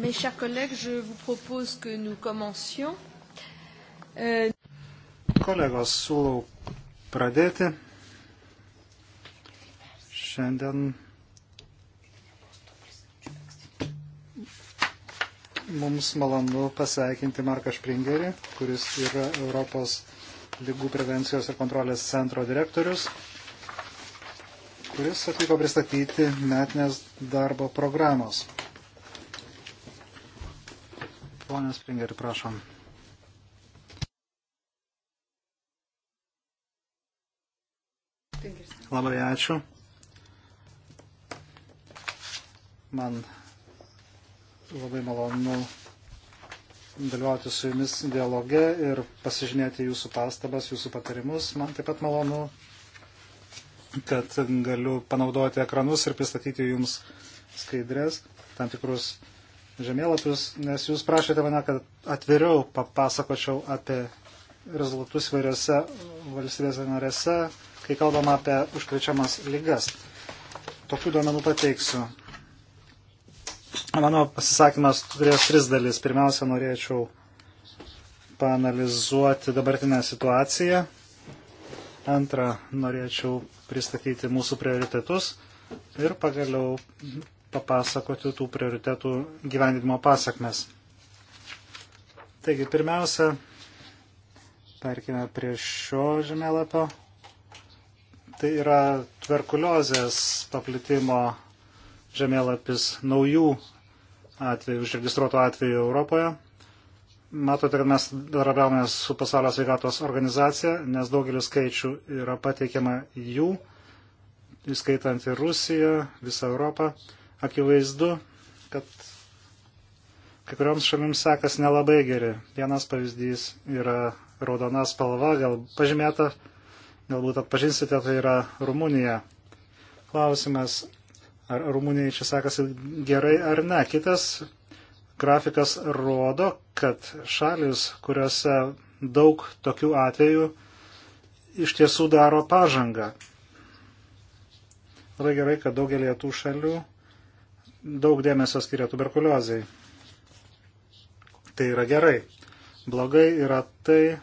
Mes chers collègues, je vous propose que nous commencions. Euh, Kolegos, siūlau pradėti. Šiandien mums malonu pasveikinti Marką Špringerį, kuris yra Europos lygų prevencijos ir kontrolės centro direktorius, kuris atvyko pristatyti metinės darbo programos. Pone Springeri, prašom. Labai ačiū. Man labai malonu dalyvauti su jumis dialoge ir pasižymėti jūsų pastabas, jūsų patarimus. Man taip pat malonu, kad galiu panaudoti ekranus ir pristatyti jums skaidrės, tam tikrus žemėlapius, nes jūs prašėte mane, kad atviriau papasakočiau apie rezultatus vairiose valstybėse narėse, kai kalbama apie užkrečiamas lygas. Tokių duomenų pateiksiu. Mano pasisakymas turės tris dalis. Pirmiausia, norėčiau paanalizuoti dabartinę situaciją. Antra, norėčiau pristatyti mūsų prioritetus ir pagaliau papasakoti tų prioritetų gyvendinimo pasakmes. Taigi, pirmiausia, tarkime, prie šio žemėlapio. Tai yra tuberkuliozės paplitimo žemėlapis naujų atvejų, užregistruotų atvejų Europoje. Matote, kad mes darbiavome su pasaulio sveikatos organizacija, nes daugelis skaičių yra pateikiama jų, įskaitant ir Rusiją, visą Europą akivaizdu, kad kai kurioms šalims sekas nelabai geri. Vienas pavyzdys yra raudona spalva, gal pažymėta, galbūt atpažinsite, tai yra Rumunija. Klausimas, ar Rumunijai čia sekasi gerai ar ne. Kitas grafikas rodo, kad šalis, kuriuose daug tokių atvejų, iš tiesų daro pažangą. Labai gerai, kad daugelį tų šalių daug dėmesio skiria tuberkuliozai. Tai yra gerai. Blogai yra tai,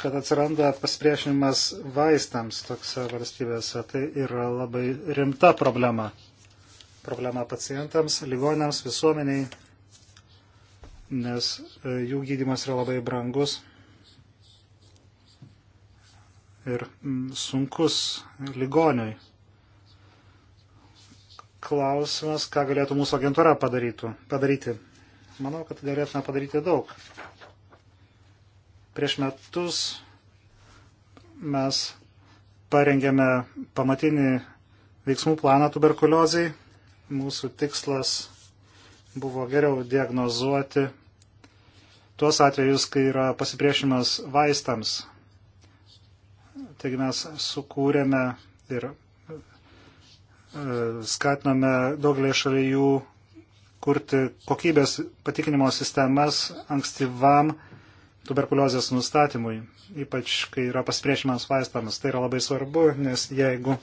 kad atsiranda pasipriešinimas vaistams tokse valstybėse. Tai yra labai rimta problema. Problema pacientams, ligonėms, visuomeniai, nes e, jų gydimas yra labai brangus ir sunkus ligoniui klausimas, ką galėtų mūsų agentūra padarytų, padaryti. Manau, kad galėtume padaryti daug. Prieš metus mes parengėme pamatinį veiksmų planą tuberkuliozai. Mūsų tikslas buvo geriau diagnozuoti tuos atvejus, kai yra pasipriešinimas vaistams. Taigi mes sukūrėme ir E, skatiname daugelį šalių kurti kokybės patikinimo sistemas ankstyvam tuberkuliozės nustatymui, ypač kai yra pasipriešinimas vaistams. Tai yra labai svarbu, nes jeigu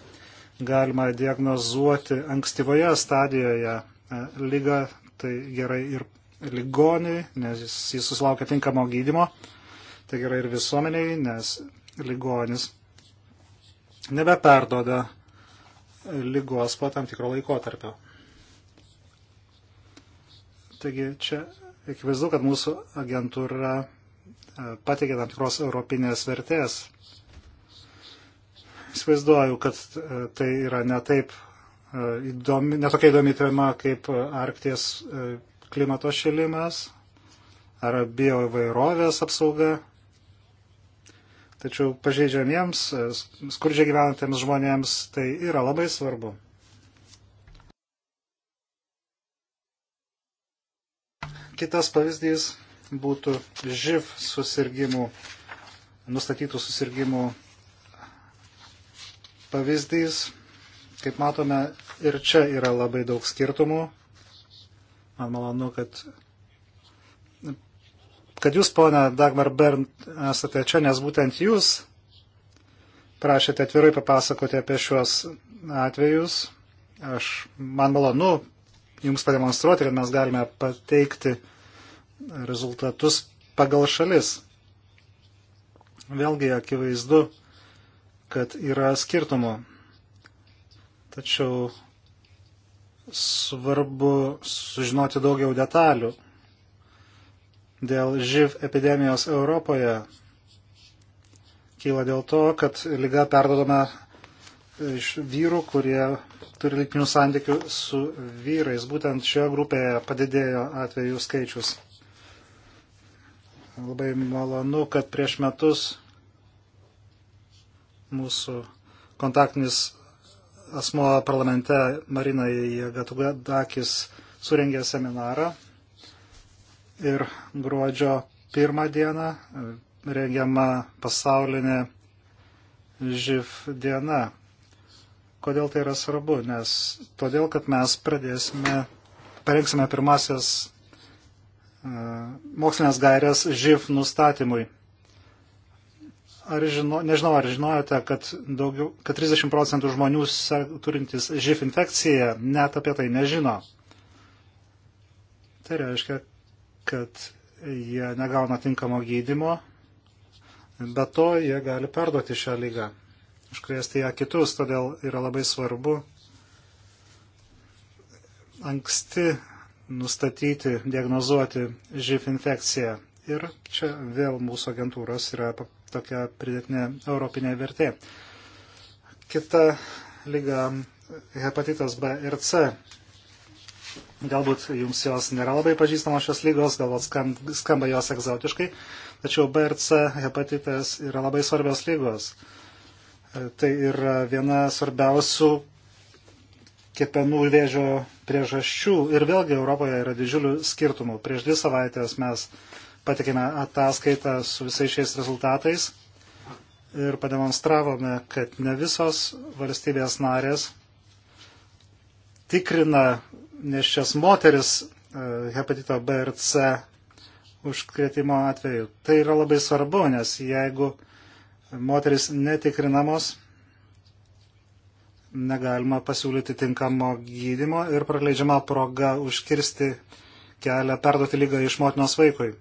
galima diagnozuoti ankstyvoje stadijoje e, lygą, tai gerai ir ligoniui, nes jis, jis susilaukia tinkamo gydimo, tai gerai ir visuomeniai, nes ligonis nebeperdoda lygos po tam tikro laikotarpio. Taigi čia akivaizdu, kad mūsų agentūra e, pateikė tam tikros europinės vertės. Įsivaizduoju, kad e, tai yra netaip e, įdomi, netokia įdomi tema kaip Arkties klimato šilimas ar bioįvairovės apsauga. Tačiau pažeidžiamiems, e, skurdžiai gyvenantiems žmonėms tai yra labai svarbu. Kitas pavyzdys būtų živ susirgymų, nustatytų susirgymų pavyzdys. Kaip matome, ir čia yra labai daug skirtumų. Man malonu, kad kad jūs, ponia Dagmar Bern, esate čia, nes būtent jūs prašėte atvirai papasakoti apie šiuos atvejus. Aš, man malonu jums pademonstruoti, kad mes galime pateikti rezultatus pagal šalis. Vėlgi akivaizdu, kad yra skirtumų. Tačiau svarbu sužinoti daugiau detalių dėl živ epidemijos Europoje kyla dėl to, kad lyga perdodama iš vyrų, kurie turi lytinių santykių su vyrais. Būtent šioje grupėje padidėjo atvejų skaičius. Labai malonu, kad prieš metus mūsų kontaktinis asmo parlamente Marina Jėgatugakis surengė seminarą ir gruodžio pirmą dieną rengiama pasaulinė živ diena. Kodėl tai yra svarbu? Nes todėl, kad mes pradėsime, parengsime pirmasis e, mokslinės gairias živ nustatymui. Ar žino, nežinau, ar žinojote, kad, daugiau, kad 30 procentų žmonių turintys živ infekciją net apie tai nežino. Tai reiškia, kad jie negauna tinkamo gydimo, bet to jie gali perduoti šią lygą, užkrėsti ją kitus, todėl yra labai svarbu anksti nustatyti, diagnozuoti živ infekciją. Ir čia vėl mūsų agentūros yra tokia pridėtinė europinė vertė. Kita lyga hepatitas B ir C Galbūt jums jos nėra labai pažįstamos šios lygos, galbūt skamba jos egzotiškai, tačiau B ir C hepatitas yra labai svarbios lygos. E, tai yra viena svarbiausių kepenų vėžio priežasčių ir vėlgi Europoje yra didžiulių skirtumų. Prieš dvi savaitės mes patikėme ataskaitą su visais šiais rezultatais ir pademonstravome, kad ne visos valstybės narės tikrina nešias moteris e, hepatito B ir C užkretimo atveju. Tai yra labai svarbu, nes jeigu moteris netikrinamos, negalima pasiūlyti tinkamo gydimo ir praleidžiama proga užkirsti kelią perduoti lygą iš motinos vaikui.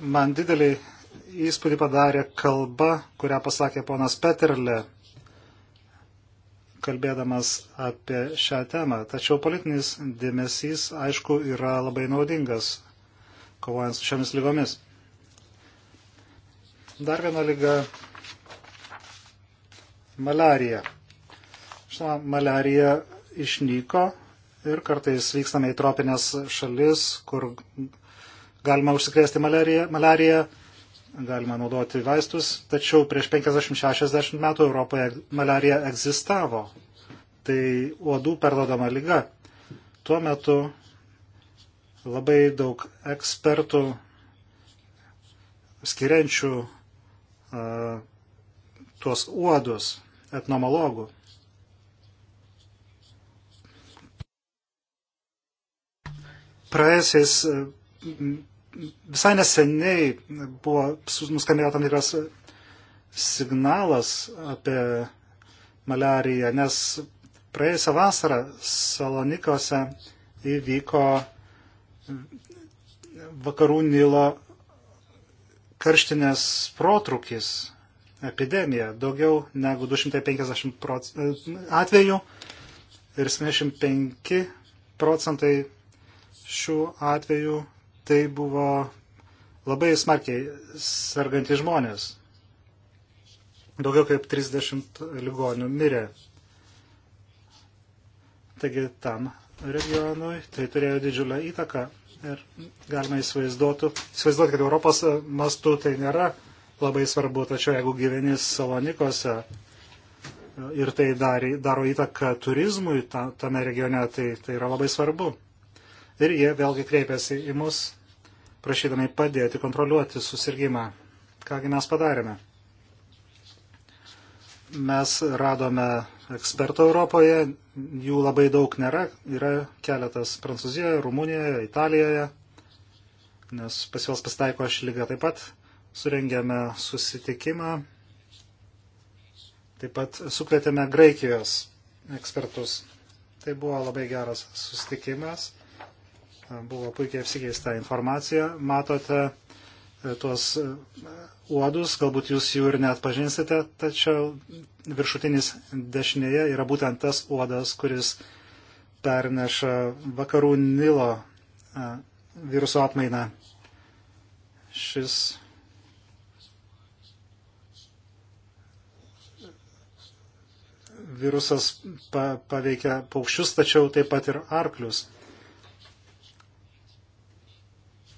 Man didelį įspūdį padarė kalba, kurią pasakė ponas Peterle kalbėdamas apie šią temą. Tačiau politinis dėmesys, aišku, yra labai naudingas kovojant su šiomis lygomis. Dar viena lyga - malarija. Žinoma, malarija išnyko ir kartais vykstame į tropinės šalis, kur galima užsikrėsti malariją. malariją galima naudoti vaistus, tačiau prieš 50-60 metų Europoje malarija egzistavo. Tai uodų perdodama lyga. Tuo metu labai daug ekspertų skiriančių uh, tuos uodus, etnomologų. Praėjusiais visai neseniai buvo nuskambėjo tam tikras signalas apie malariją, nes praėjusią vasarą Salonikose įvyko vakarų Nilo karštinės protrukis, epidemija, daugiau negu 250 proc... atvejų ir 75 procentai šių atvejų tai buvo labai smarkiai sergantys žmonės. Daugiau kaip 30 ligonių mirė. Taigi tam regionui tai turėjo didžiulę įtaką ir galima įsivaizduoti, kad Europos mastu tai nėra labai svarbu, tačiau jeigu gyveni Salonikose ir tai dar, daro įtaką turizmui ta, tame regione, tai, tai yra labai svarbu. Ir jie vėlgi kreipėsi į mus, prašydami padėti kontroliuoti susirgymą. Kągi mes padarėme? Mes radome ekspertų Europoje, jų labai daug nėra, yra keletas Prancūzijoje, Rumunijoje, Italijoje, nes pas juos pasitaiko aš lyga taip pat, surengėme susitikimą, taip pat sukvietėme Graikijos ekspertus. Tai buvo labai geras susitikimas buvo puikiai apsikeista informacija. Matote e, tuos e, uodus, galbūt jūs jų ir net pažinsite, tačiau viršutinis dešinėje yra būtent tas uodas, kuris perneša vakarų Nilo e, viruso atmainą. Šis virusas pa, paveikia paukščius, tačiau taip pat ir arklius.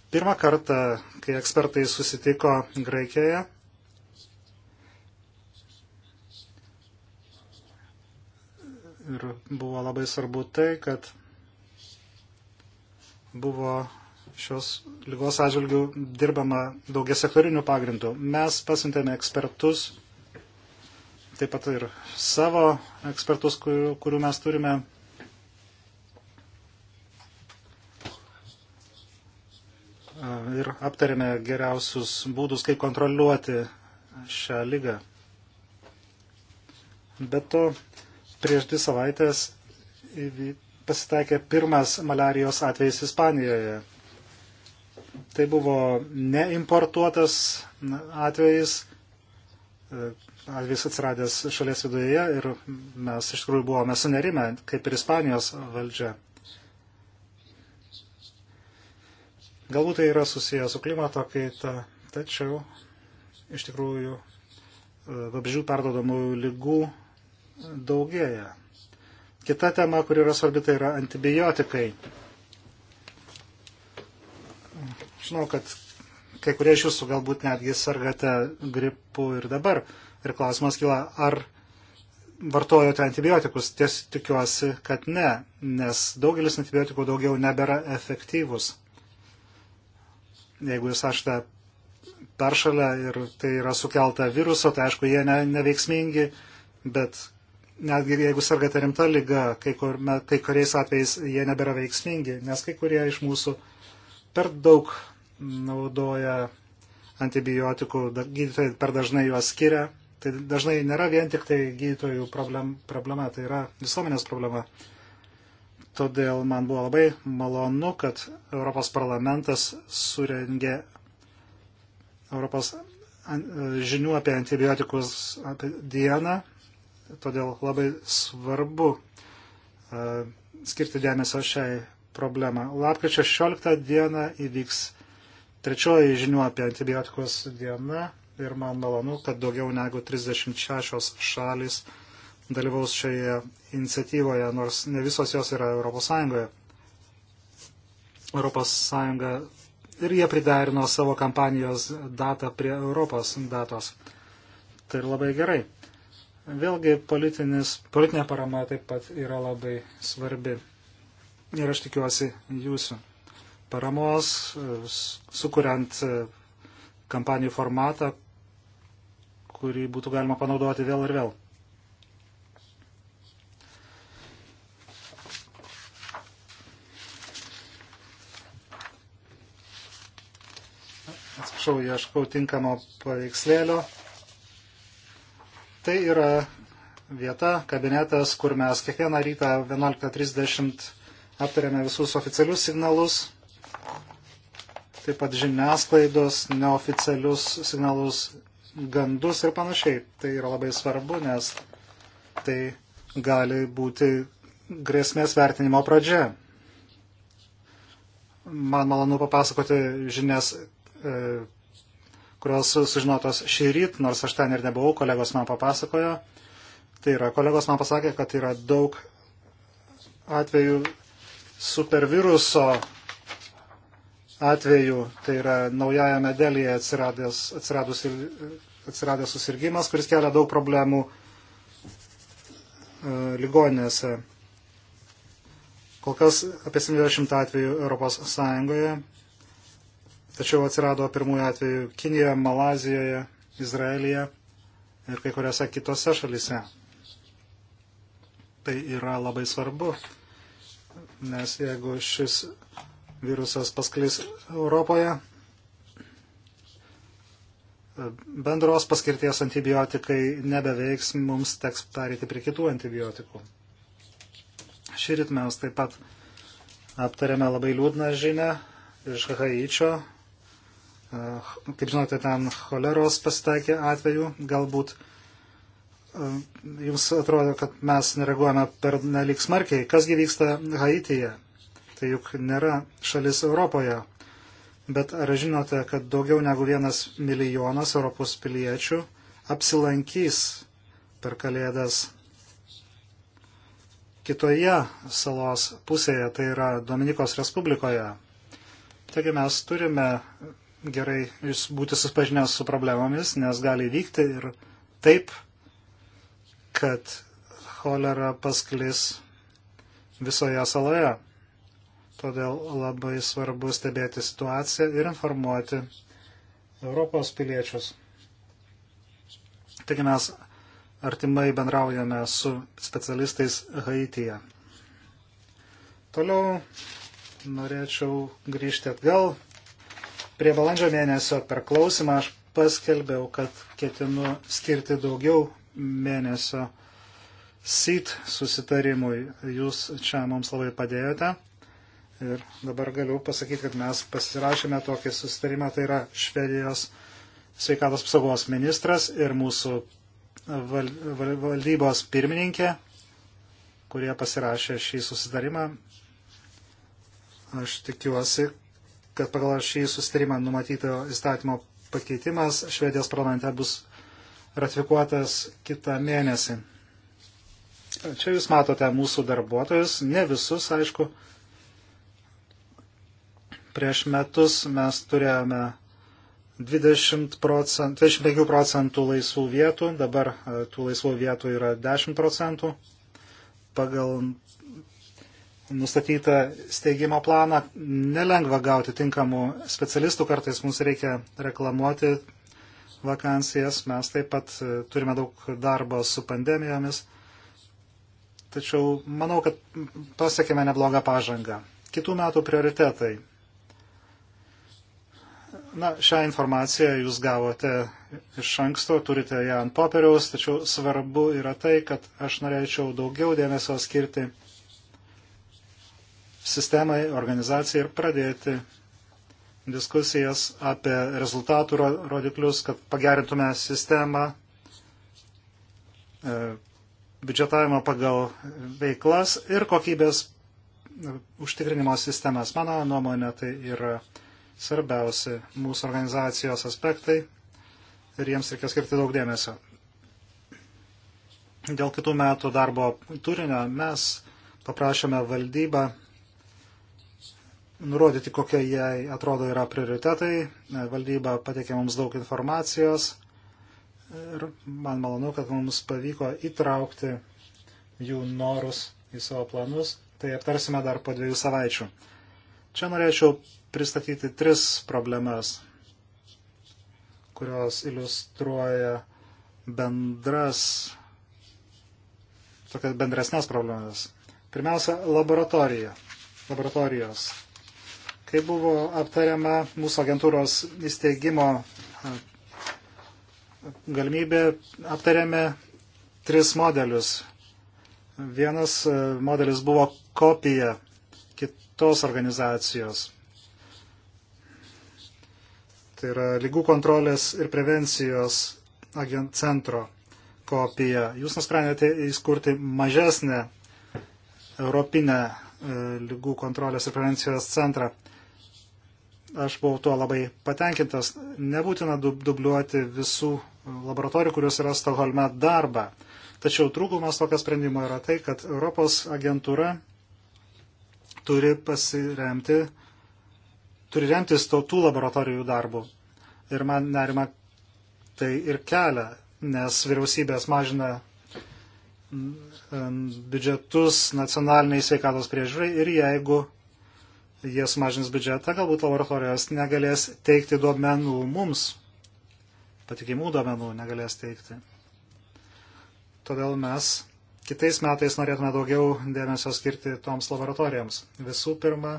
Pirmą kartą, kai ekspertai susitiko Graikijoje, ir buvo labai svarbu tai, kad buvo šios lygos atžvilgių dirbama daugia sektorinių pagrindų. Mes pasintėme ekspertus, taip pat ir savo ekspertus, kurių, kurių mes turime ir aptarėme geriausius būdus, kaip kontroliuoti šią lygą. Bet to prieš dvi savaitės pasitaikė pirmas malarijos atvejis Ispanijoje. Tai buvo neimportuotas atvejis, e, atvejis atsiradęs šalies viduje ir mes iš tikrųjų buvome sunerime, kaip ir Ispanijos valdžia. Galbūt tai yra susiję su klimato kaita, tačiau iš tikrųjų e, vabžių perdodamų lygų daugėja. Kita tema, kur yra svarbi, tai yra antibiotikai. Žinau, kad kai kurie iš jūsų galbūt netgi sargate gripu ir dabar. Ir klausimas kyla, ar vartojote antibiotikus. Ties tikiuosi, kad ne, nes daugelis antibiotikų daugiau nebėra efektyvus jeigu jūs esate peršalę ir tai yra sukelta viruso, tai aišku, jie ne, neveiksmingi, bet netgi jeigu sergate rimta lyga, kai, kur, kai kuriais atvejais jie nebėra veiksmingi, nes kai kurie iš mūsų per daug naudoja antibiotikų, gydytojai per dažnai juos skiria. Tai dažnai nėra vien tik tai gydytojų problem, problema, tai yra visuomenės problema. Todėl man buvo labai malonu, kad Europos parlamentas surengė Europos e, žinių apie antibiotikus apie dieną. Todėl labai svarbu e, skirti dėmesio šiai problemą. Lapkričio 16 dieną įvyks trečioji žinių apie antibiotikus diena ir man malonu, kad daugiau negu 36 šalis dalyvaus šioje iniciatyvoje, nors ne visos jos yra Europos Sąjungoje. Europos Sąjunga ir jie pridarino savo kampanijos datą prie Europos datos. Tai ir labai gerai. Vėlgi politinė parama taip pat yra labai svarbi. Ir aš tikiuosi jūsų paramos, sukuriant e, kampanijų formatą, kurį būtų galima panaudoti vėl ir vėl. prašau, ieškau tinkamo paveikslėlio. Tai yra vieta, kabinetas, kur mes kiekvieną rytą 11.30 aptarėme visus oficialius signalus, taip pat žiniasklaidos, neoficialius signalus, gandus ir panašiai. Tai yra labai svarbu, nes tai gali būti grėsmės vertinimo pradžia. Man malonu papasakoti žinias E, kurios sužinotos šį ryt, nors aš ten ir nebuvau, kolegos man papasakojo. Tai yra, kolegos man pasakė, kad yra daug atvejų superviruso atvejų, tai yra naujajame delyje atsiradęs, atsiradus, atsiradęs susirgymas, kuris kelia daug problemų e, ligoninėse. Kol kas apie 70 atvejų Europos Sąjungoje Tačiau atsirado pirmųjų atvejų Kinijoje, Malazijoje, Izraelyje ir kai kuriuose kitose šalise. Tai yra labai svarbu, nes jeigu šis virusas pasklis Europoje, bendros paskirties antibiotikai nebeveiks, mums teks perėti prie kitų antibiotikų. Šį rytmę mes taip pat aptarėme labai liūdną žinę iš Haičio, Kaip žinote, ten choleros pasitaikė atveju, galbūt e, jums atrodo, kad mes nereaguojame per nelik smarkiai. Kasgi vyksta Haityje? Tai juk nėra šalis Europoje. Bet ar žinote, kad daugiau negu vienas milijonas Europos piliečių apsilankys per Kalėdas kitoje salos pusėje, tai yra Dominikos Respublikoje? Taigi mes turime gerai jūs būti susipažinęs su problemomis, nes gali vykti ir taip, kad cholera pasklis visoje saloje. Todėl labai svarbu stebėti situaciją ir informuoti Europos piliečius. Taigi mes artimai bendraujame su specialistais Haityje. Toliau norėčiau grįžti atgal Prie balandžio mėnesio per klausimą aš paskelbiau, kad ketinu skirti daugiau mėnesio SIT susitarimui. Jūs čia mums labai padėjote. Ir dabar galiu pasakyti, kad mes pasirašėme tokį susitarimą, tai yra Švedijos sveikatos apsaugos ministras ir mūsų val, val, valdybos pirmininkė, kurie pasirašė šį susitarimą. Aš tikiuosi, kad pagal šį susitarimą numatyto įstatymo pakeitimas Švedijos parlamente bus ratifikuotas kitą mėnesį. Čia jūs matote mūsų darbuotojus, ne visus, aišku. Prieš metus mes turėjome 20 procent, 25 procentų laisvų vietų, dabar e, tų laisvų vietų yra 10 procentų. Pagal nustatytą steigimo planą. Nelengva gauti tinkamų specialistų, kartais mums reikia reklamuoti vakansijas, mes taip pat e, turime daug darbo su pandemijomis. Tačiau manau, kad pasiekime neblogą pažangą. Kitų metų prioritetai. Na, šią informaciją jūs gavote iš anksto, turite ją ant popieriaus, tačiau svarbu yra tai, kad aš norėčiau daugiau dėmesio skirti sistemai, organizacijai ir pradėti diskusijas apie rezultatų rodiklius, kad pagerintume sistemą e, biudžetavimo pagal veiklas ir kokybės e, užtikrinimo sistemas. Mano nuomonė tai yra svarbiausi mūsų organizacijos aspektai ir jiems reikia skirti daug dėmesio. Dėl kitų metų darbo turinio mes paprašėme valdybą nurodyti, kokie jai atrodo yra prioritetai. Valdyba pateikė mums daug informacijos ir man malonu, kad mums pavyko įtraukti jų norus į savo planus. Tai aptarsime dar po dviejų savaičių. Čia norėčiau pristatyti tris problemas, kurios iliustruoja bendras, tokias bendresnės problemas. Pirmiausia, laboratorija. Laboratorijos Kai buvo aptariama mūsų agentūros įsteigimo galimybė, aptarėme tris modelius. Vienas modelis buvo kopija kitos organizacijos. Tai yra lygų kontrolės ir prevencijos centro kopija. Jūs nusprendėte įskurti mažesnę Europinę e, lygų kontrolės ir prevencijos centrą. Aš buvau tuo labai patenkintas. Nebūtina dubliuoti visų laboratorijų, kurios yra Stokholme darbą. Tačiau trūkumas tokio sprendimo yra tai, kad Europos agentūra turi pasiremti, turi remtis tautų laboratorijų darbu. Ir man nerima tai ir kelia, nes vyriausybės mažina biudžetus nacionaliniai sveikatos priežiūrai ir jeigu jie sumažins biudžetą, galbūt laboratorijos negalės teikti duomenų mums, patikimų duomenų negalės teikti. Todėl mes kitais metais norėtume daugiau dėmesio skirti toms laboratorijoms. Visų pirma,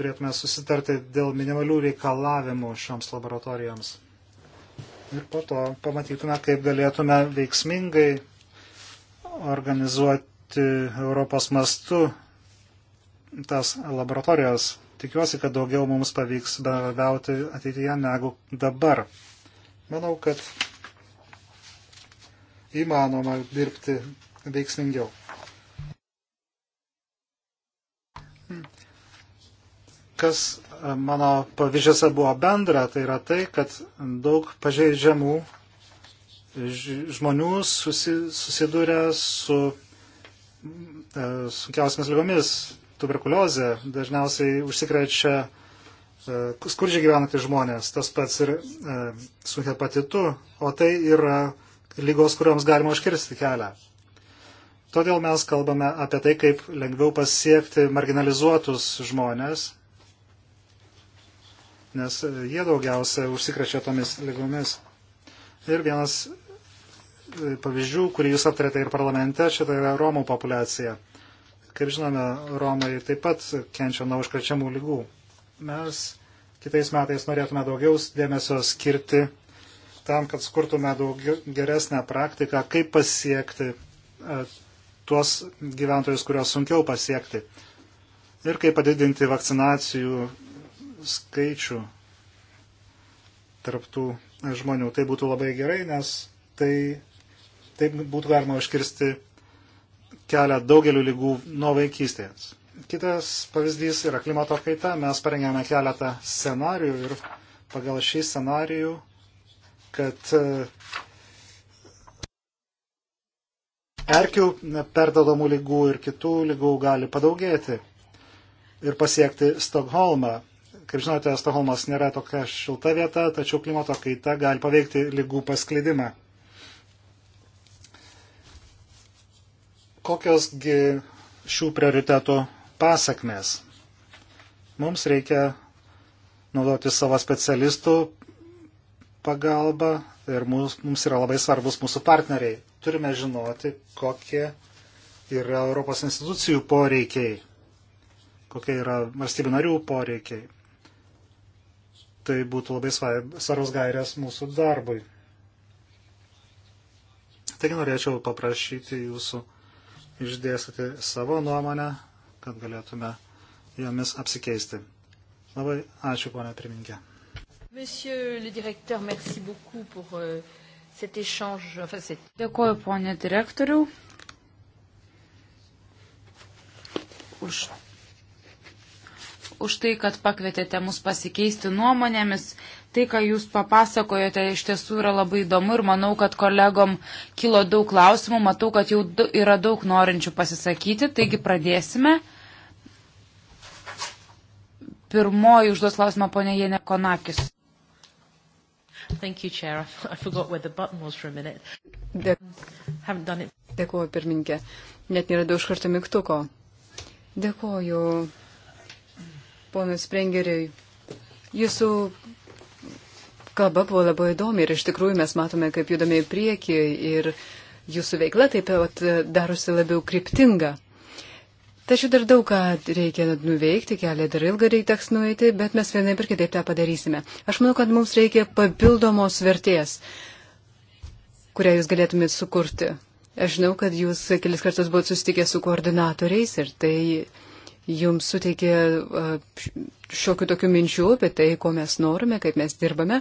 turėtume susitarti dėl minimalių reikalavimų šioms laboratorijoms. Ir po to pamatytume, kaip galėtume veiksmingai organizuoti Europos mastu tas laboratorijas. Tikiuosi, kad daugiau mums pavyks bendradarbiauti ateityje negu dabar. Manau, kad įmanoma dirbti veiksmingiau. Kas e, mano pavyzdžiuose buvo bendra, tai yra tai, kad daug pažeidžiamų žmonių susi, susiduria su e, sunkiausiamis lygomis tuberkuliozė dažniausiai užsikrečia e, skurdžiai gyvenantys žmonės, tas pats ir e, su hepatitu, o tai yra lygos, kuriuoms galima užkirsti kelią. Todėl mes kalbame apie tai, kaip lengviau pasiekti marginalizuotus žmonės, nes jie daugiausia užsikrečia tomis lygomis. Ir vienas e, pavyzdžių, kurį jūs aptarėte ir parlamente, šitą tai yra Romų populiacija. Kaip žinome, Romai taip pat kenčia nuo užkrečiamų lygų. Mes kitais metais norėtume daugiau dėmesio skirti tam, kad skurtume daugiau, geresnę praktiką, kaip pasiekti e, tuos gyventojus, kuriuos sunkiau pasiekti. Ir kaip padidinti vakcinacijų skaičių tarptų žmonių. Tai būtų labai gerai, nes tai, taip būtų galima užkirsti kelia daugeliu lygų nuo vaikystės. Kitas pavyzdys yra klimato kaita. Mes parengėme keletą scenarių ir pagal šį scenarijų, kad e, erkių perdodamų lygų ir kitų lygų gali padaugėti ir pasiekti Stokholmą. Kaip žinote, Stokholmas nėra tokia šilta vieta, tačiau klimato kaita gali paveikti lygų pasklidimą. kokiosgi šių prioritetų pasakmės. Mums reikia naudoti savo specialistų pagalbą ir mums, mums yra labai svarbus mūsų partneriai. Turime žinoti, kokie yra Europos institucijų poreikiai, kokie yra valstybių narių poreikiai. Tai būtų labai svarbus gairės mūsų darbui. Taigi norėčiau paprašyti jūsų išdėstyti savo nuomonę, kad galėtume jomis apsikeisti. Labai ačiū, ponia pirmininkė. Monsieur le directeur, merci beaucoup pour euh, cet échange. Enfin, cet... Dėkuoju, ponė direktoriau, už už tai, kad pakvietėte mus pasikeisti nuomonėmis. Tai, ką Jūs papasakojote, iš tiesų yra labai įdomu ir manau, kad kolegom kilo daug klausimų. Matau, kad jau yra daug norinčių pasisakyti, taigi pradėsime. Pirmoji užduos klausimą ponė Jene Konakis. Thank you, Chair. I forgot where the button was for a minute. Dėk... Haven't done it. Dėkuoju, pirminkė. Net neradau iš karto mygtuko. Dėkuoju ponas Sprengeriai. Jūsų kalba buvo labai įdomi ir iš tikrųjų mes matome, kaip judame į priekį ir jūsų veikla taip pat darosi labiau kryptinga. Tačiau dar daug ką reikia nuveikti, kelią dar ilgą reikia teks nueiti, bet mes vienai per kitaip tą padarysime. Aš manau, kad mums reikia papildomos vertės, kurią jūs galėtumėt sukurti. Aš žinau, kad jūs kelis kartus buvote susitikę su koordinatoriais ir tai jums suteikė šiokių tokių minčių apie tai, ko mes norime, kaip mes dirbame.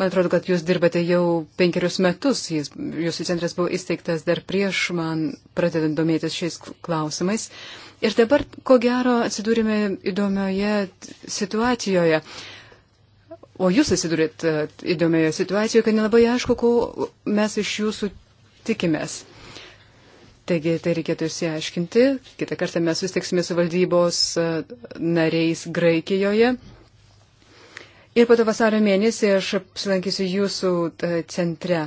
Man atrodo, kad jūs dirbate jau penkerius metus, jis, jūsų centras buvo įsteigtas dar prieš man pradedant domėtis šiais klausimais. Ir dabar, ko gero, atsidūrime įdomioje situacijoje. O jūs atsidūrėt įdomioje situacijoje, kad nelabai aišku, ko mes iš jūsų tikimės. Taigi tai reikėtų įsiaiškinti. Kitą kartą mes susitiksime su valdybos e, nariais Graikijoje. Ir po to vasario mėnesį aš apsilankysiu jūsų e, centre.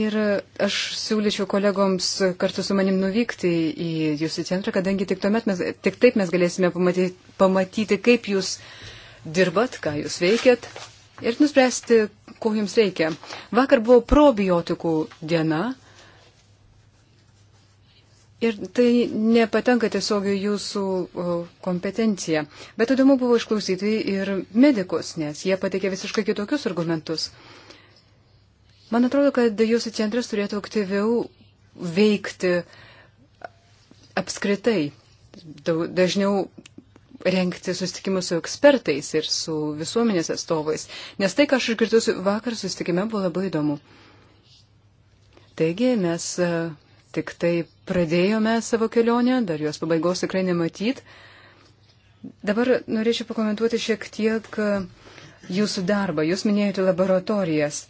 Ir aš siūlyčiau kolegoms kartu su manim nuvykti į jūsų centrą, kadangi tik, mes, tik taip mes galėsime pamatyti, pamatyti, kaip jūs dirbat, ką jūs veikėt ir nuspręsti, ko jums reikia. Vakar buvo probiotikų diena. Ir tai nepatenka tiesiog jūsų kompetencija. Bet įdomu buvo išklausyti ir medikus, nes jie pateikė visiškai kitokius argumentus. Man atrodo, kad jūsų centras turėtų aktyviau veikti apskritai, dažniau rengti susitikimus su ekspertais ir su visuomenės atstovais, nes tai, ką aš išgirdau vakar susitikime, buvo labai įdomu. Taigi mes e, tik tai pradėjome savo kelionę, dar jos pabaigos tikrai nematyt. Dabar norėčiau pakomentuoti šiek tiek e, jūsų darbą. Jūs minėjote laboratorijas.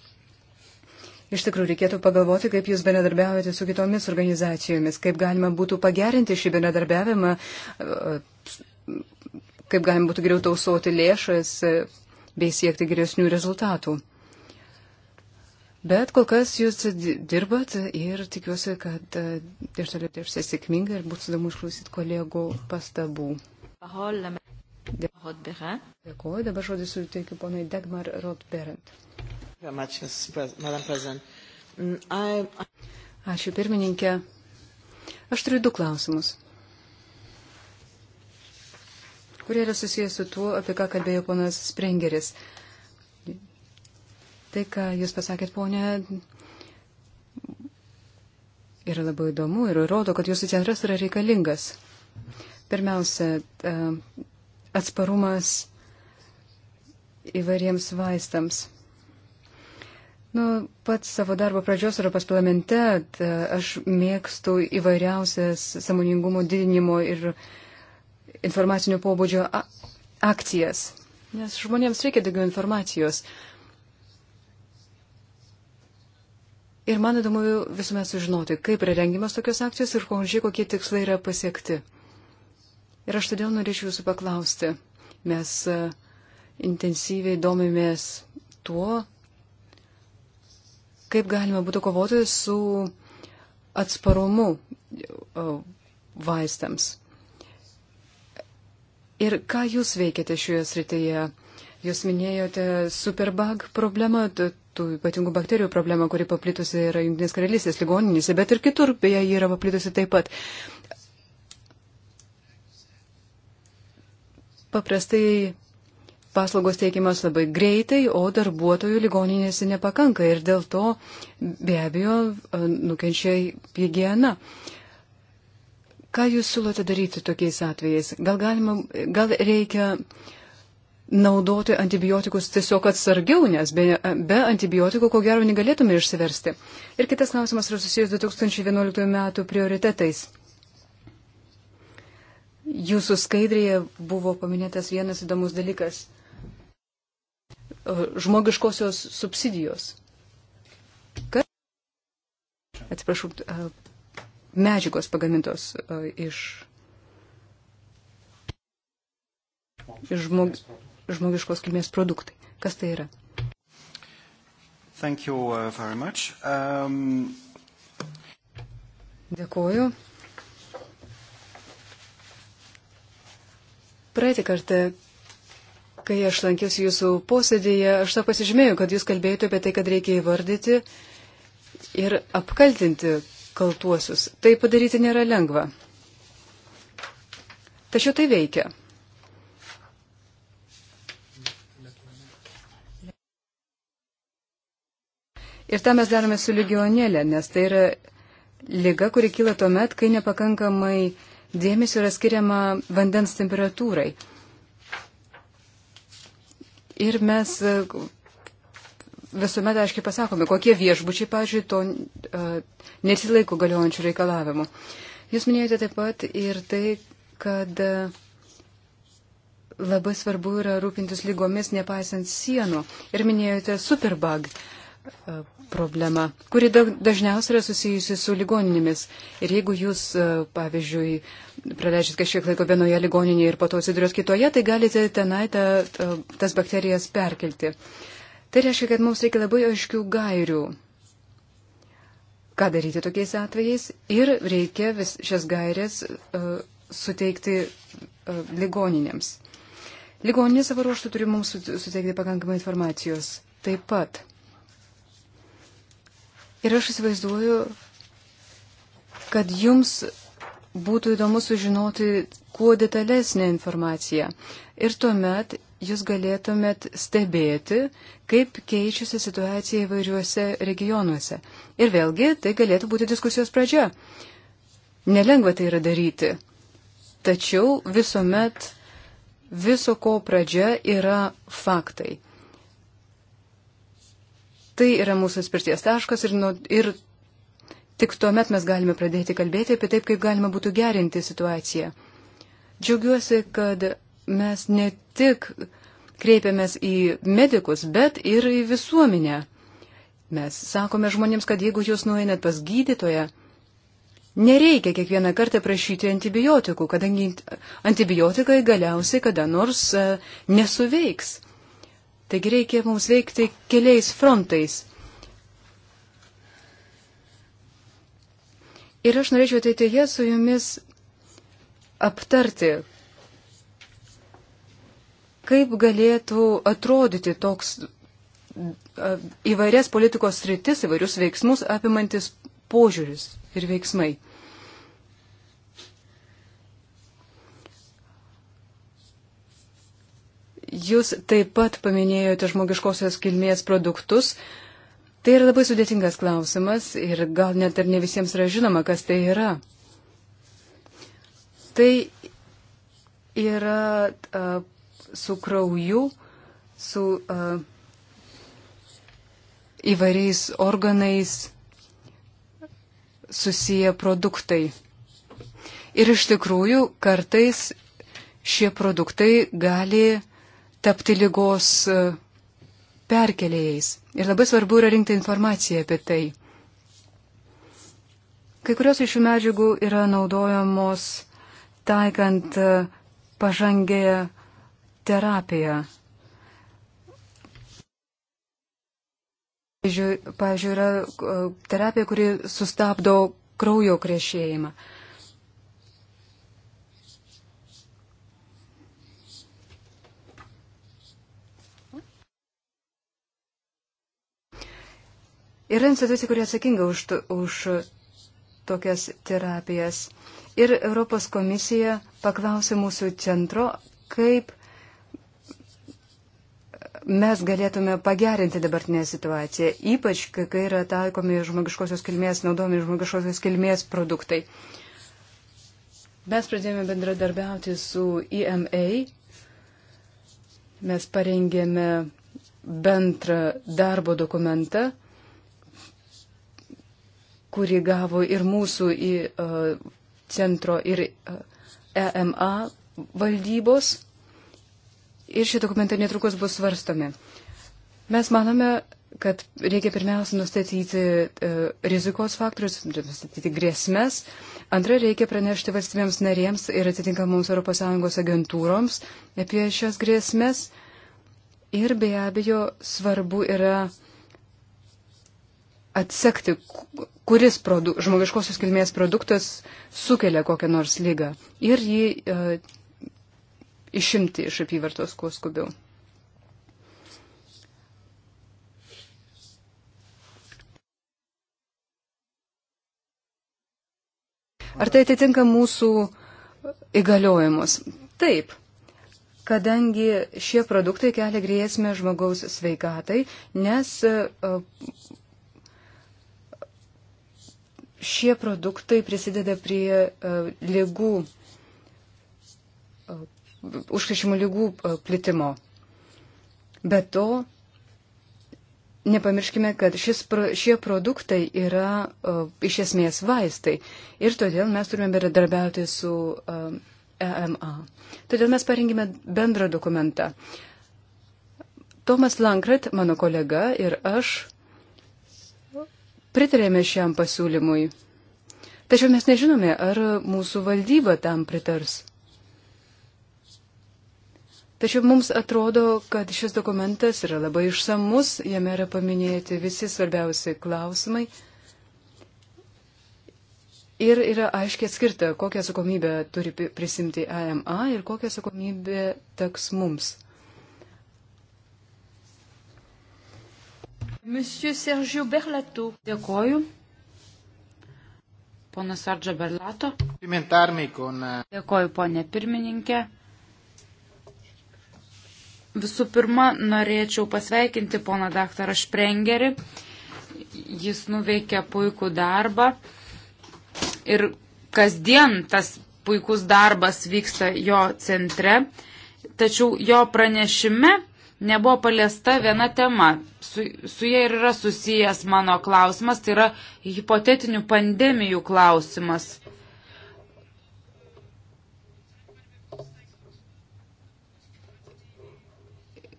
Iš tikrųjų, reikėtų pagalvoti, kaip jūs bendradarbiaujate su kitomis organizacijomis, kaip galima būtų pagerinti šį bendradarbiavimą e, kaip galim būtų geriau tausoti lėšas e, bei siekti geresnių rezultatų. Bet kol kas jūs dirbat ir tikiuosi, kad e, ir toliau dirbsite sėkmingai ir būtų įdomu išklausyti kolegų pastabų. Dėkuoju, dabar žodį suteikiu ponai Dagmar Rotberent. Mm, Ačiū pirmininkė. Aš turiu du klausimus kurie yra susijęs su tuo, apie ką kalbėjo ponas Sprengeris. Tai, ką jūs pasakėt, ponė, yra labai įdomu ir rodo, kad jūsų centras yra reikalingas. Pirmiausia, e, atsparumas įvariems vaistams. Nu, pats savo darbo pradžios Europos parlamente aš mėgstu įvairiausias samoningumo didinimo ir uh, informacinio pobūdžio akcijas, nes žmonėms reikia daugiau informacijos. Ir man įdomu visuomet sužinoti, kaip yra rengimas tokios akcijos ir konkrečiai kokie tikslai yra pasiekti. Ir aš todėl norėčiau jūsų paklausti. Mes e, intensyviai domimės tuo, kaip galima būtų kovoti su atsparumu e, vaistams. Ir ką jūs veikiate šioje srityje? Jūs minėjote superbug problemą, tų ypatingų bakterijų problemą, kuri paplitusi yra Junktinės karalystės ligoninėse, bet ir kitur, beje, ji yra paplitusi taip pat. Paprastai paslaugos teikimas labai greitai, o darbuotojų ligoninėse nepakanka ir dėl to be abejo e, nukenčia higiena. Uh, Ką jūs siūlote daryti tokiais atvejais? Gal, galima, gal reikia naudoti antibiotikus tiesiog atsargiau, nes be, be antibiotikų ko gero negalėtume išsiversti. Ir kitas klausimas yra susijęs 2011 metų prioritetais. Jūsų skaidrėje buvo paminėtas vienas įdomus dalykas - žmogiškosios subsidijos. Kas? Atsiprašau, medžiagos pagamintos e, iš, iš žmog, žmogiškos kilmės produktai. Kas tai yra? Thank you uh, very much. Um... Dėkuoju. Praeitį kartą, kai aš lankiausi jūsų posėdėje, aš tą pasižymėjau, kad jūs kalbėjote apie tai, kad reikia įvardyti ir apkaltinti kaltuosius. Tai padaryti nėra lengva. Tačiau tai veikia. Ir tą mes darome su legionėlė, nes tai yra lyga, kuri kyla tuo met, kai nepakankamai dėmesio yra skiriama vandens temperatūrai. Ir mes visuomet aiškiai pasakome, kokie viešbučiai, pažiūrėjau, to uh, nesilaiko galiojančių reikalavimų. Jūs minėjote taip pat ir tai, kad uh, labai svarbu yra rūpintis lygomis, nepaisant sienų. Ir minėjote superbug uh, problemą, kuri dažniausiai yra susijusi su ligoninėmis. Ir jeigu jūs, pavyzdžiui, praleidžiat kažkiek laiko vienoje ligoninėje ir po to atsidurios kitoje, tai galite tenai ta, ta, tas bakterijas perkelti. Uh, Tai reiškia, kad mums reikia labai aiškių gairių, ką daryti tokiais atvejais ir reikia vis šias gairias uh, suteikti uh, ligoninėms. Ligoninė savo ruoštų turi mums suteikti pakankamai informacijos taip pat. Ir aš įsivaizduoju, kad jums būtų įdomu sužinoti kuo detalesnė informacija. Ir tuomet jūs galėtumėt stebėti, kaip keičiasi situacija įvairiuose regionuose. Ir vėlgi, tai galėtų būti diskusijos pradžia. Nelengva tai yra daryti. Tačiau visuomet viso ko pradžia yra faktai. Tai yra mūsų spirties taškas ir, nu, ir tik tuomet mes galime pradėti kalbėti apie taip, kaip galima būtų gerinti situaciją. Džiaugiuosi, kad mes ne tik kreipiamės į medikus, bet ir į visuomenę. Mes sakome žmonėms, kad jeigu jūs nueinat pas gydytoją, nereikia kiekvieną kartą prašyti antibiotikų, kadangi antibiotikai galiausiai kada nors e, nesuveiks. Taigi reikia mums veikti keliais frontais. Ir aš norėčiau ateityje su jumis aptarti, kaip galėtų atrodyti toks įvairias politikos rytis, įvairius veiksmus apimantis požiūris ir veiksmai. Jūs taip pat paminėjote žmogiškosios kilmės produktus. Tai yra labai sudėtingas klausimas ir gal net ir ne visiems yra žinoma, kas tai yra. Tai yra uh, su krauju, su uh, įvairiais organais susiję produktai. Ir iš tikrųjų kartais šie produktai gali tapti lygos e, perkelėjais. Ir labai svarbu yra rinkti informaciją apie tai. Kai kurios iš šių medžiagų yra naudojamos taikant e, pažangę terapija. Pavyzdžiui, yra e, terapija, kuri sustabdo kraujo krešėjimą. Yra institucija, kurie atsakinga už, už tokias terapijas. Ir Europos komisija paklausė mūsų centro, kaip mes galėtume pagerinti dabartinę situaciją, ypač kai yra taikomi žmogiškosios kilmės, naudomi žmogiškosios kilmės produktai. Mes pradėjome bendradarbiauti su EMA, mes parengėme bendrą darbo dokumentą, kurį gavo ir mūsų į, uh, e, centro ir uh, e, EMA valdybos ir šie dokumentai netrukus bus svarstomi. Mes manome, kad reikia pirmiausia nustatyti uh, rizikos faktorius, nustatyti grėsmės. Antra, reikia pranešti valstybėms narėms ir atitinkamoms ES agentūroms apie šias grėsmės. Ir be abejo, svarbu yra atsekti, kuris produ, žmogiškosios kilmės produktas sukelia kokią nors lygą ir jį uh, išimti iš apyvartos kuo skubiau. Ar tai atitinka mūsų įgaliojimus? Taip, kadangi šie produktai kelia grėsmę žmogaus sveikatai, nes e, šie produktai prisideda prie e, lygų e, užkrečiamų lygų e, plitimo. Be to, nepamirškime, kad šis, šie produktai yra uh, iš esmės vaistai ir todėl mes turime bendradarbiauti su uh, e, EMA. Todėl mes parengėme bendrą dokumentą. Tomas Lankret, mano kolega ir aš pritarėme šiam pasiūlymui. Tačiau mes nežinome, ar mūsų valdyba tam pritars. Tačiau mums atrodo, kad šis dokumentas yra labai išsamus, jame yra paminėti visi svarbiausi klausimai. Ir yra aiškiai atskirta, kokią atsakomybę turi prisimti AMA ir kokią atsakomybę teks mums. Monsieur Sergio Berlato. Dėkoju. Ponas Sardžio Berlato. Eh, Dėkoju, ponė pirmininkė. Visų pirma, norėčiau pasveikinti poną daktarą Šprengerį. Jis nuveikė puikų darbą. Ir kasdien tas puikus darbas vyksta jo centre. Tačiau jo pranešime nebuvo paliesta viena tema. Su, su jie ir yra susijęs mano klausimas, tai yra hipotetinių pandemijų klausimas.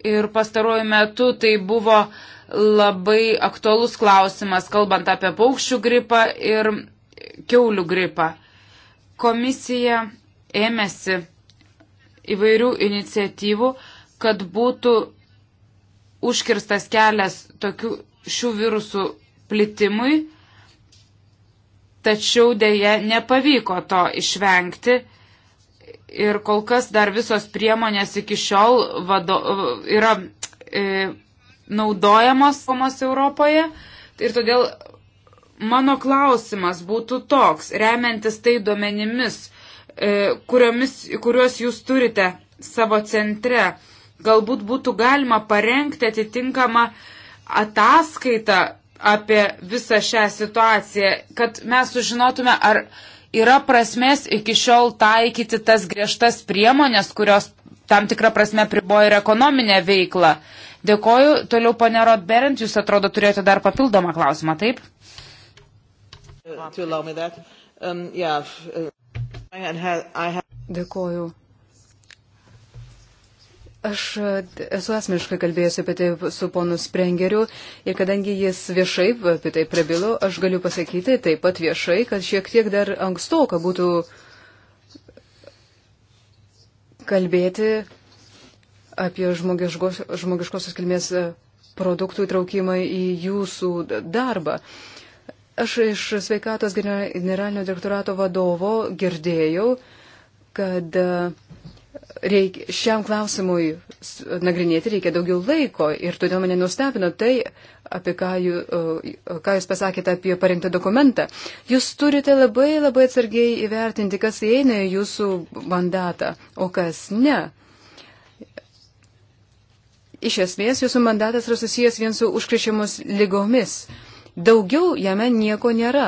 ir pastaruoju metu tai buvo labai aktuolus klausimas, kalbant apie paukščių gripą ir keulių gripą. Komisija ėmėsi įvairių iniciatyvų, kad būtų užkirstas kelias tokių šių virusų plitimui, tačiau dėje nepavyko to išvengti. Ir kol kas dar visos priemonės iki šiol vado, yra e, naudojamos komos Europoje. Ir todėl mano klausimas būtų toks, remiantis tai duomenimis, e, kuriomis, kuriuos jūs turite savo centre, galbūt būtų galima parengti atitinkamą ataskaitą apie visą šią situaciją, kad mes sužinotume, ar yra prasmės iki šiol taikyti tas griežtas priemonės, kurios tam tikrą prasme priboja ir ekonominę veiklą. Dėkoju. Toliau, ponė Rodberint, jūs atrodo turėjote dar papildomą klausimą, taip? Um, uh, Dėkoju. Aš e, esu asmeniškai kalbėjęs apie tai su ponu Sprengeriu ir kadangi jis viešai apie tai prabilo, aš galiu pasakyti taip pat viešai, kad šiek tiek dar ankstoka būtų kalbėti apie žmogiškos, žmogiškosios kilmės e, produktų įtraukimą į jūsų darbą. Aš iš sveikatos generalinio direktorato vadovo girdėjau, kad uh, reik, šiam klausimui nagrinėti reikia daugiau laiko ir todėl mane nustebino tai, apie ką, jų, ką jūs pasakėte apie parengtą dokumentą. Jūs turite labai labai atsargiai įvertinti, kas įeina į jūsų mandatą, o kas ne. Iš esmės, jūsų mandatas yra susijęs vien su užkrečiamus lygomis. Daugiau jame nieko nėra.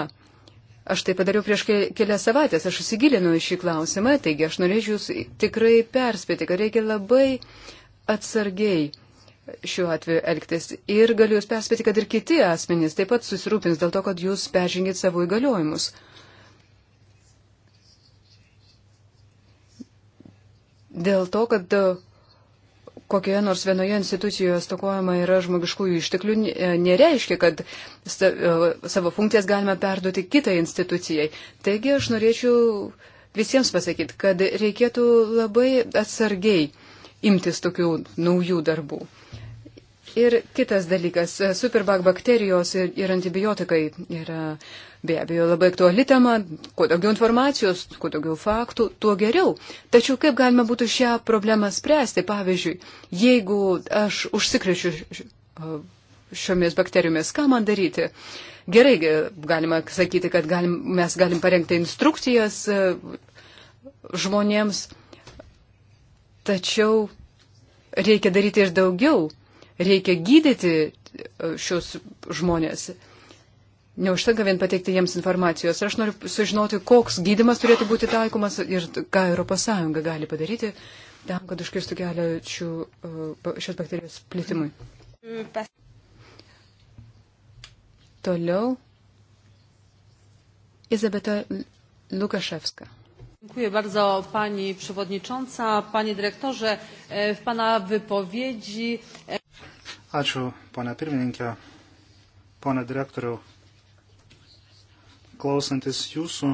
Aš tai padariau prieš kelias savaitės, aš įsigilinau į šį klausimą, taigi aš norėčiau jūs tikrai perspėti, kad reikia labai atsargiai šiuo atveju elgtis. Ir galiu jūs perspėti, kad ir kiti asmenys taip pat susirūpins dėl to, kad jūs peržengit savo įgaliojimus. Dėl to, kad kokioje nors vienoje institucijoje stokojama yra žmogiškųjų išteklių, e, nereiškia, kad e, savo funkcijas galime perduoti kitai institucijai. Taigi aš norėčiau visiems pasakyti, kad reikėtų labai atsargiai imtis tokių naujų darbų. Ir kitas dalykas, e, superbak bakterijos ir, ir antibiotikai yra Be abejo, labai aktuali tema, kuo daugiau informacijos, kuo daugiau faktų, tuo geriau. Tačiau kaip galima būtų šią problemą spręsti? Pavyzdžiui, jeigu aš užsikrečiu šiomis bakterijomis, ką man daryti? Gerai, galima sakyti, kad galim, mes galim parengti instrukcijas e, žmonėms, tačiau reikia daryti ir daugiau. Reikia gydyti e, šios žmonės neužtenka vien pateikti jiems informacijos. Aš noriu sužinoti, koks gydimas turėtų būti taikomas ir ką ES gali padaryti tam, kad užkirstų kelią šių, uh, šios bakterijos plitimui. Toliau. Izabeta Lukaszewska. Dziękuję bardzo Pani Przewodnicząca, Panie Dyrektorze, e, w Pana wypowiedzi. E, Ačiū, ponia pirmininkė, ponia direktoriau klausantis jūsų,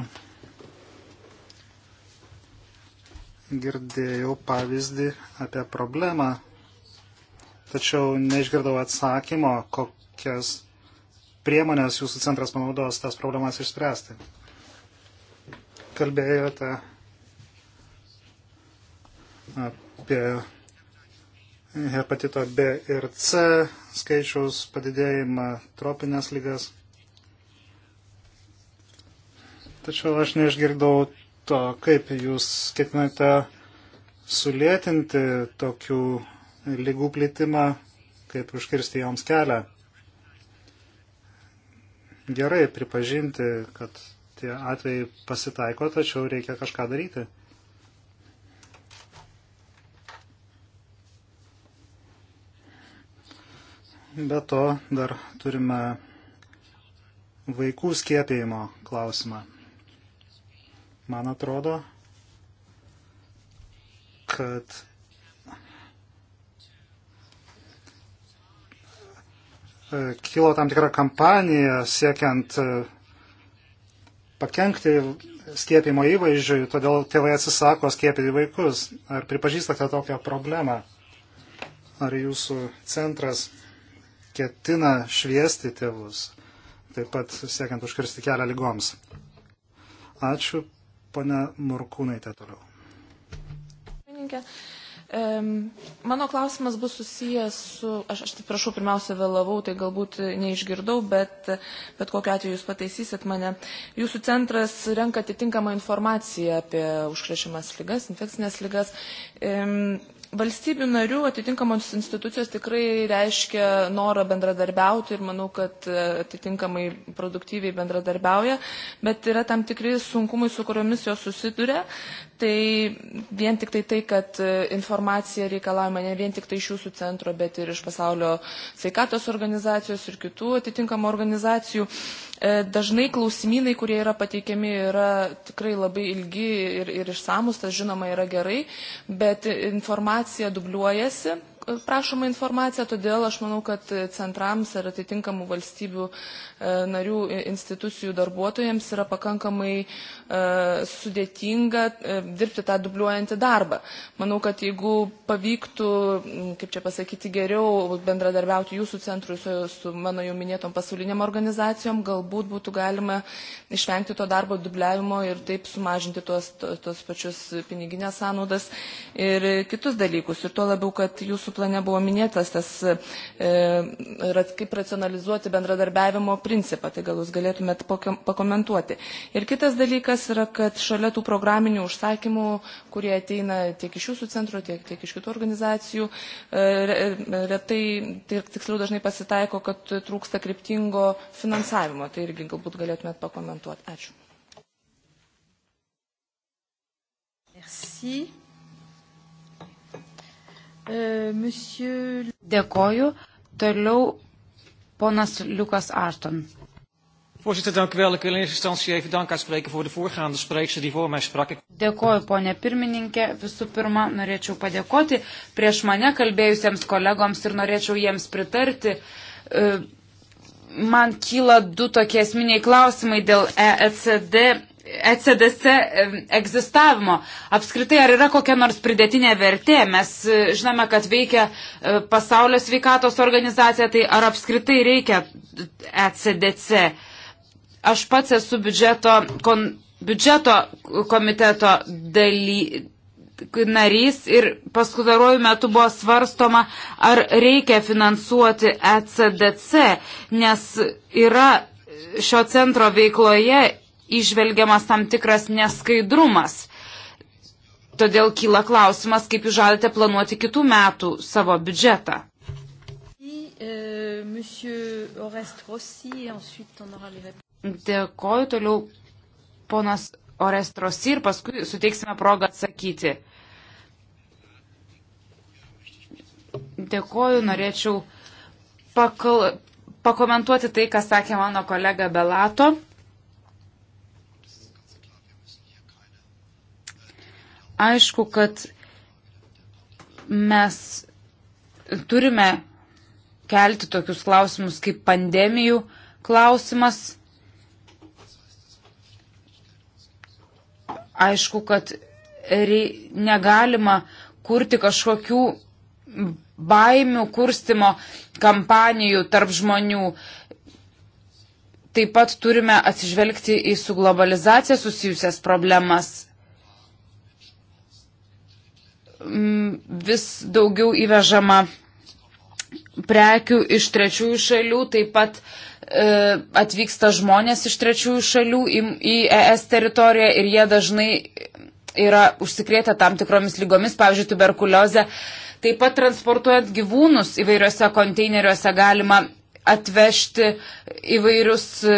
girdėjau pavyzdį apie problemą, tačiau neišgirdau atsakymo, kokias priemonės jūsų centras panaudos tas problemas išspręsti. Kalbėjote apie hepatito B ir C skaičiaus padidėjimą, tropinės lygas. tačiau aš neišgirdau to, kaip jūs ketinate sulėtinti tokių lygų plitimą, kaip užkirsti joms kelią. Gerai pripažinti, kad tie atvejai pasitaiko, tačiau reikia kažką daryti. Be to dar turime vaikų skiepėjimo klausimą. Man atrodo, kad e, kilo tam tikra kampanija siekiant e, pakengti skiepimo įvaizdžiui, todėl tėvai atsisako skiepyti vaikus. Ar pripažįstate tokią problemą? Ar jūsų centras ketina šviesti tėvus, taip pat siekiant užkirsti kelią lygoms? Ačiū, Pane Morkūnaitė toliau. Mano klausimas bus susijęs su, aš, aš taip prašau, pirmiausia vėlavau, tai galbūt neišgirdau, bet, bet kokiu atveju jūs pataisysit mane. Jūsų centras renka atitinkamą informaciją apie užkrešimas lygas, infekcinės lygas. Valstybių narių atitinkamos institucijos tikrai reiškia norą bendradarbiauti ir manau, kad e, atitinkamai produktyviai bendradarbiauja, bet yra tam tikri sunkumai, su kuriomis jos susiduria tai vien tik tai tai, kad e, informacija reikalavima ne vien tik tai iš jūsų centro, bet ir iš pasaulio sveikatos organizacijos ir kitų atitinkamų organizacijų. E, dažnai klausimynai, kurie yra pateikiami, yra tikrai labai ilgi ir, ir išsamus, tas žinoma yra gerai, bet informacija dubliuojasi prašoma informacija, todėl aš manau, kad centrams ar atitinkamų valstybių e, narių institucijų darbuotojams yra pakankamai e, sudėtinga e, dirbti tą dubliuojantį darbą. Manau, kad jeigu pavyktų, kaip čia pasakyti, geriau bendradarbiauti jūsų centrui su, su mano jau minėtom pasauliniam organizacijom, galbūt būtų galima išvengti to darbo dubliavimo ir taip sumažinti tuos, tuos pačius piniginės sąnaudas ir kitus dalykus. Ir tuo labiau, kad jūsų plane buvo minėtas tas, e, kaip racionalizuoti bendradarbiavimo principą, tai gal jūs galėtumėt pakomentuoti. Ir kitas dalykas yra, kad šalia tų programinių užsakymų, kurie ateina tiek iš jūsų centro, tiek, tiek iš kitų organizacijų, e, e, retai, tai tiksliau dažnai pasitaiko, kad trūksta kryptingo finansavimo. Tai irgi galbūt galėtumėt pakomentuoti. Ačiū. Merci. E, monsieur... Dėkoju. Toliau ponas Lukas Arton. Voorzitter, dank u wel. Ik wil in eerste instantie even dank uitspreken voor de voorgaande spreekster die voor mij sprak. Dėkoju, ponė pirmininkė. Visų pirma, norėčiau padėkoti prieš mane kalbėjusiems kolegoms ir norėčiau jiems pritarti. E, man kyla du tokie esminiai klausimai dėl EECD ECDC egzistavimo. Apskritai, ar yra kokia nors pridėtinė vertė? Mes e, žinome, kad veikia e, pasaulio sveikatos organizacija, tai ar apskritai reikia ECDC? Aš pats esu biudžeto, kon, biudžeto komiteto daly, narys ir paskutarojų metų buvo svarstoma, ar reikia finansuoti ECDC, nes yra šio centro veikloje išvelgiamas tam tikras neskaidrumas. Todėl kyla klausimas, kaip jūs žadate planuoti kitų metų savo biudžetą. Euh, Dėkoju toliau ponas Orestrosi ir paskui suteiksime progą atsakyti. Dėkoju, norėčiau pakal... pakomentuoti tai, ką sakė mano kolega Belato. Aišku, kad mes turime kelti tokius klausimus kaip pandemijų klausimas. Aišku, kad rei, negalima kurti kažkokių baimių kurstimo kampanijų tarp žmonių. Taip pat turime atsižvelgti į su globalizacija susijusias problemas. Mm, vis daugiau įvežama prekių iš trečiųjų šalių, taip pat e, atvyksta žmonės iš trečiųjų šalių į, į ES teritoriją ir jie dažnai yra užsikrėtę tam tikromis lygomis, pavyzdžiui, tuberkuliozę. Taip pat transportuojant gyvūnus įvairiuose konteineriuose galima atvežti įvairius e,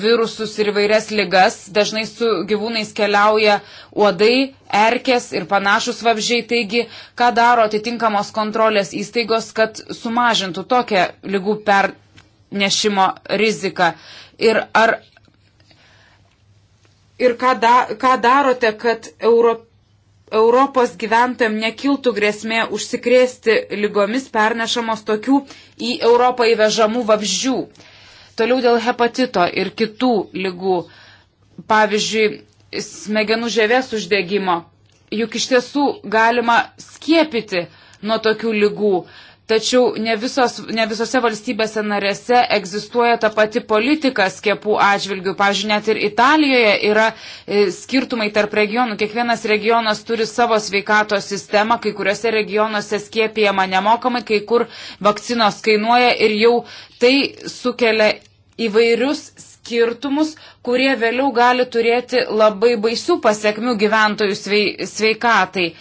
virusus ir įvairias ligas. Dažnai su gyvūnais keliauja uodai, erkės ir panašus vabžiai. Taigi, ką daro atitinkamos kontrolės įstaigos, kad sumažintų tokią lygų pernešimo riziką? Ir, ar, ir ką, da, ką darote, kad Europė Europos gyventojams nekiltų grėsmė užsikrėsti lygomis pernešamos tokių į Europą įvežamų vabzdžių. Toliau dėl hepatito ir kitų lygų, pavyzdžiui, smegenų žėvės uždegimo. Juk iš tiesų galima skiepyti nuo tokių lygų tačiau ne, visos, ne visose valstybėse narėse egzistuoja ta pati politika skiepų atžvilgių. Pavyzdžiui, net ir Italijoje yra e, skirtumai tarp regionų. Kiekvienas regionas turi savo sveikatos sistemą, kai kuriuose regionuose skiepijama nemokamai, kai kur vakcinos kainuoja ir jau tai sukelia įvairius skirtumus, kurie vėliau gali turėti labai baisių pasiekmių gyventojų sveikatai.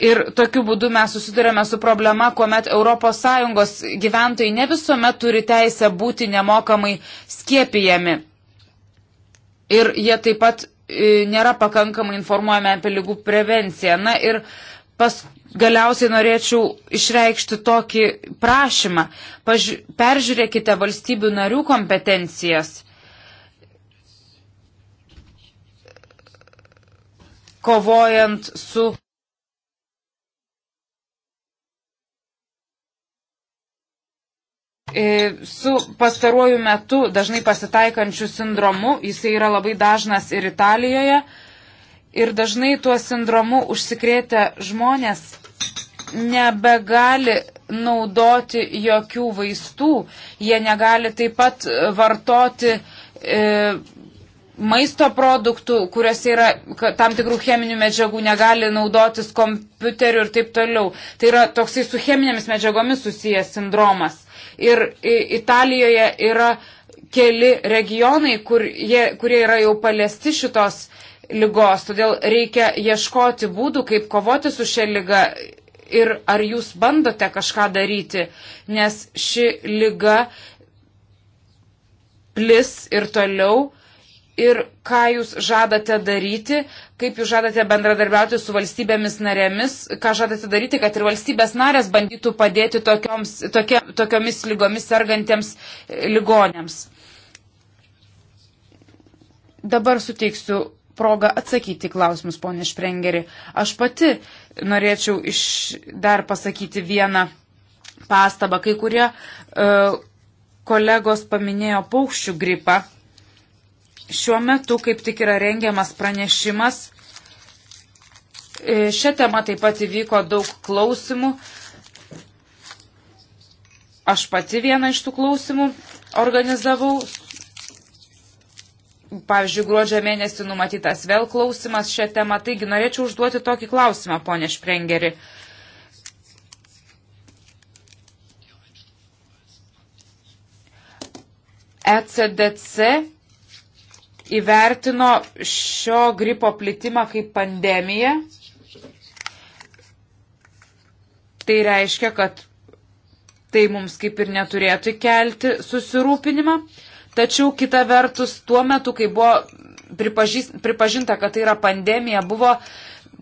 Ir tokiu būdu mes susidurėme su problema, kuomet ES gyventojai ne visuomet turi teisę būti nemokamai skiepijami. Ir jie taip pat e, nėra pakankamai informuojami apie lygų prevenciją. Na ir pas, galiausiai norėčiau išreikšti tokį prašymą. Paž, peržiūrėkite valstybių narių kompetencijas. kovojant su E, su pastaruoju metu dažnai pasitaikančiu sindromu, jisai yra labai dažnas ir Italijoje, ir dažnai tuo sindromu užsikrėtę žmonės nebegali naudoti jokių vaistų, jie negali taip pat vartoti e, maisto produktų, kuriuose yra tam tikrų cheminių medžiagų, negali naudotis kompiuteriu ir taip toliau. Tai yra toksai su cheminėmis medžiagomis susijęs sindromas ir Italijoje yra keli regionai, kur jie, kurie yra jau paliesti šitos lygos, todėl reikia ieškoti būdų, kaip kovoti su šia lyga ir ar jūs bandote kažką daryti, nes ši lyga plis ir toliau ir ką jūs žadate daryti, kaip jūs žadate bendradarbiauti su valstybėmis narėmis, ką žadate daryti, kad ir valstybės narės bandytų padėti tokioms, tokie, tokiomis lygomis sergantiems e, ligonėms. Dabar suteiksiu progą atsakyti klausimus, ponė Šprengeri. Aš pati norėčiau iš, dar pasakyti vieną pastabą. Kai kurie uh, kolegos paminėjo paukščių gripą. Uh, Šiuo metu kaip tik yra rengiamas pranešimas. E, šią temą taip pat įvyko daug klausimų. Aš pati vieną iš tų klausimų organizavau. Pavyzdžiui, gruodžio mėnesį numatytas vėl klausimas šią temą. Taigi norėčiau užduoti tokį klausimą, ponė Šprengeri. ECDC įvertino šio gripo plitimą kaip pandemiją. Tai reiškia, kad tai mums kaip ir neturėtų kelti susirūpinimą. Tačiau kita vertus, tuo metu, kai buvo pripažįs, pripažinta, kad tai yra pandemija, buvo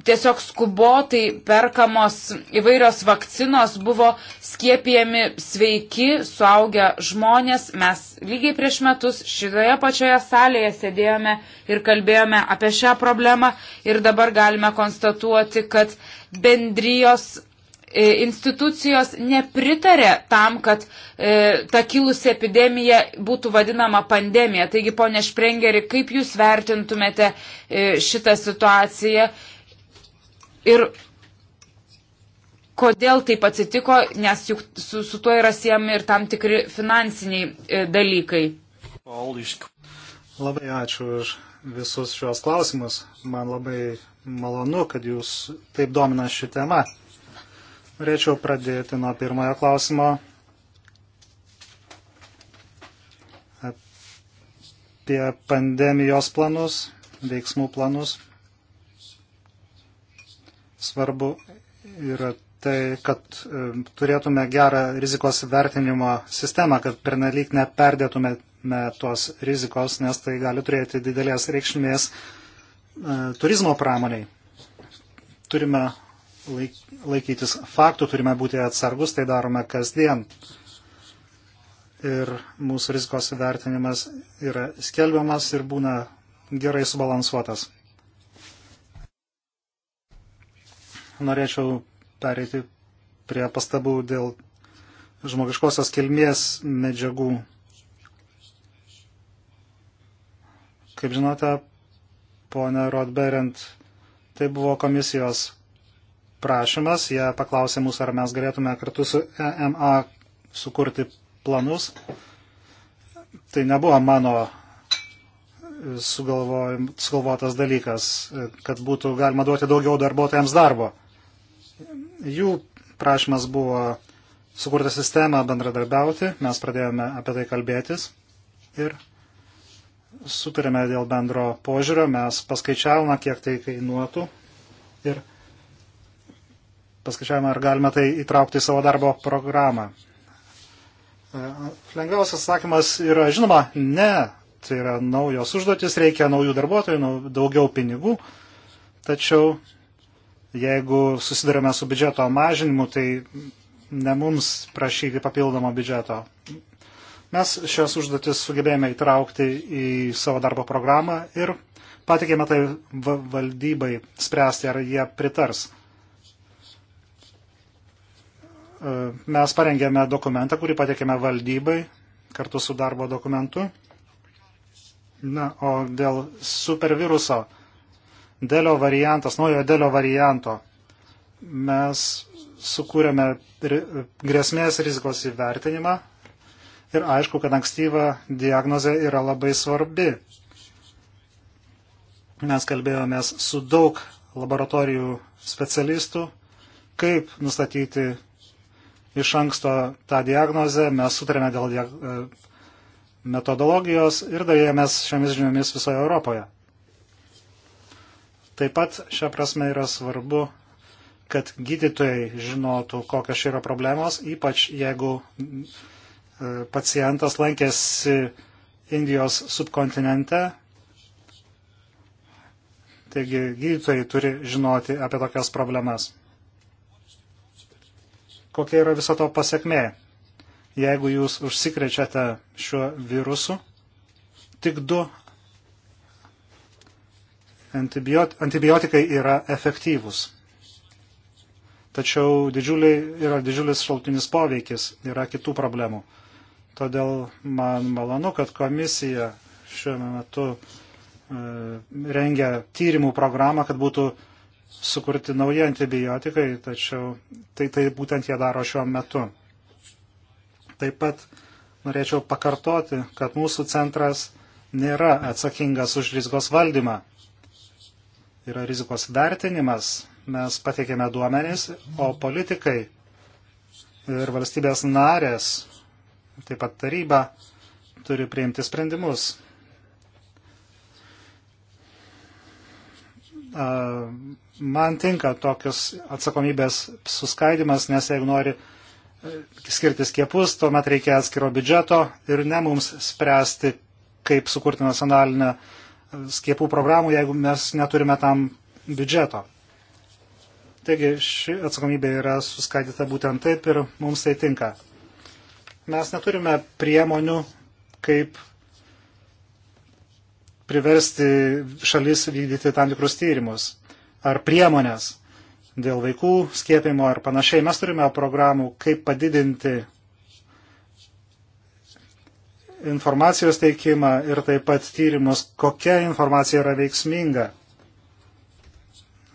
tiesiog skubotai perkamos įvairios vakcinos, buvo skiepijami sveiki, suaugę žmonės. Mes lygiai prieš metus šitoje pačioje salėje sėdėjome ir kalbėjome apie šią problemą ir dabar galime konstatuoti, kad bendrijos e, institucijos nepritarė tam, kad e, ta kilusi epidemija būtų vadinama pandemija. Taigi, ponė Šprengeri, kaip Jūs vertintumėte e, šitą situaciją Ir kodėl taip atsitiko, nes juk su, su tuo yra siejami ir tam tikri finansiniai e, dalykai. Labai ačiū už visus šios klausimus. Man labai malonu, kad jūs taip domina ši tema. Norėčiau pradėti nuo pirmojo klausimo apie pandemijos planus, veiksmų planus. Svarbu yra tai, kad e, turėtume gerą rizikos vertinimo sistemą, kad pernelyg neperdėtume tos rizikos, nes tai gali turėti didelės reikšmės e, turizmo pramoniai. Turime laikytis faktų, turime būti atsargus, tai darome kasdien. Ir mūsų rizikos vertinimas yra skelbiamas ir būna gerai subalansuotas. norėčiau pereiti prie pastabų dėl žmogiškosios kilmės medžiagų. Kaip žinote, ponė Rodberent, tai buvo komisijos prašymas. Jie paklausė mūsų, ar mes galėtume kartu su EMA sukurti planus. Tai nebuvo mano sugalvotas dalykas, kad būtų galima duoti daugiau darbuotojams darbo jų prašymas buvo sukurti sistemą bendradarbiauti, mes pradėjome apie tai kalbėtis ir sutarėme dėl bendro požiūrio, mes paskaičiavome, kiek tai kainuotų ir paskaičiavome, ar galime tai įtraukti į savo darbo programą. E, lengviausias atsakymas yra, žinoma, ne, tai yra naujos užduotis, reikia naujų darbuotojų, daugiau pinigų, tačiau Jeigu susidurime su biudžeto mažinimu, tai ne mums prašyti papildomo biudžeto. Mes šias užduotis sugebėjome įtraukti į savo darbo programą ir patikėme tai valdybai spręsti, ar jie pritars. E, mes parengėme dokumentą, kurį patikėme valdybai kartu su darbo dokumentu. Na, o dėl superviruso Delio variantas, naujo Delio varianto. Mes sukūrėme grėsmės rizikos įvertinimą ir aišku, kad ankstyva diagnozė yra labai svarbi. Mes kalbėjomės su daug laboratorijų specialistų, kaip nustatyti iš anksto tą diagnozę, mes sutarėme dėl e, metodologijos ir dalėjomės šiomis žiniomis visoje Europoje. Taip pat šią prasme yra svarbu, kad gydytojai žinotų, kokios yra problemos, ypač jeigu e, pacientas lankėsi Indijos subkontinente. Taigi gydytojai turi žinoti apie tokias problemas. Kokia yra viso to pasiekmė? Jeigu jūs užsikrečiate šiuo virusu, tik du antibiotikai yra efektyvūs. Tačiau didžiuliai, yra didžiulis šaltinis poveikis, yra kitų problemų. Todėl man malonu, kad komisija šiuo metu e, rengia tyrimų programą, kad būtų sukurti nauji antibiotikai, tačiau tai, tai būtent jie daro šiuo metu. Taip pat norėčiau pakartoti, kad mūsų centras nėra atsakingas už rizikos valdymą yra rizikos vertinimas, mes pateikėme duomenys, o politikai ir valstybės narės, taip pat taryba, turi priimti sprendimus. Man tinka tokios atsakomybės suskaidimas, nes jeigu nori e, skirti skiepus, tuomet reikia atskiro biudžeto ir ne mums spręsti, kaip sukurti nacionalinę uh, skiepų programų, jeigu mes neturime tam biudžeto. Taigi ši atsakomybė yra suskaidyta būtent taip ir mums tai tinka. Mes neturime priemonių, kaip priversti šalis vykdyti tam tikrus tyrimus ar priemonės dėl vaikų skiepimo ar panašiai. Mes turime programų, kaip padidinti informacijos teikimą ir taip pat tyrimus, kokia informacija yra veiksminga.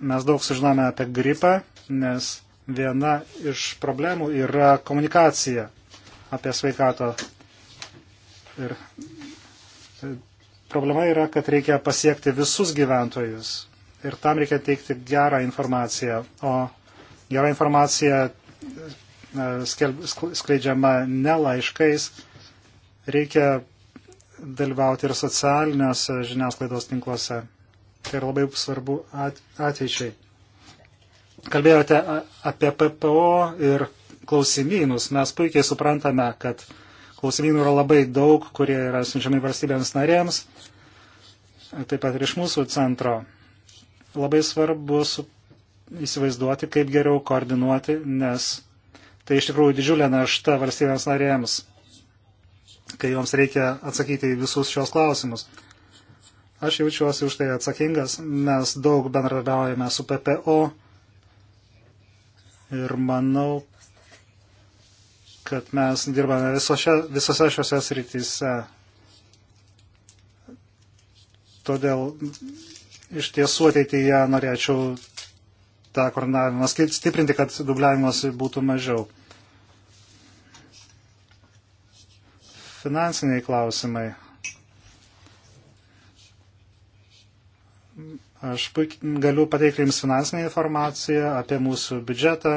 Mes daug sužinome apie gripą, nes viena iš problemų yra komunikacija apie sveikato. Ir e, problema yra, kad reikia pasiekti visus gyventojus. Ir tam reikia teikti gerą informaciją. O gera informacija e, skleidžiama ne laiškais, reikia dalyvauti ir socialiniuose žiniasklaidos tinkluose. Tai yra labai svarbu ateičiai. Kalbėjote apie PPO ir klausimynus. Mes puikiai suprantame, kad klausimynų yra labai daug, kurie yra siunčiami valstybėms narėms, taip pat ir iš mūsų centro. Labai svarbu įsivaizduoti, kaip geriau koordinuoti, nes tai iš tikrųjų didžiulė našta valstybėms narėms kai joms reikia atsakyti į visus šios klausimus. Aš jaučiuosi už tai atsakingas, mes daug bendradarbiaujame su PPO ir manau, kad mes dirbame visose, visose šiose srityse. Todėl iš tiesų ateityje norėčiau tą koordinavimą stiprinti, kad dubliavimas būtų mažiau. finansiniai klausimai. Aš galiu pateikti Jums finansinę informaciją apie mūsų biudžetą,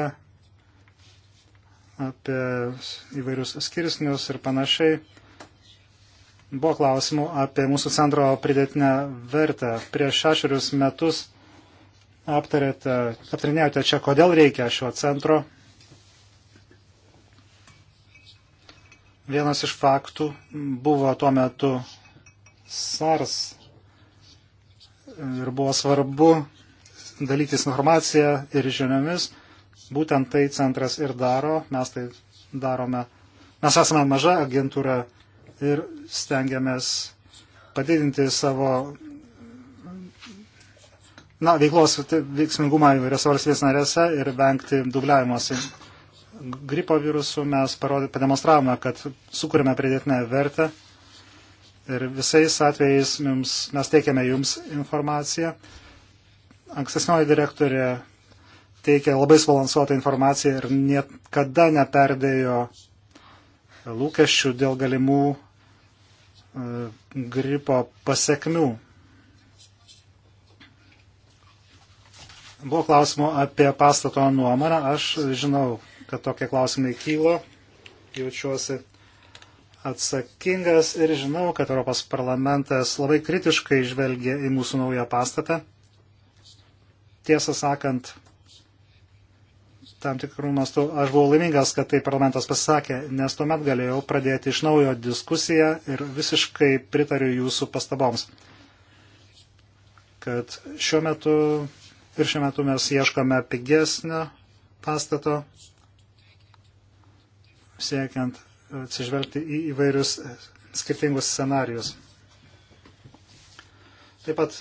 apie įvairius skirsnius ir panašiai. Buvo klausimų apie mūsų centro pridėtinę vertę. Prieš šešerius metus aptarėte, aptarinėjote čia, kodėl reikia šio centro Vienas iš faktų buvo tuo metu SARS ir buvo svarbu dalytis informaciją ir žiniomis. Būtent tai centras ir daro, mes tai darome. Mes esame maža agentūra ir stengiamės padidinti savo na, veiklos veiksmingumą įvairiose valstybės narėse ir vengti dubliavimuose gripo virusu mes parodė, pademonstravome, kad sukūrėme pridėtinę vertę ir visais atvejais jums, mes teikiame jums informaciją. Ankstesnioji direktorė teikia labai svalansuotą informaciją ir niekada neperdėjo lūkesčių dėl galimų uh, gripo pasiekmių. Buvo klausimų apie pastato nuomonę. Aš žinau, kad tokie klausimai kylo. Jaučiuosi atsakingas ir žinau, kad Europos parlamentas labai kritiškai žvelgia į mūsų naują pastatą. Tiesą sakant, tam tikrų mastų aš buvau laimingas, kad tai parlamentas pasakė, nes tuomet galėjau pradėti iš naujo diskusiją ir visiškai pritariu jūsų pastaboms, kad šiuo metu ir šiuo metu mes ieškome pigesnio pastato, siekiant atsižvelgti į įvairius skirtingus scenarius. Taip pat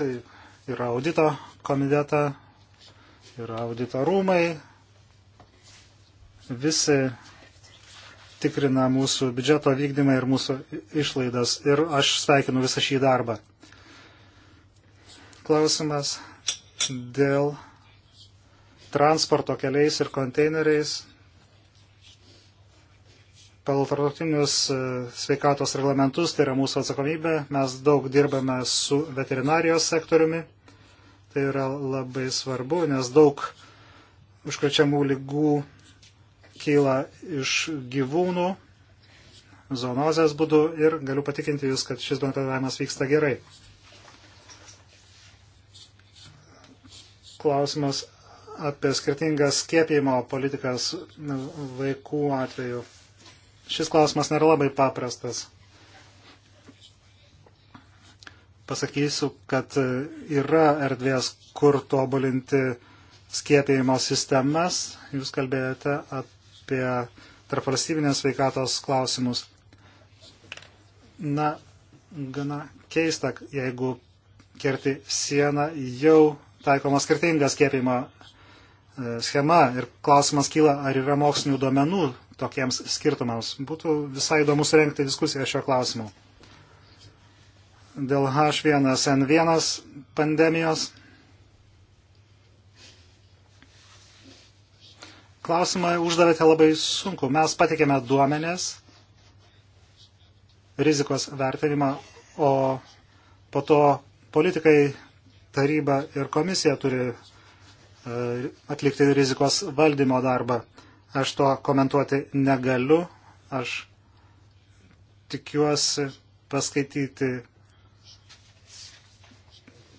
yra audito komiteta, yra audito rūmai, visi tikrina mūsų biudžeto vykdymą ir mūsų išlaidas. Ir aš sveikinu visą šį darbą. Klausimas dėl transporto keliais ir konteineriais pagal tarptautinius e, sveikatos reglamentus, tai yra mūsų atsakomybė. Mes daug dirbame su veterinarijos sektoriumi. Tai yra labai svarbu, nes daug užkrečiamų lygų kyla iš gyvūnų, zoonozės būdu ir galiu patikinti Jūs, kad šis bendradavimas vyksta gerai. Klausimas apie skirtingas skiepijimo politikas vaikų atveju. Šis klausimas nėra labai paprastas. Pasakysiu, kad yra erdvės, kur tobulinti skiepėjimo sistemas. Jūs kalbėjote apie tarpvalstybinės veikatos klausimus. Na, gana keista, jeigu kerti sieną jau taikoma skirtinga skiepimo e, schema ir klausimas kyla, ar yra mokslinių duomenų tokiems skirtumams. Būtų visai įdomu surenkti diskusiją šio klausimu. Dėl H1N1 pandemijos. Klausimą uždavėte labai sunku. Mes patikėme duomenės, rizikos vertinimą, o po to politikai, taryba ir komisija turi e, atlikti rizikos valdymo darbą. Aš to komentuoti negaliu. Aš tikiuosi paskaityti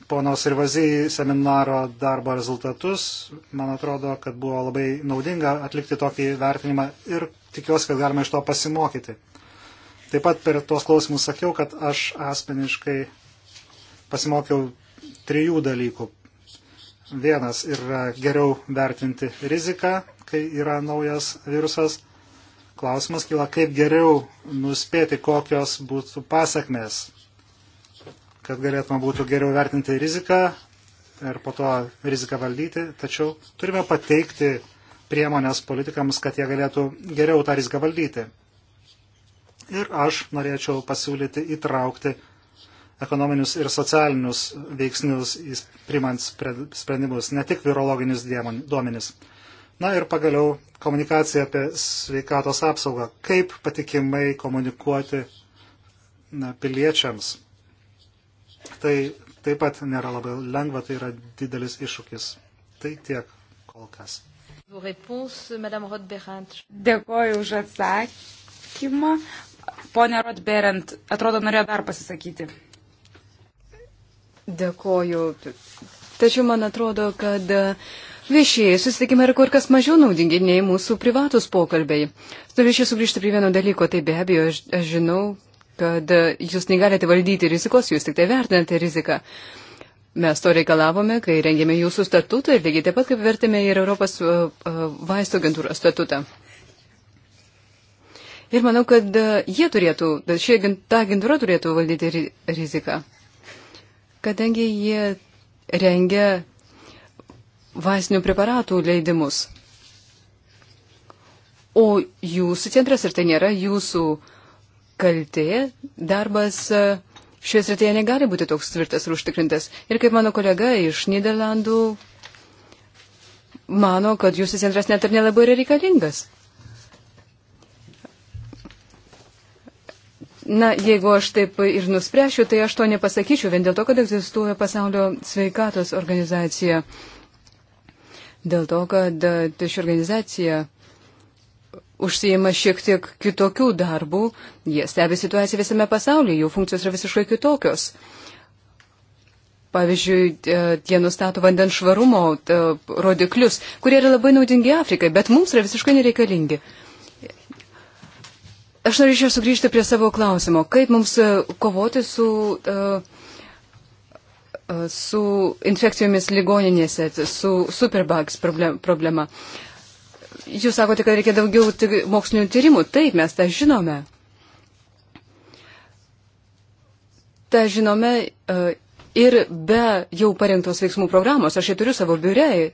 ponos ir vazijai seminaro darbo rezultatus. Man atrodo, kad buvo labai naudinga atlikti tokį vertinimą ir tikiuosi, kad galima iš to pasimokyti. Taip pat per tuos klausimus sakiau, kad aš asmeniškai pasimokiau trijų dalykų. Vienas yra geriau vertinti riziką, kai yra naujas virusas. Klausimas kyla, kaip geriau nuspėti, kokios būtų pasakmės, kad galėtume būtų geriau vertinti riziką ir po to riziką valdyti. Tačiau turime pateikti priemonės politikams, kad jie galėtų geriau tą riziką valdyti. Ir aš norėčiau pasiūlyti įtraukti ekonominius ir socialinius veiksnius, primant sprendimus, ne tik virologinius duomenis. Na ir pagaliau komunikacija apie sveikatos apsaugą. Kaip patikimai komunikuoti na, piliečiams. Tai taip pat nėra labai lengva, tai yra didelis iššūkis. Tai tiek kol kas. Dėkoju už atsakymą. Pone Rotberent, atrodo, norėjo dar pasisakyti. Dėkoju. Tačiau man atrodo, kad uh, Viešieji susitikimai yra kur kas mažiau naudingi nei mūsų privatus pokalbiai. Norėčiau sugrįžti prie vieno dalyko, tai be abejo, aš, aš žinau, kad jūs negalite valdyti rizikos, jūs tik tai vertinate riziką. Mes to reikalavome, kai rengėme jūsų statutą ir lygiai taip pat kaip vertėme ir Europos e, e, vaisto agentūros statutą. Ir manau, kad e, jie turėtų, ši ta agentūra turėtų valdyti riziką, kadangi jie rengia vaistinių preparatų leidimus. O jūsų centras, ir tai nėra jūsų kaltė, darbas e, šioje srityje negali būti toks tvirtas ir užtikrintas. Ir kaip mano kolega iš Niderlandų mano, kad jūsų centras net ir nelabai yra reikalingas. Na, jeigu aš taip ir nuspręšiu, tai aš to nepasakyčiau, vien dėl to, kad egzistuoja pasaulio sveikatos organizacija. Uh, dėl to, kad e, ši organizacija užsijima šiek tiek kitokių darbų, jie stebi situaciją visame pasaulyje, jų funkcijos yra visiškai kitokios. Pavyzdžiui, e, jie nustato vandens švarumo e, rodiklius, kurie yra labai naudingi Afrikai, bet mums yra visiškai nereikalingi. Aš norėčiau sugrįžti prie savo klausimo, kaip mums kovoti su uh, su infekcijomis ligoninėse, su superbugs problema. Jūs sakote, kad reikia daugiau mokslinių tyrimų. Taip, mes tą žinome. Ta žinome e, ir be jau parengtos veiksmų programos. Aš jį turiu savo biurei.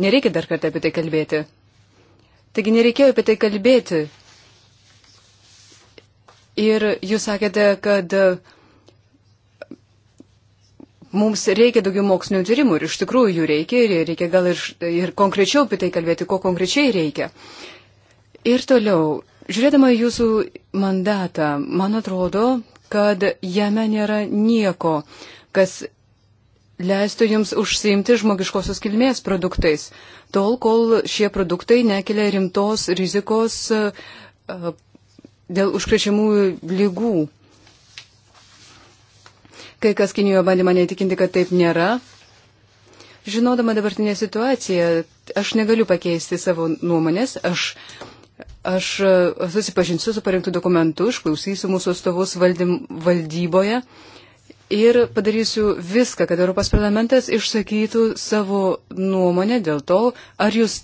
Nereikia dar kartą apie tai kalbėti. Taigi nereikėjo apie tai kalbėti. Ir jūs sakėte, kad uh, mums reikia daugiau mokslinio tyrimų ir iš tikrųjų jų reikia ir reikia gal ir, ir konkrečiau apie tai kalbėti, ko konkrečiai reikia. Ir toliau, žiūrėdama jūsų mandatą, man atrodo, kad jame nėra nieko, kas leistų jums užsiimti žmogiškosios kilmės produktais, tol kol šie produktai nekelia rimtos rizikos dėl užkrečiamų lygų. Kai kas Kinijoje bandė mane įtikinti, kad taip nėra. Žinodama dabartinę situaciją, aš negaliu pakeisti savo nuomonės. Aš, aš e, susipažinsiu su parengtų dokumentu, išklausysiu mūsų atstovus valdym, valdyboje ir padarysiu viską, kad Europos parlamentas išsakytų savo nuomonę dėl to, ar jūs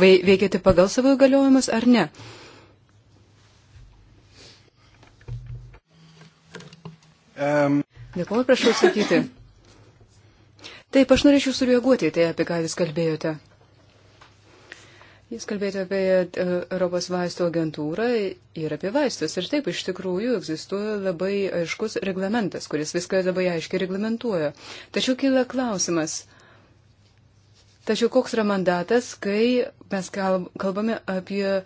veikėte pagal savo įgaliojimus ar ne. Um. Dėkuoju, prašau sakyti. Taip, aš norėčiau sureaguoti į tai, apie ką jūs kalbėjote. Jūs kalbėjote apie e, Europos vaistų agentūrą ir apie vaistus. Ir taip, iš tikrųjų, egzistuoja labai aiškus reglamentas, kuris viską labai aiškiai reglamentuoja. Tačiau kyla klausimas. Tačiau koks yra mandatas, kai mes kalbame apie e,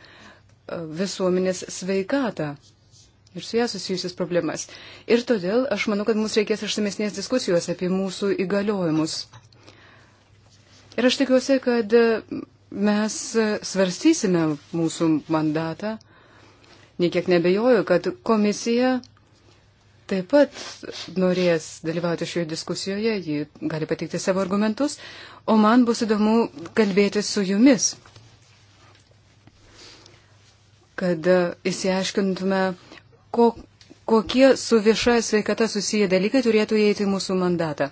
visuomenės sveikatą? ir su ją susijusias problemas. Ir todėl aš manau, kad mums reikės išsamesnės diskusijos apie mūsų įgaliojimus. Ir aš tikiuosi, kad mes svarstysime mūsų mandatą. Niekiek nebejoju, kad komisija taip pat norės dalyvauti šioje diskusijoje, ji gali pateikti savo argumentus, o man bus įdomu kalbėti su jumis, kad e, įsiaiškintume, ko, kokie su vieša sveikata susiję dalykai turėtų įeiti į mūsų mandatą.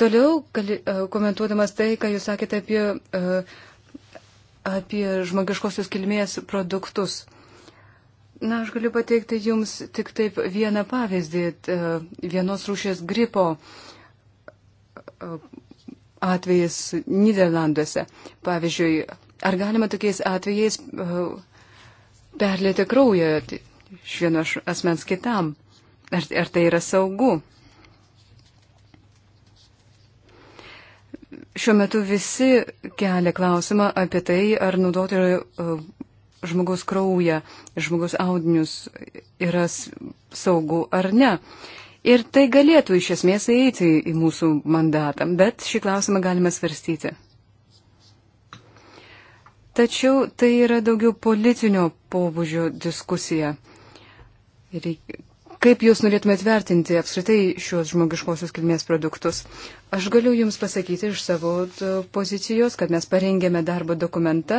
Toliau, e, komentuodamas tai, ką jūs sakėte apie, e, apie žmogiškosios kilmės produktus. Na, aš galiu pateikti jums tik taip vieną pavyzdį e, vienos rūšės gripo atvejais Niderlanduose. Pavyzdžiui, ar galima tokiais atvejais perlėti kraują? iš vieno asmens kitam. Ar, ar tai yra saugu? Šiuo metu visi kelia klausimą apie tai, ar naudoti e, žmogaus kraują, žmogaus audinius yra saugu ar ne. Ir tai galėtų iš esmės įeiti į mūsų mandatą, bet šį klausimą galime svarstyti. Tačiau tai yra daugiau politinio pobūdžio diskusija. Reik... Kaip Jūs norėtumėt vertinti apskritai šios žmogiškosios kilmės produktus? Aš galiu Jums pasakyti iš savo e, pozicijos, kad mes parengėme darbo dokumentą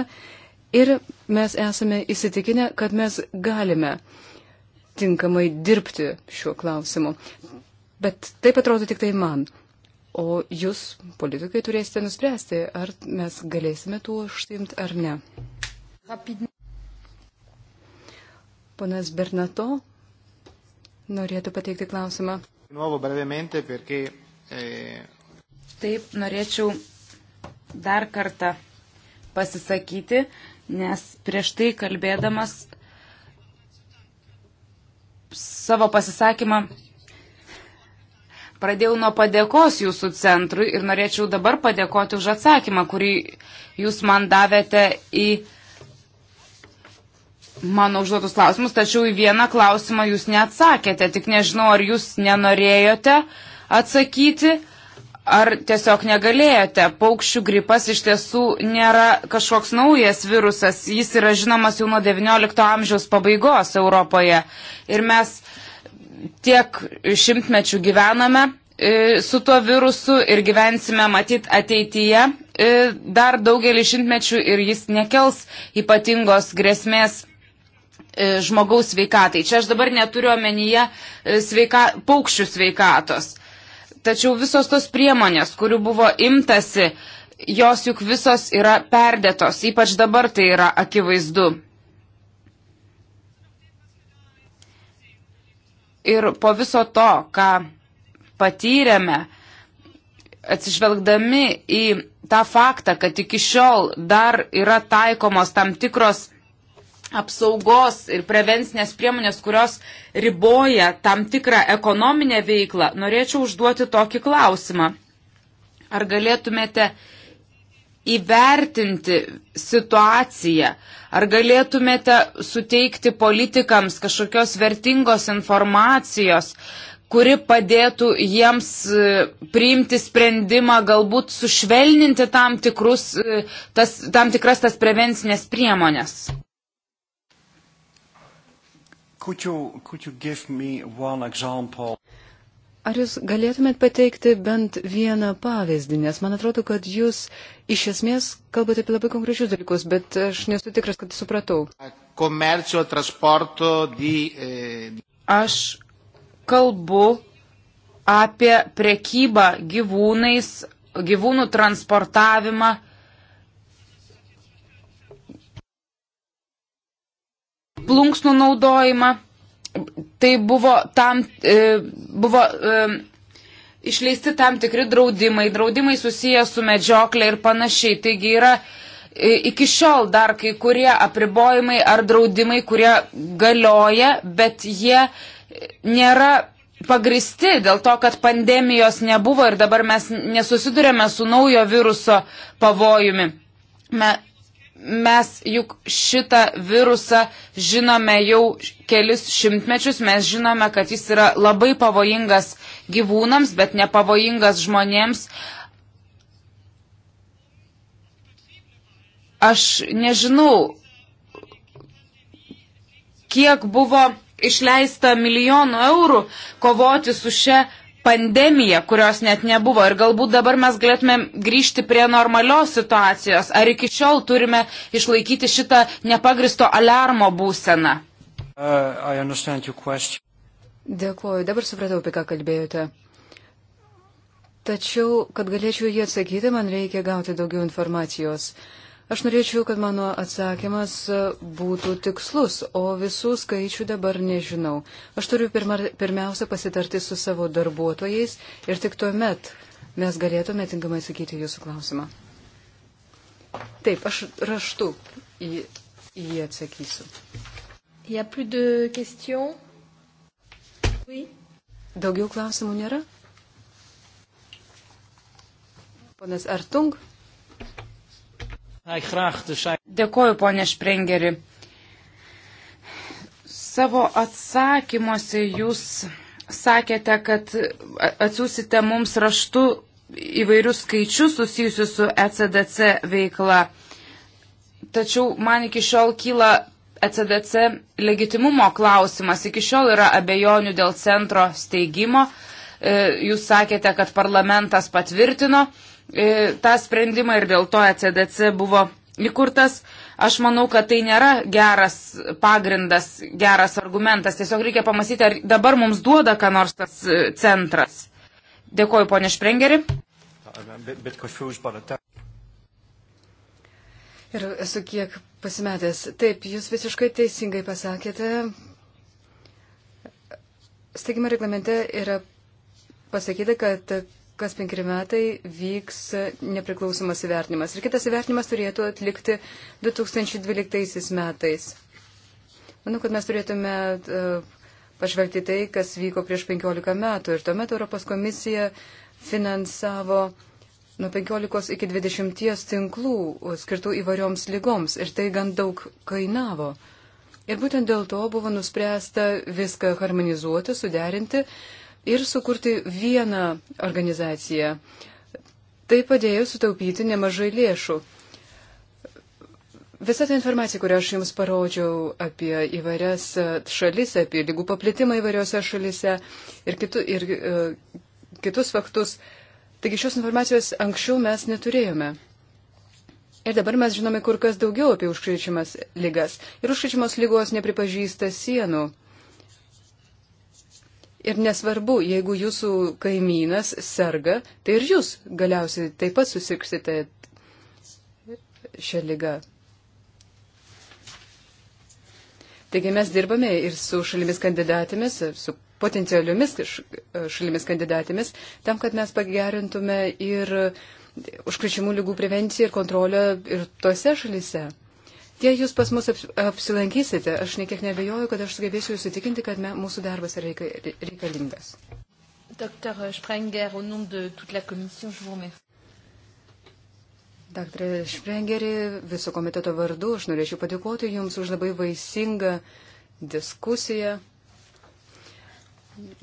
ir mes esame įsitikinę, kad mes galime tinkamai dirbti šiuo klausimu. Bet taip atrodo tik tai man. O jūs, politikai, turėsite nuspręsti, ar mes galėsime tuo užsimti ar ne. Rapidin. Ponas Bernato norėtų pateikti klausimą. Eh, Taip, norėčiau dar kartą pasisakyti, nes prieš tai kalbėdamas savo pasisakymą pradėjau nuo padėkos jūsų centrui ir norėčiau dabar padėkoti už atsakymą, kurį jūs man davėte į mano užduotus klausimus, tačiau į vieną klausimą jūs neatsakėte, tik nežinau, ar jūs nenorėjote atsakyti, ar tiesiog negalėjote. Paukščių gripas iš tiesų nėra kažkoks naujas virusas, jis yra žinomas jau nuo XIX amžiaus pabaigos Europoje. Ir mes tiek šimtmečių gyvename e, su tuo virusu ir gyvensime matyt ateityje e, dar daugelį šimtmečių ir jis nekels ypatingos grėsmės E, žmogaus sveikatai. Čia aš dabar neturiu omenyje e, sveika, paukščių sveikatos. Tačiau visos tos priemonės, kurių buvo imtasi, jos juk visos yra perdėtos, ypač dabar tai yra akivaizdu. Ir po viso to, ką patyrėme, atsižvelgdami į tą faktą, kad iki šiol dar yra taikomos tam tikros apsaugos ir prevencinės priemonės, kurios riboja tam tikrą ekonominę veiklą, norėčiau užduoti tokį klausimą. Ar galėtumėte įvertinti situaciją, ar galėtumėte suteikti politikams kažkokios vertingos informacijos, kuri padėtų jiems e, priimti sprendimą, galbūt sušvelninti tam, tikrus, e, tas, tam tikras tas prevencinės priemonės. Could you, could you give me one example? Ar jūs galėtumėt pateikti bent vieną pavyzdį, nes man atrodo, kad jūs iš esmės kalbate apie labai konkrečius dalykus, bet aš nesu tikras, kad supratau. Komercio transporto di. Eh, aš kalbu apie prekybą gyvūnais, gyvūnų transportavimą plunksnų naudojimą. Tai buvo, tam, e, buvo e, išleisti tam tikri draudimai, draudimai susiję su medžioklė ir panašiai. Taigi yra e, iki šiol dar kai kurie apribojimai ar draudimai, kurie galioja, bet jie nėra pagristi dėl to, kad pandemijos nebuvo ir dabar mes nesusidurėme su naujo viruso pavojumi. Me, Mes juk šitą virusą žinome jau kelis šimtmečius, mes žinome, kad jis yra labai pavojingas gyvūnams, bet nepavojingas žmonėms. Aš nežinau, kiek buvo išleista milijonų eurų kovoti su šia pandemiją, kurios net nebuvo. Ir galbūt dabar mes galėtume grįžti prie normalios situacijos. Ar iki šiol turime išlaikyti šitą nepagristo alarmo būseną? Uh, Dėkuoju, dabar supratau, apie ką kalbėjote. Tačiau, kad galėčiau jį atsakyti, man reikia gauti daugiau informacijos. Uh, Aš norėčiau, kad mano atsakymas e, būtų tikslus, o visų skaičių dabar nežinau. Aš turiu pirma, pirmiausia pasitarti su savo darbuotojais ir tik tuomet mes galėtume tinkamai atsakyti jūsų klausimą. Taip, aš raštu į, į jį atsakysiu. Oui. Daugiau klausimų nėra? Ponas Artung. Dėkoju, ponė Šprengeri. Savo atsakymuose jūs sakėte, kad atsiūsite mums raštu įvairius skaičius susijusius su ECDC veikla. Tačiau man iki šiol kyla ECDC legitimumo klausimas. Iki šiol yra abejonių dėl centro steigimo. E, jūs sakėte, kad parlamentas patvirtino E, tą sprendimą ir dėl to ECDC buvo įkurtas. Aš manau, kad tai nėra geras pagrindas, geras argumentas. Tiesiog reikia pamasyti, ar dabar mums duoda ką nors tas e, centras. Dėkoju, ponė Šprengeri. Ir esu kiek pasimetęs. Taip, jūs visiškai teisingai pasakėte. Steigimo reglamente yra pasakyta, kad kas penkeri metai vyks nepriklausomas įvertinimas. Ir kitas įvertinimas turėtų atlikti 2012 metais. Manau, kad mes turėtume e, pažvelgti tai, kas vyko prieš 15 metų. Ir tuomet Europos komisija finansavo nuo 15 iki 20 tinklų skirtų įvairioms lygoms. Ir tai gan daug kainavo. Ir būtent dėl to buvo nuspręsta viską harmonizuoti, suderinti ir sukurti vieną organizaciją. Tai padėjo sutaupyti nemažai lėšų. Visa ta informacija, kurią aš Jums parodžiau apie įvairias e, šalis, apie lygų paplitimą įvairiose šalise ir, kitu, ir e, kitus faktus, taigi šios informacijos anksčiau mes neturėjome. Ir dabar mes žinome kur kas daugiau apie užkrečiamas lygas. Ir užkrečiamos lygos nepripažįsta sienų. Ir nesvarbu, jeigu jūsų kaimynas serga, tai ir jūs galiausiai taip pat susirksite šią lygą. Taigi mes dirbame ir su šalimis kandidatėmis, su potencialiomis šalimis kandidatėmis, tam, kad mes pagerintume ir užkrečiamų lygų prevenciją ir kontrolę ir tose šalise. Jei jūs pas mus apsilankysite, aš niekiek nebejoju, kad aš sugebėsiu jūs įtikinti, kad me, mūsų darbas yra reikalingas. Dr. Sprenger, au nom de toute la commission, je vous remercie. Dr. Sprengeri, viso komiteto vardu aš norėčiau padėkoti Jums už labai vaisingą diskusiją.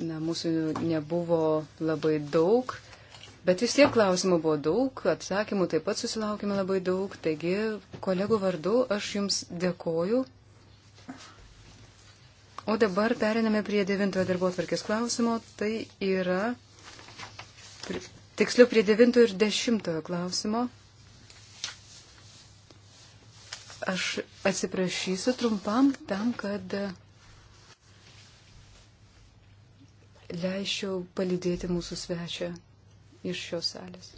Na, mūsų nebuvo labai daug. Bet vis tiek klausimų buvo daug, atsakymų taip pat susilaukime labai daug. Taigi, kolegų vardu, aš Jums dėkoju. O dabar periname prie devintojo darbo atvarkės klausimo. Tai yra, tiksliau, prie devintojo ir dešimtojo klausimo. Aš atsiprašysiu trumpam tam, kad leisčiau palydėti mūsų svečią iš šios salės.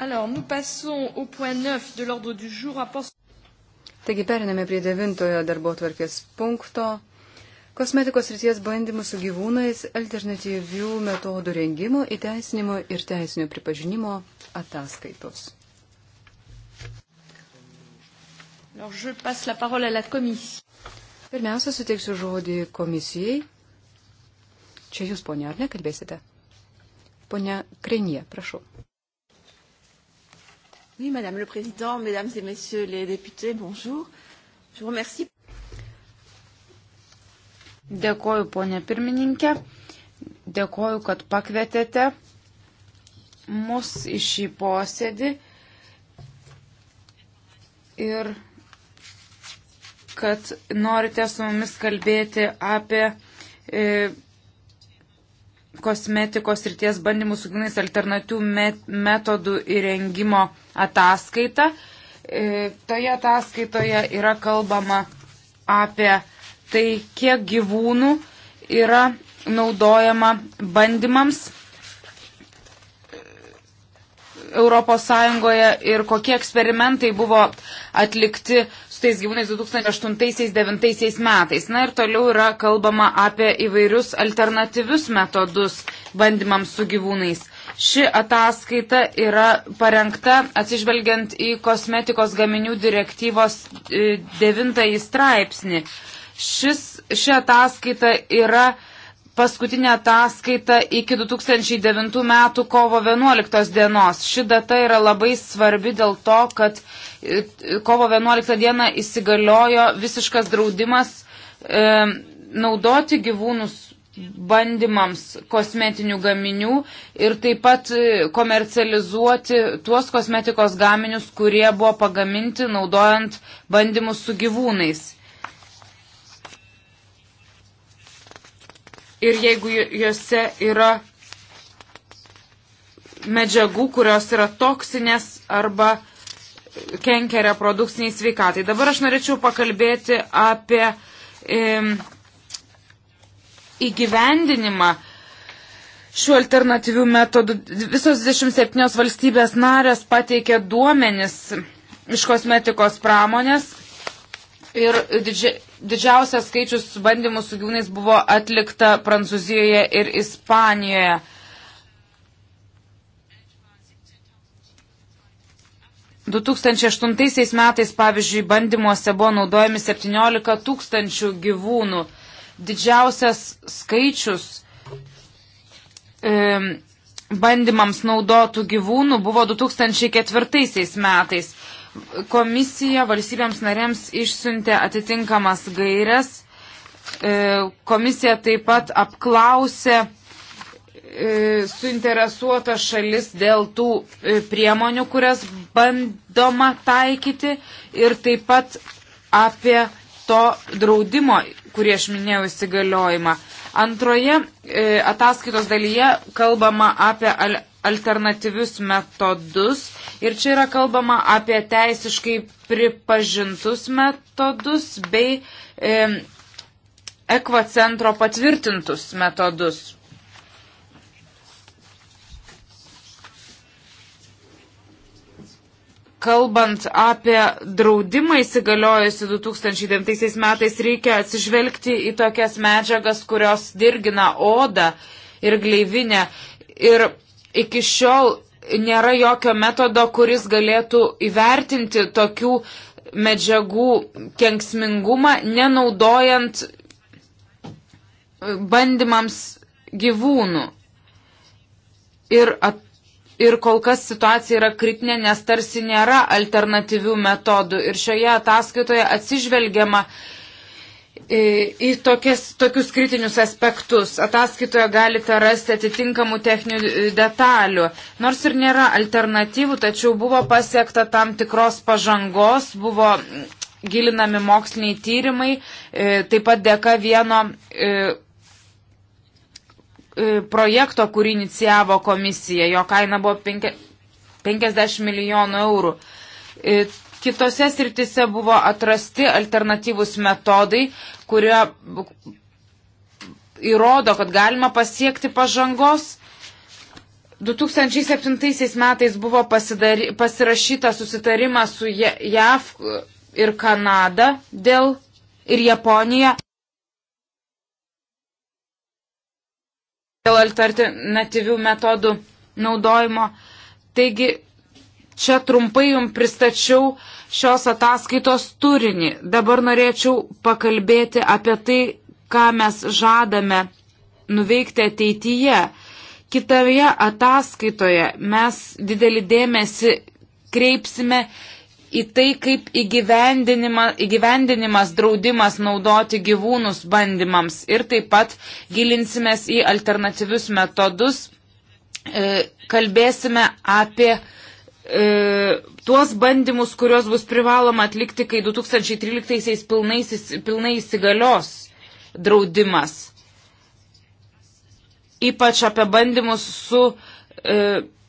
Alors, nous passons au point 9 de l'ordre du jour rapport. Taigi periname prie devintojo darbo tvarkės punkto. Kosmetikos ryties bandymų su gyvūnais, alternatyvių metodų rengimo, įteisinimo ir teisinio pripažinimo ataskaitos. Pirmiausia, suteiksiu žodį komisijai. Čia jūs, ponia, ar ne, kalbėsite? Ponia Krenie, prašau. Oui, Madame le Président, Mesdames et Messieurs les députés, bonjour. Je vous remercie. Dėkoju, ponė pirmininkė. Dėkoju, kad pakvietėte mus į šį posėdį ir kad norite su mumis kalbėti apie e, kosmetikos ryties bandymų su grinais alternatyvių metodų įrengimo ataskaitą. E, toje ataskaitoje yra kalbama apie tai, kiek gyvūnų yra naudojama bandymams ES ir kokie eksperimentai buvo atlikti su tais gyvūnais 2008-2009 metais. Na ir toliau yra kalbama apie įvairius alternatyvius metodus bandymams su gyvūnais. Ši ataskaita yra parengta atsižvelgiant į kosmetikos gaminių direktyvos e, devintąjį straipsnį. Šis, ši ataskaita yra paskutinė ataskaita iki 2009 metų kovo 11 dienos. Ši data yra labai svarbi dėl to, kad kovo 11 dieną įsigaliojo visiškas draudimas e, naudoti gyvūnus bandymams kosmetinių gaminių ir taip pat e, komercializuoti tuos kosmetikos gaminius, kurie buvo pagaminti naudojant bandymus su gyvūnais. Ir jeigu juose yra medžiagų, kurios yra toksinės arba uh, kenkia reprodukciniai sveikatai. Dabar aš norėčiau pakalbėti apie e, įgyvendinimą šių alternatyvių metodų. Visos 27 valstybės narės pateikė duomenis iš kosmetikos pramonės ir didžia, didžiausias skaičius bandymų su gyvūnais buvo atlikta Prancūzijoje ir Ispanijoje. 2008 metais, pavyzdžiui, bandymuose buvo naudojami 17 tūkstančių gyvūnų. Didžiausias skaičius e, bandymams naudotų gyvūnų buvo 2004 metais. Komisija valstybėms narėms išsiuntė atitinkamas gairias. E, komisija taip pat apklausė E, suinteresuotas šalis dėl tų e, priemonių, kurias bandoma taikyti ir taip pat apie to draudimo, kurį aš minėjau įsigaliojimą. Antroje e, ataskaitos dalyje kalbama apie alternatyvius metodus ir čia yra kalbama apie teisiškai pripažintus metodus bei ekvacentro patvirtintus metodus. kalbant apie draudimą įsigaliojusi 2009 metais, reikia atsižvelgti į tokias medžiagas, kurios dirgina odą ir gleivinę. Ir iki šiol nėra jokio metodo, kuris galėtų įvertinti tokių medžiagų kenksmingumą, nenaudojant bandymams gyvūnų. Ir at, Ir kol kas situacija yra kritinė, nes tarsi nėra alternatyvių metodų. Ir šioje ataskaitoje atsižvelgiama e, į tokias, tokius kritinius aspektus. Ataskaitoje galite rasti atitinkamų techninių e, detalių. Nors ir nėra alternatyvų, tačiau buvo pasiekta tam tikros pažangos, buvo gilinami moksliniai tyrimai, e, taip pat dėka vieno E, projekto, kurį inicijavo komisija. Jo kaina buvo 50 milijonų eurų. E, kitose sritise buvo atrasti alternatyvus metodai, kurie įrodo, kad galima pasiekti pažangos. 2007 metais buvo pasidari, pasirašyta susitarimas su JAV ir Kanada dėl ir Japonija. dėl alternatyvių metodų naudojimo. Taigi, čia trumpai jums pristačiau šios ataskaitos turinį. Dabar norėčiau pakalbėti apie tai, ką mes žadame nuveikti ateityje. Kitoje ataskaitoje mes didelį dėmesį kreipsime į tai, kaip įgyvendinima, įgyvendinimas draudimas naudoti gyvūnus bandymams ir taip pat gilinsimės į alternatyvius metodus, e, kalbėsime apie e, tuos bandymus, kuriuos bus privaloma atlikti, kai 2013 pilnai, pilnai įsigalios draudimas. Ypač apie bandymus su e,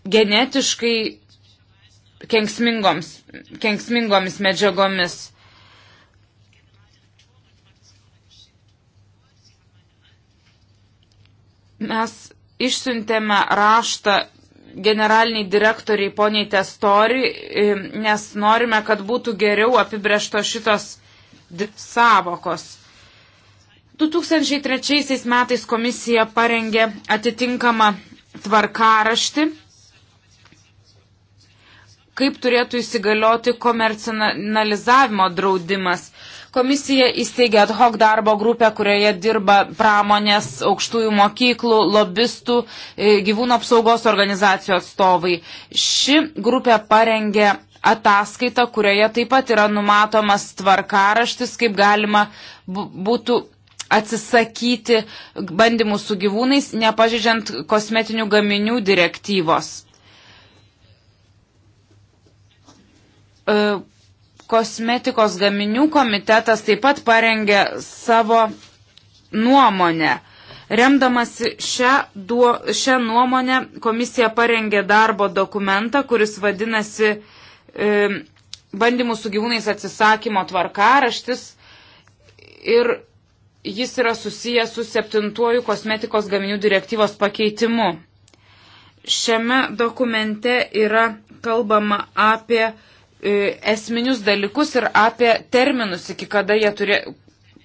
genetiškai kenksmingomis medžiagomis. Mes išsiuntėme raštą generaliniai direktoriai poniai Testori, nes norime, kad būtų geriau apibrėžto šitos savokos. 2003 metais komisija parengė atitinkamą tvarkaraštį kaip turėtų įsigalioti komercinalizavimo draudimas. Komisija įsteigė ad hoc darbo grupę, kurioje dirba pramonės, aukštųjų mokyklų, lobistų, e, gyvūnų apsaugos organizacijų atstovai. Ši grupė parengė ataskaitą, kurioje taip pat yra numatomas tvarkaraštis, kaip galima būtų atsisakyti bandymų su gyvūnais, nepažydžiant kosmetinių gaminių direktyvos. E, kosmetikos gaminių komitetas taip pat parengė savo nuomonę. Remdamasi šią, duo, šią nuomonę, komisija parengė darbo dokumentą, kuris vadinasi e, bandymų su gyvūnais atsisakymo tvarkaraštis ir jis yra susijęs su septintuoju kosmetikos gaminių direktyvos pakeitimu. Šiame dokumente yra kalbama apie E, esminius dalykus ir apie terminus, iki kada jie turė,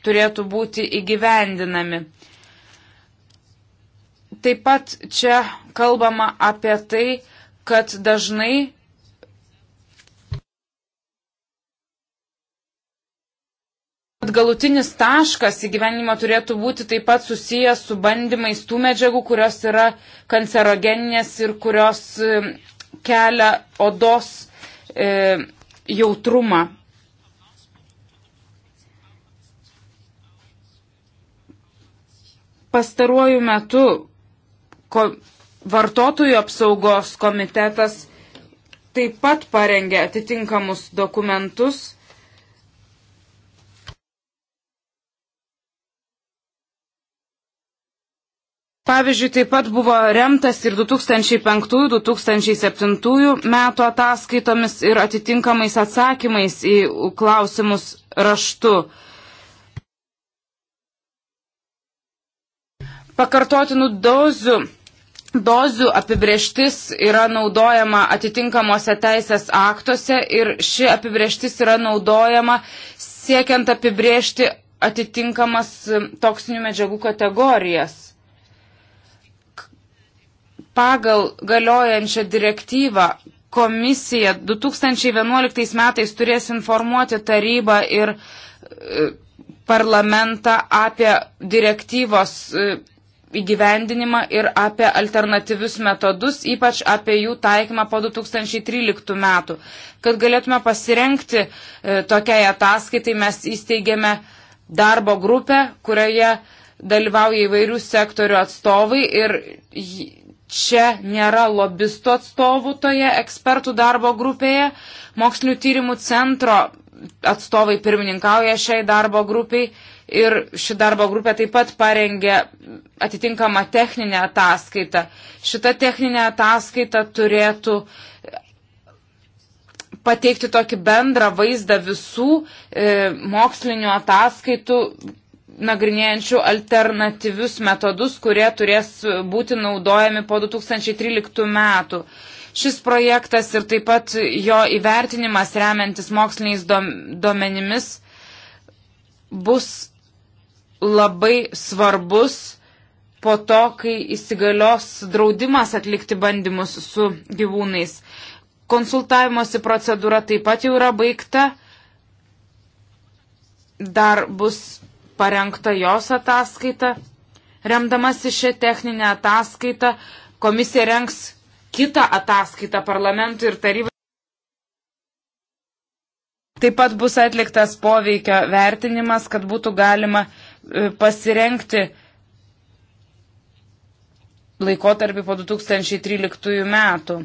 turėtų būti įgyvendinami. Taip pat čia kalbama apie tai, kad dažnai galutinis taškas įgyvenimo turėtų būti taip pat susijęs su bandymais tų medžiagų, kurios yra kancerogeninės ir kurios e, kelia odos e, jautrumą. Pastaruoju metu ko, vartotojų apsaugos komitetas taip pat parengė atitinkamus dokumentus Pavyzdžiui, taip pat buvo remtas ir 2005-2007 metų ataskaitomis ir atitinkamais atsakymais į klausimus raštu. Pakartotinų dozių, dozių apibrieštis yra naudojama atitinkamuose teisės aktuose ir ši apibrieštis yra naudojama siekiant apibriežti atitinkamas toksinių medžiagų kategorijas. Pagal galiojančią direktyvą komisija 2011 metais turės informuoti tarybą ir e, parlamentą apie direktyvos e, įgyvendinimą ir apie alternatyvius metodus, ypač apie jų taikymą po 2013 metų. Kad galėtume pasirenkti e, tokiai ataskaitai, mes įsteigėme darbo grupę, kurioje dalyvauja įvairių sektorių atstovai ir čia nėra lobisto atstovų toje ekspertų darbo grupėje. Mokslinių tyrimų centro atstovai pirmininkauja šiai darbo grupiai ir ši darbo grupė taip pat parengė atitinkamą techninę ataskaitą. Šita techninė ataskaita turėtų pateikti tokį bendrą vaizdą visų e, mokslinių ataskaitų, nagrinėjančių alternatyvius metodus, kurie turės būti naudojami po 2013 metų. Šis projektas ir taip pat jo įvertinimas remiantis moksliniais duomenimis bus labai svarbus po to, kai įsigalios draudimas atlikti bandymus su gyvūnais. Konsultavimosi procedūra taip pat jau yra baigta. Dar bus parengta jos ataskaita. Remdamasi šią techninę ataskaitą, komisija rengs kitą ataskaitą parlamentui ir tarybai. Taip pat bus atliktas poveikio vertinimas, kad būtų galima e, pasirenkti laikotarpį po 2013 metų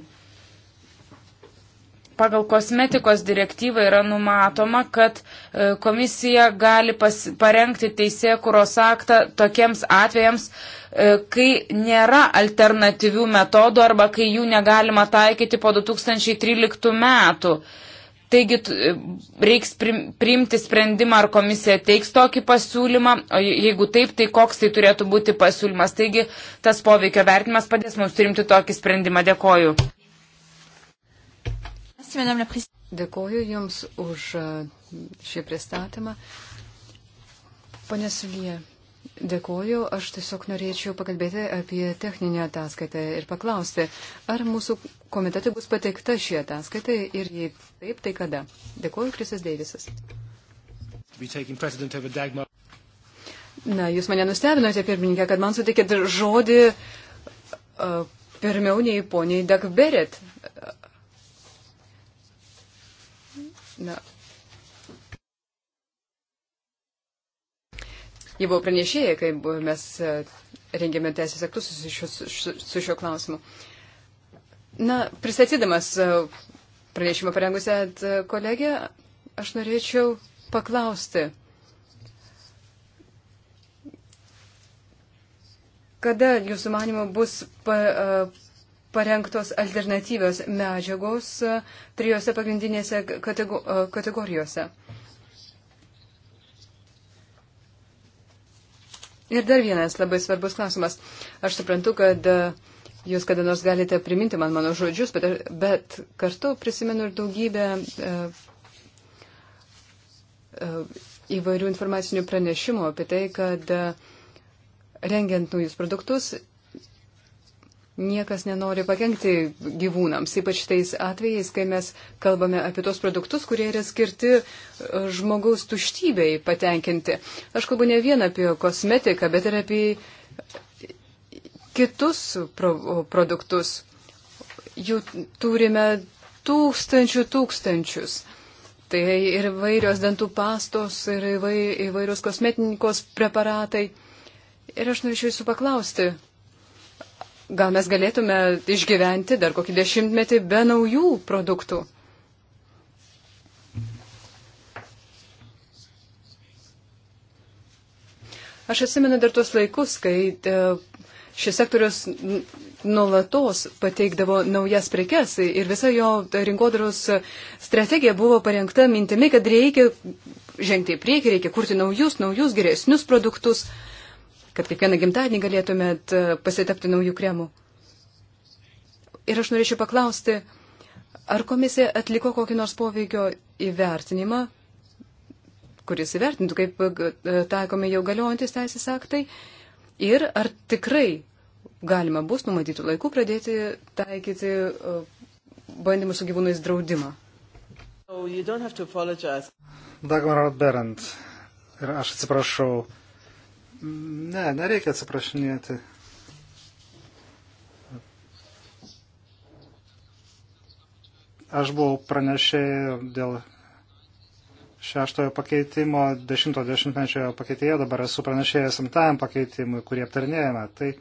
pagal kosmetikos direktyvą yra numatoma, kad e, komisija gali pas, parengti teisėkuros aktą tokiems atvejams, e, kai nėra alternatyvių metodų arba kai jų negalima taikyti po 2013 metų. Taigi e, reiks priimti sprendimą, ar komisija teiks tokį pasiūlymą, o jeigu taip, tai koks tai turėtų būti pasiūlymas. Taigi tas poveikio vertinimas padės mums priimti tokį sprendimą. Dėkoju. Dėkoju Jums už e, šį pristatymą. Pane Sulyje, dėkoju. Aš tiesiog norėčiau pakalbėti apie techninę ataskaitą ir paklausti, ar mūsų komitetui bus pateikta šį ataskaitą ir jei taip, tai kada. Dėkoju, Krisas Deivisas. Na, jūs mane nustebinote, pirmininkė, kad man sutikėt žodį uh, pirmiau nei poniai Dagberet. Na. Jie buvo pranešėjai, kai mes e, rengėme teisės aktus su šiuo, su šiuo klausimu. Na, pristatydamas e, pranešimą parengusią e, kolegę, aš norėčiau paklausti, kada jūsų manimo bus pa, parengtos alternatyvios medžiagos e, trijose pagrindinėse katego e, kategorijose. Ir dar vienas labai svarbus klausimas. Aš suprantu, kad e, jūs kada nors galite priminti man mano žodžius, bet, bet kartu prisimenu ir daugybę įvairių informacinių pranešimų apie tai, kad rengiant naujus produktus Niekas nenori pakengti gyvūnams, ypač tais atvejais, kai mes kalbame apie tos produktus, kurie yra skirti e, žmogaus tuštybei patenkinti. Aš kalbu ne vien apie kosmetiką, bet ir apie kitus pro produktus. Jų turime tūkstančių tūkstančius. Tai ir vairios dantų pastos, ir įvairios kosmetinikos preparatai. Ir aš norėčiau jūsų paklausti, Gal mes galėtume išgyventi dar kokį dešimtmetį be naujų produktų? Aš atsimenu dar tuos laikus, kai e, šis sektorius nulatos pateikdavo naujas prekes ir visa jo rinkodaros strategija buvo parengta mintimi, kad reikia žengti į priekį, reikia kurti naujus, naujus, geresnius produktus kad kiekvieną gimtadienį galėtumėt e, pasitepti naujų kremų. Ir aš norėčiau paklausti, ar komisija atliko kokį nors poveikio įvertinimą, kuris įvertintų, kaip e, e, taikomi jau galiojantis teisės aktai, ir ar tikrai galima bus numatytų laikų pradėti taikyti bandymų su gyvūnais draudimą. Dagmar Berant, ir aš atsiprašau, Ne, nereikia atsiprašinėti. Aš buvau pranešėjai dėl šeštojo pakeitimo, dešimto dešimtmečio pakeitėjo, dabar esu pranešėjęs antajam pakeitimui, kurį aptarnėjame. Tai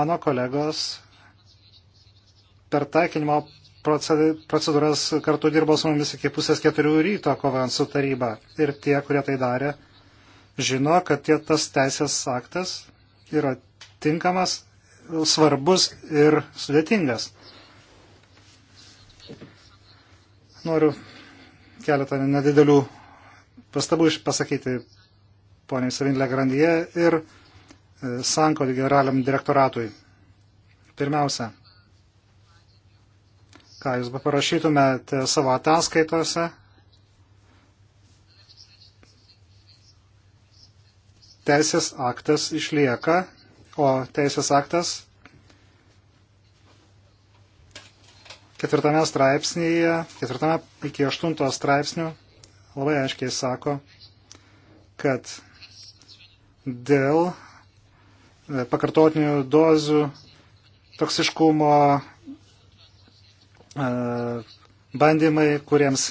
mano kolegos per taikinimo procedūras kartu dirbo su mumis iki pusės keturių ryto kovant su taryba. Ir tie, kurie tai darė, žino, kad tie, tas teisės aktas yra tinkamas, svarbus ir sudėtingas. Noriu keletą nedidelių pastabų pasakyti poniai Savinlė Grandyje ir e, Sanko generaliam direktoratui. Pirmiausia, ką jūs parašytumėte savo ataskaitose, teisės aktas išlieka, o teisės aktas ketvirtame straipsnėje, ketvirtame iki aštunto straipsnių labai aiškiai sako, kad dėl e, pakartotinių dozių toksiškumo e, bandymai, kuriems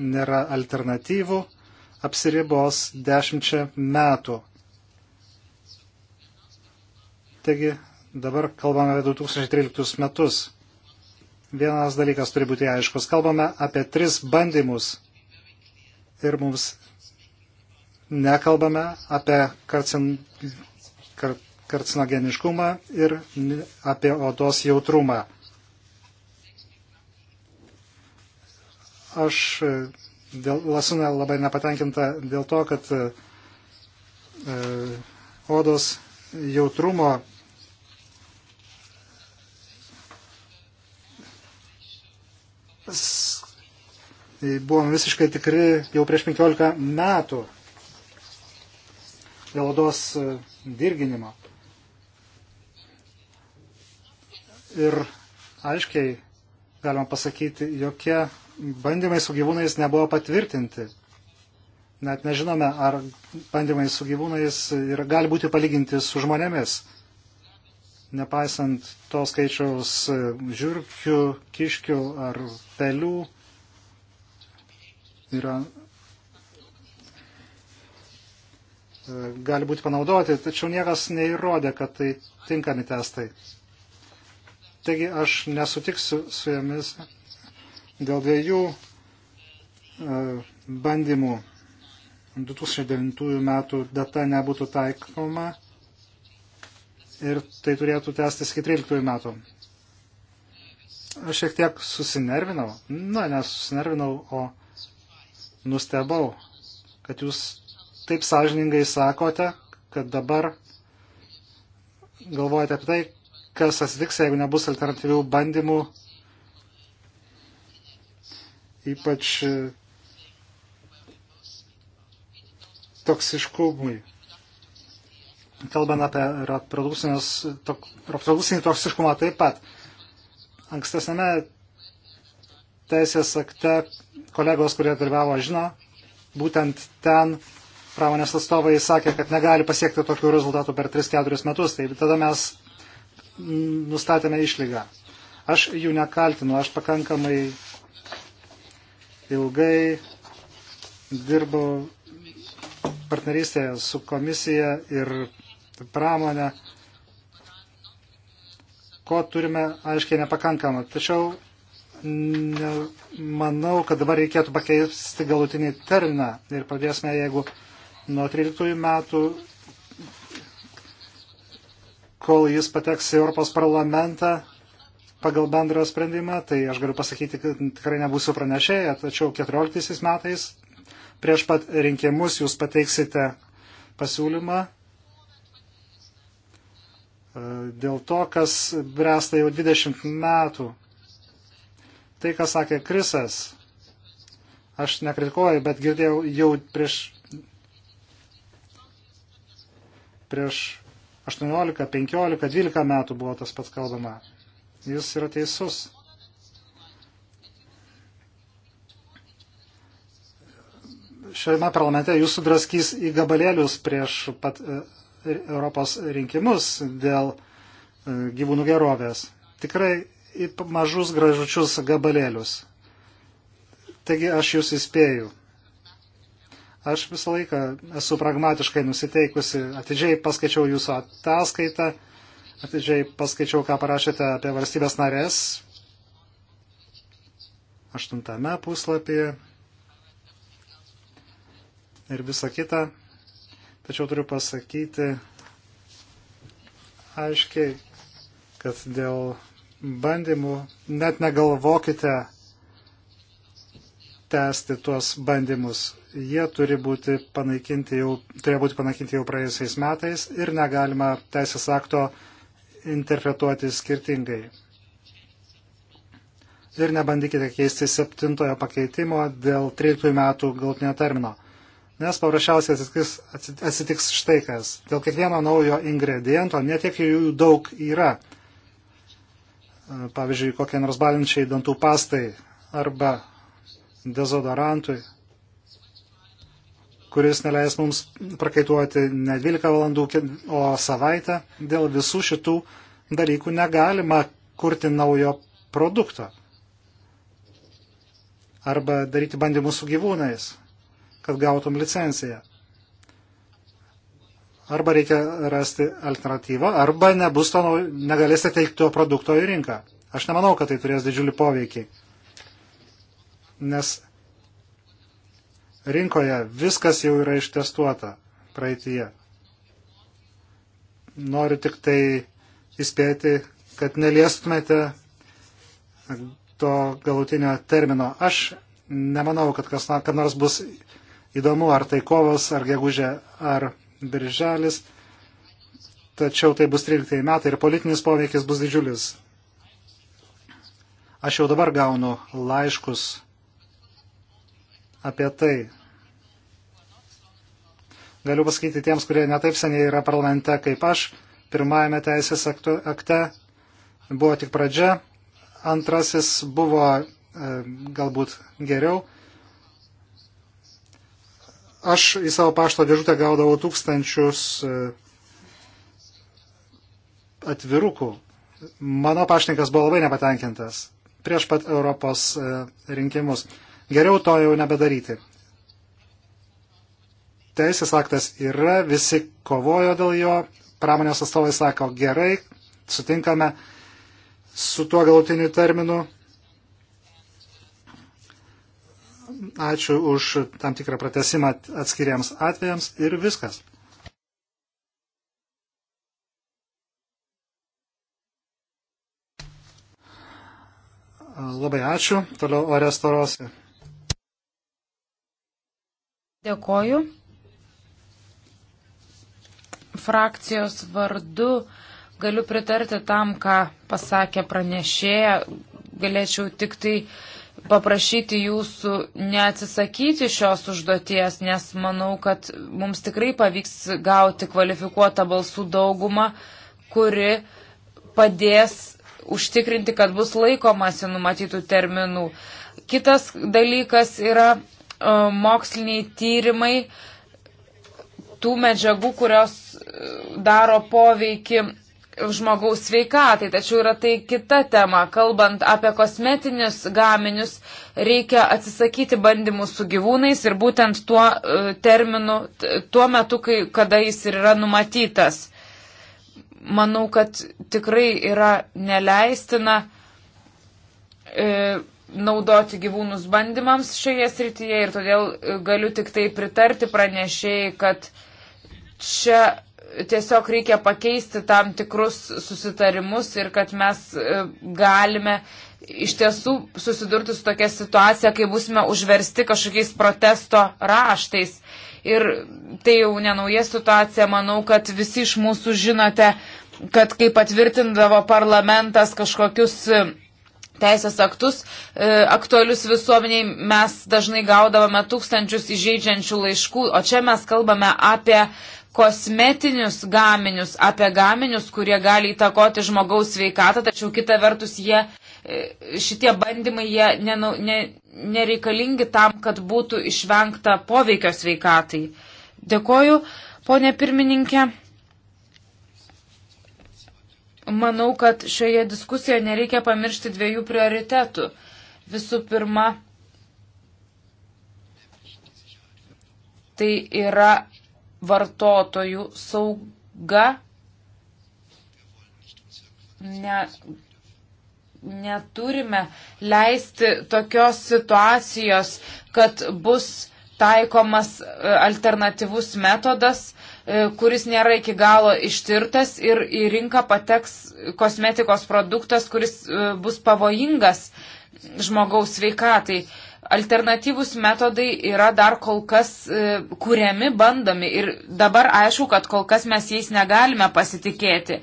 nėra alternatyvų, apsiribos dešimčia metų Taigi dabar kalbame apie 2013 metus. Vienas dalykas turi būti aiškus. Kalbame apie tris bandymus ir mums nekalbame apie karcin, kar, karcinogeniškumą ir apie odos jautrumą. Aš dėl lasunę labai nepatenkinta dėl to, kad e, odos jautrumo Tai buvom visiškai tikri jau prieš 15 metų dėl odos e, dirginimo. Ir aiškiai galima pasakyti, jokie bandymai su gyvūnais nebuvo patvirtinti. Net nežinome, ar bandymai su gyvūnais ir gali būti palyginti su žmonėmis nepaisant to skaičiaus žiūrkių, kiškių ar pelių, yra, e, gali būti panaudoti, tačiau niekas neįrodė, kad tai tinkami testai. Taigi aš nesutiksiu su jomis dėl dviejų e, bandymų 2009 metų data nebūtų taikoma ir tai turėtų tęstis iki 13 metų. Aš šiek tiek susinervinau, na, nesusinervinau, o nustebau, kad jūs taip sąžiningai sakote, kad dabar galvojate apie tai, kas atsitiks, jeigu nebus alternatyvių bandymų, ypač toksiškumui kalbant apie reprodukcinį toksiškumą taip pat. Ankstesnėme teisės akte kolegos, kurie dalyvavo, žino, būtent ten pramonės atstovai sakė, kad negali pasiekti tokių rezultatų per 3-4 metus, tai tada mes nustatėme išlygą. Aš jų nekaltinu, aš pakankamai ilgai dirbau partnerystėje su komisija ir pramonę, ko turime aiškiai nepakankamą. Tačiau ne, manau, kad dabar reikėtų pakeisti galutinį terminą ir pradėsime, jeigu nuo 13 metų, kol jis pateks į Europos parlamentą pagal bendrą sprendimą, tai aš galiu pasakyti, kad tikrai nebūsiu pranešėję, tačiau 14 metais prieš pat rinkimus jūs pateiksite pasiūlymą dėl to, kas bręsta jau 20 metų. Tai, ką sakė Krisas, aš nekritikuoju, bet girdėjau jau prieš, prieš 18, 15, 12 metų buvo tas pats kalbama. Jis yra teisus. Šiame parlamente jūs sudraskys į gabalėlius prieš pat e, Europos rinkimus dėl e, gyvūnų gerovės. Tikrai į mažus gražučius gabalėlius. Taigi aš jūs įspėju. Aš visą laiką esu pragmatiškai nusiteikusi, atidžiai paskaičiau jūsų ataskaitą, atidžiai paskaičiau, ką parašėte apie valstybės narės. Aštuntame puslapyje ir visa kita. Tačiau turiu pasakyti aiškiai, kad dėl bandymų net negalvokite tęsti tuos bandymus. Jie turi būti panaikinti jau, turėjo būti panaikinti jau praėjusiais metais ir negalima teisės akto interpretuoti skirtingai. Ir nebandykite keisti septintojo pakeitimo dėl 13 metų galtinio termino nes paprasčiausiai atsitiks, atsitiks štai kas. Dėl kiekvieno naujo ingrediento netiek jų daug yra. E, pavyzdžiui, kokie nors balinčiai dantų pastai arba dezodorantui, kuris neleis mums prakaituoti ne 12 valandų, o savaitę. Dėl visų šitų dalykų negalima kurti naujo produkto arba daryti bandymus su gyvūnais kad gautum licenciją. Arba reikia rasti alternatyvą, arba nebus to, negalėsite teikti to produkto į rinką. Aš nemanau, kad tai turės didžiulį poveikį. Nes rinkoje viskas jau yra ištestuota praeitie. Noriu tik tai įspėti, kad neliestumėte to galutinio termino. Aš nemanau, kad kas kad nors bus Įdomu, ar tai kovas, ar gegužė, ar birželis. Tačiau tai bus 13 metai ir politinis poveikis bus didžiulis. Aš jau dabar gaunu laiškus apie tai. Galiu pasakyti tiems, kurie netaip seniai yra parlamente kaip aš. Pirmajame teisės aktu, akte buvo tik pradžia, antrasis buvo e, galbūt geriau Aš į savo pašto dėžutę gaudavau tūkstančius e, atvirukų. Mano paštininkas buvo labai nepatenkintas prieš pat Europos e, rinkimus. Geriau to jau nebedaryti. Teisės aktas yra, visi kovojo dėl jo, pramonės atstovai sako gerai, sutinkame su tuo galutiniu terminu, ačiū už tam tikrą pratesimą atskiriams atvejams ir viskas. Labai ačiū. Toliau Orestorosi. Dėkoju. Frakcijos vardu galiu pritarti tam, ką pasakė pranešėja. Galėčiau tik tai uh, paprašyti jūsų neatsisakyti šios užduoties, nes manau, kad mums tikrai pavyks gauti kvalifikuotą balsų daugumą, kuri padės užtikrinti, kad bus laikomasi numatytų terminų. Kitas dalykas yra e, moksliniai tyrimai tų medžiagų, kurios e, daro poveikį žmogaus sveikatai, tačiau yra tai kita tema. Kalbant apie kosmetinius gaminius, reikia atsisakyti bandymų su gyvūnais ir būtent tuo e, terminu, tuo metu, kai, kada jis ir yra numatytas. Manau, kad tikrai yra neleistina e, naudoti gyvūnus bandymams šioje srityje ir todėl e, galiu tik tai pritarti pranešėjai, kad čia tiesiog reikia pakeisti tam tikrus susitarimus ir kad mes e, galime iš tiesų susidurti su tokia situacija, kai būsime užversti kažkokiais protesto raštais. Ir tai jau nenauja situacija, manau, kad visi iš mūsų žinote, kad kai patvirtindavo parlamentas kažkokius e, teisės aktus e, aktualius visuomeniai, mes dažnai gaudavome tūkstančius įžeidžiančių laiškų, o čia mes kalbame apie kosmetinius gaminius, apie gaminius, kurie gali įtakoti žmogaus sveikatą, tačiau kita vertus jie, e, šitie bandymai jie nenu, ne, nereikalingi tam, kad būtų išvengta poveikio sveikatai. Dėkoju, ponė pirmininkė. Manau, kad šioje diskusijoje nereikia pamiršti dviejų prioritetų. Visų pirma, tai yra vartotojų sauga ne, neturime leisti tokios situacijos, kad bus taikomas e, alternatyvus metodas, e, kuris nėra iki galo ištirtas ir į rinką pateks kosmetikos produktas, kuris e, bus pavojingas žmogaus sveikatai alternatyvus metodai yra dar kol kas e, kuriami, bandomi ir dabar aišku, kad kol kas mes jais negalime pasitikėti.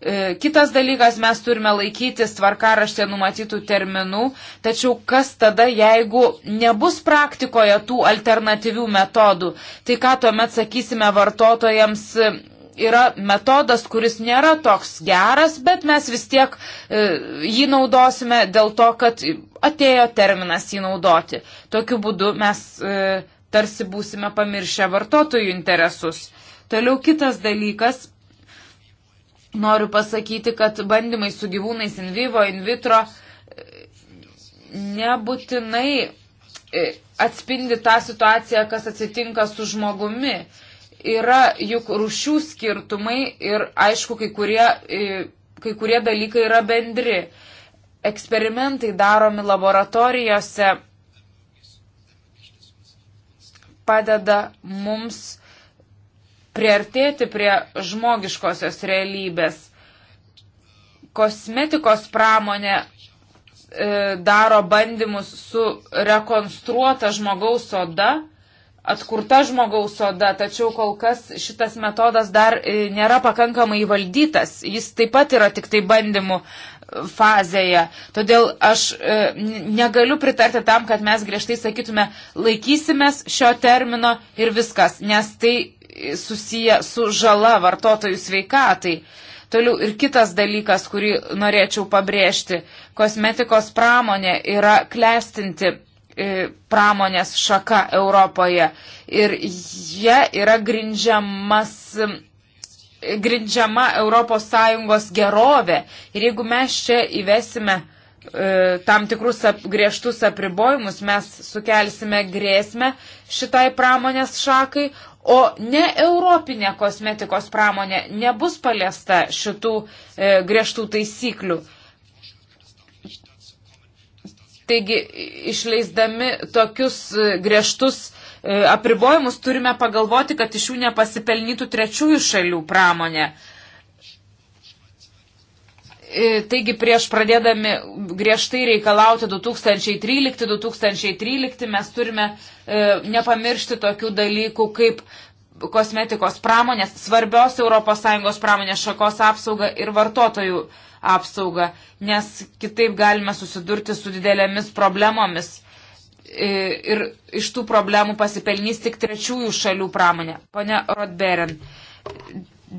E, kitas dalykas, mes turime laikytis tvarkaraštė numatytų terminų, tačiau kas tada, jeigu nebus praktikoje tų alternatyvių metodų, tai ką tuomet sakysime vartotojams yra metodas, kuris nėra toks geras, bet mes vis tiek e, jį naudosime dėl to, kad atėjo terminas jį naudoti. Tokiu būdu mes e, tarsi būsime pamiršę vartotojų interesus. Toliau kitas dalykas. Noriu pasakyti, kad bandymai su gyvūnais in vivo, in vitro e, nebūtinai atspindi tą situaciją, kas atsitinka su žmogumi. Yra juk rušių skirtumai ir aišku, kai kurie, e, kai kurie dalykai yra bendri. Eksperimentai daromi laboratorijose padeda mums priartėti prie žmogiškosios realybės. Kosmetikos pramonė e, daro bandymus su rekonstruota žmogaus oda atkurta žmogaus oda, tačiau kol kas šitas metodas dar e, nėra pakankamai valdytas. Jis taip pat yra tik tai bandymų e, fazėje. Todėl aš e, negaliu pritarti tam, kad mes griežtai sakytume, laikysimės šio termino ir viskas, nes tai susiję su žala vartotojų sveikatai. Toliau ir kitas dalykas, kurį norėčiau pabrėžti. Kosmetikos pramonė yra klestinti E, pramonės šaka Europoje. Ir jie yra grindžiamas e, grindžiama ES gerovė. Ir jeigu mes čia įvesime e, tam tikrus ap, griežtus apribojimus, mes sukelsime grėsmę šitai pramonės šakai, o ne europinė kosmetikos pramonė nebus paliesta šitų e, griežtų taisyklių. Taigi, išleisdami tokius e, griežtus e, apribojimus, turime pagalvoti, kad iš jų nepasipelnytų trečiųjų šalių pramonė. E, taigi, prieš pradėdami griežtai reikalauti 2013-2013, mes turime nepamiršti tokių dalykų kaip kosmetikos pramonės, svarbios ES pramonės šakos apsauga ir vartotojų apsaugą, nes kitaip galime susidurti su didelėmis problemomis e, ir iš tų problemų pasipelnys tik trečiųjų šalių pramonė. Pone Rodberen,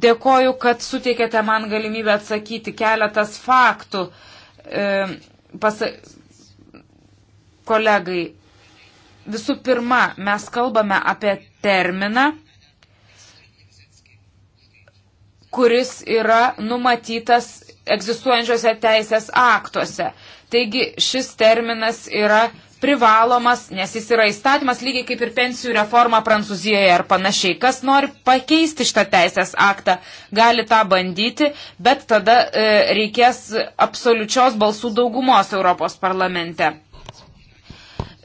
dėkoju, kad suteikėte man galimybę atsakyti keletas faktų e, pasa... kolegai. Visų pirma, mes kalbame apie terminą, kuris yra numatytas egzistuojančiose teisės aktuose. Taigi šis terminas yra privalomas, nes jis yra įstatymas, lygiai kaip ir pensijų reforma Prancūzijoje ar panašiai. Kas nori pakeisti šitą teisės aktą, gali tą bandyti, bet tada e, reikės absoliučios balsų daugumos Europos parlamente.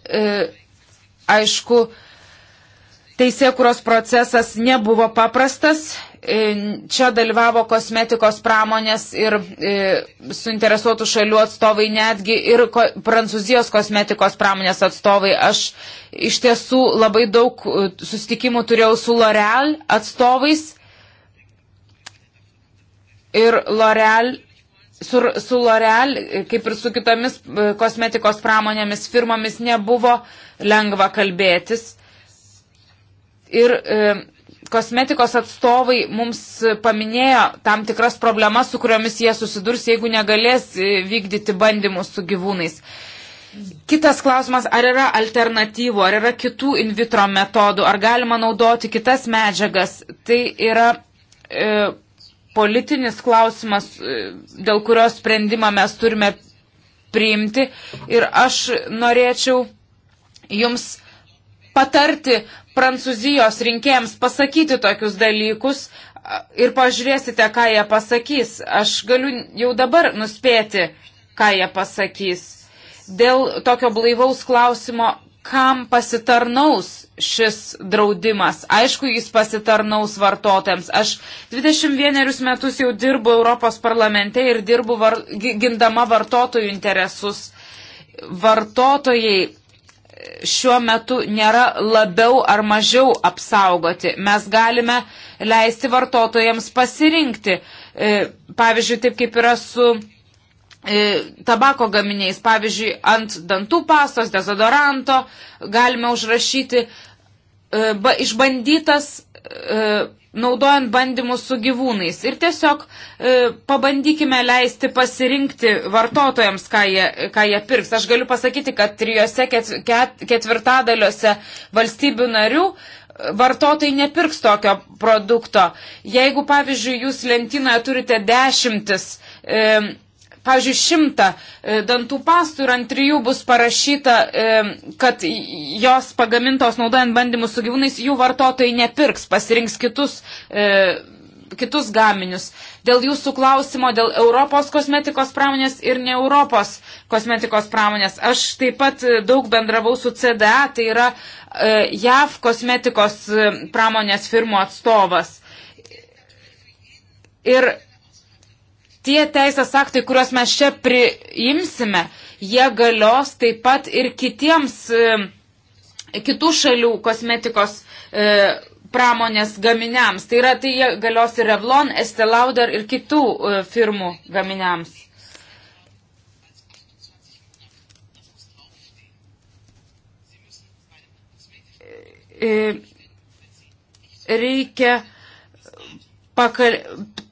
E, aišku, teisėkuros procesas nebuvo paprastas, E, čia dalyvavo kosmetikos pramonės ir e, suinteresuotų šalių atstovai, netgi ir ko, prancūzijos kosmetikos pramonės atstovai. Aš iš tiesų labai daug e, susitikimų turėjau su L'Oreal atstovais. Ir L'Oreal su, su L'Oreal, kaip ir su kitomis kosmetikos pramonėmis firmomis, nebuvo lengva kalbėtis. Ir e, kosmetikos atstovai mums paminėjo tam tikras problemas, su kuriomis jie susidurs, jeigu negalės e, vykdyti bandymus su gyvūnais. Kitas klausimas, ar yra alternatyvų, ar yra kitų in vitro metodų, ar galima naudoti kitas medžiagas. Tai yra e, politinis klausimas, e, dėl kurio sprendimą mes turime priimti. Ir aš norėčiau jums patarti prancūzijos rinkėjams pasakyti tokius dalykus ir pažiūrėsite, ką jie pasakys. Aš galiu jau dabar nuspėti, ką jie pasakys. Dėl tokio blaivaus klausimo, kam pasitarnaus šis draudimas. Aišku, jis pasitarnaus vartotojams. Aš 21 metus jau dirbu Europos parlamente ir dirbu var, gindama vartotojų interesus. Vartotojai šiuo metu nėra labiau ar mažiau apsaugoti. Mes galime leisti vartotojams pasirinkti. E, pavyzdžiui, taip kaip yra su e, tabako gaminiais, pavyzdžiui, ant dantų pastos, dezodoranto galime užrašyti e, išbandytas naudojant bandymus su gyvūnais. Ir tiesiog e, pabandykime leisti pasirinkti vartotojams, ką jie, ką jie pirks. Aš galiu pasakyti, kad trijose ket, ket, ketvirtadaliuose valstybių narių e, vartotojai nepirks tokio produkto. Jeigu, pavyzdžiui, jūs lentynoje turite dešimtis e, pavyzdžiui, šimtą e, dantų pastų ir ant trijų bus parašyta, e, kad jos pagamintos naudojant bandymus su gyvūnais, jų vartotojai nepirks, pasirinks kitus, e, kitus gaminius. Dėl jūsų klausimo, dėl Europos kosmetikos pramonės ir ne Europos kosmetikos pramonės. Aš taip pat daug bendravau su CDA, tai yra JAV kosmetikos pramonės firmų atstovas. Ir tie teisės aktai, kuriuos mes čia priimsime, jie galios taip pat ir kitiems, e, kitų šalių kosmetikos e, pramonės gaminiams. Tai yra, tai jie galios ir Revlon, Estelauder ir kitų e, firmų gaminiams. Reikia pakal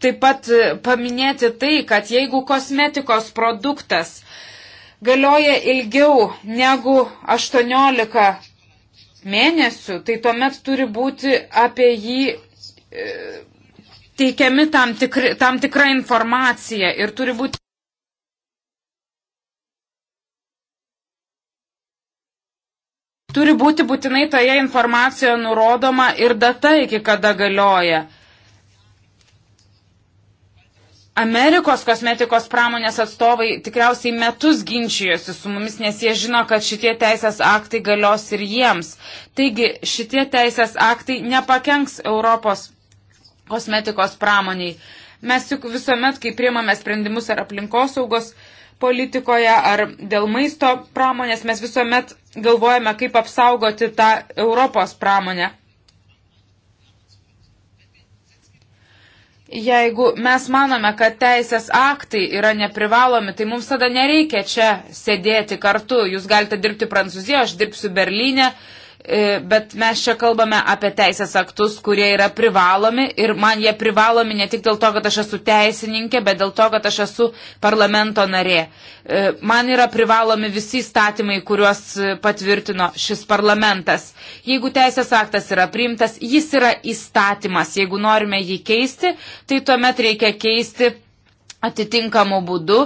taip pat e, paminėti tai, kad jeigu kosmetikos produktas galioja ilgiau negu 18 mėnesių, tai tuomet turi būti apie jį e, teikiami tam, tikri, tam tikra informacija ir turi būti. Turi būti būtinai toje informacijoje nurodoma ir data, iki kada galioja. Amerikos kosmetikos pramonės atstovai tikriausiai metus ginčijosi su mumis, nes jie žino, kad šitie teisės aktai galios ir jiems. Taigi šitie teisės aktai nepakenks Europos kosmetikos pramoniai. Mes juk visuomet, kai priimame sprendimus ar aplinkosaugos politikoje, ar dėl maisto pramonės, mes visuomet galvojame, kaip apsaugoti tą Europos pramonę. Jeigu mes manome, kad teisės aktai yra neprivalomi, tai mums tada nereikia čia sėdėti kartu. Jūs galite dirbti Prancūzijoje, aš dirbsiu Berlyne, E, bet mes čia kalbame apie teisės aktus, kurie yra privalomi ir man jie privalomi ne tik dėl to, kad aš esu teisininkė, bet dėl to, kad aš esu parlamento narė. E, man yra privalomi visi įstatymai, kuriuos e, patvirtino šis parlamentas. Jeigu teisės aktas yra priimtas, jis yra įstatymas. Jeigu norime jį keisti, tai tuomet reikia keisti atitinkamu būdu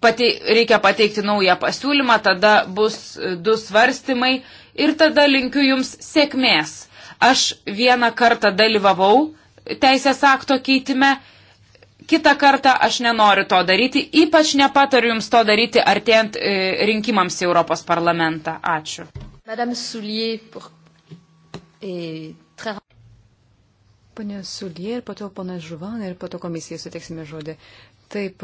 pati, reikia pateikti naują pasiūlymą, tada bus e, du svarstymai ir tada linkiu jums sėkmės. Aš vieną kartą dalyvavau teisės akto keitime, kitą kartą aš nenoriu to daryti, ypač nepatariu jums to daryti artėjant e, rinkimams į Europos parlamentą. Ačiū. Pane Sulie ir po to pana Žuvan ir po to komisijai suteiksime žodį. Taip,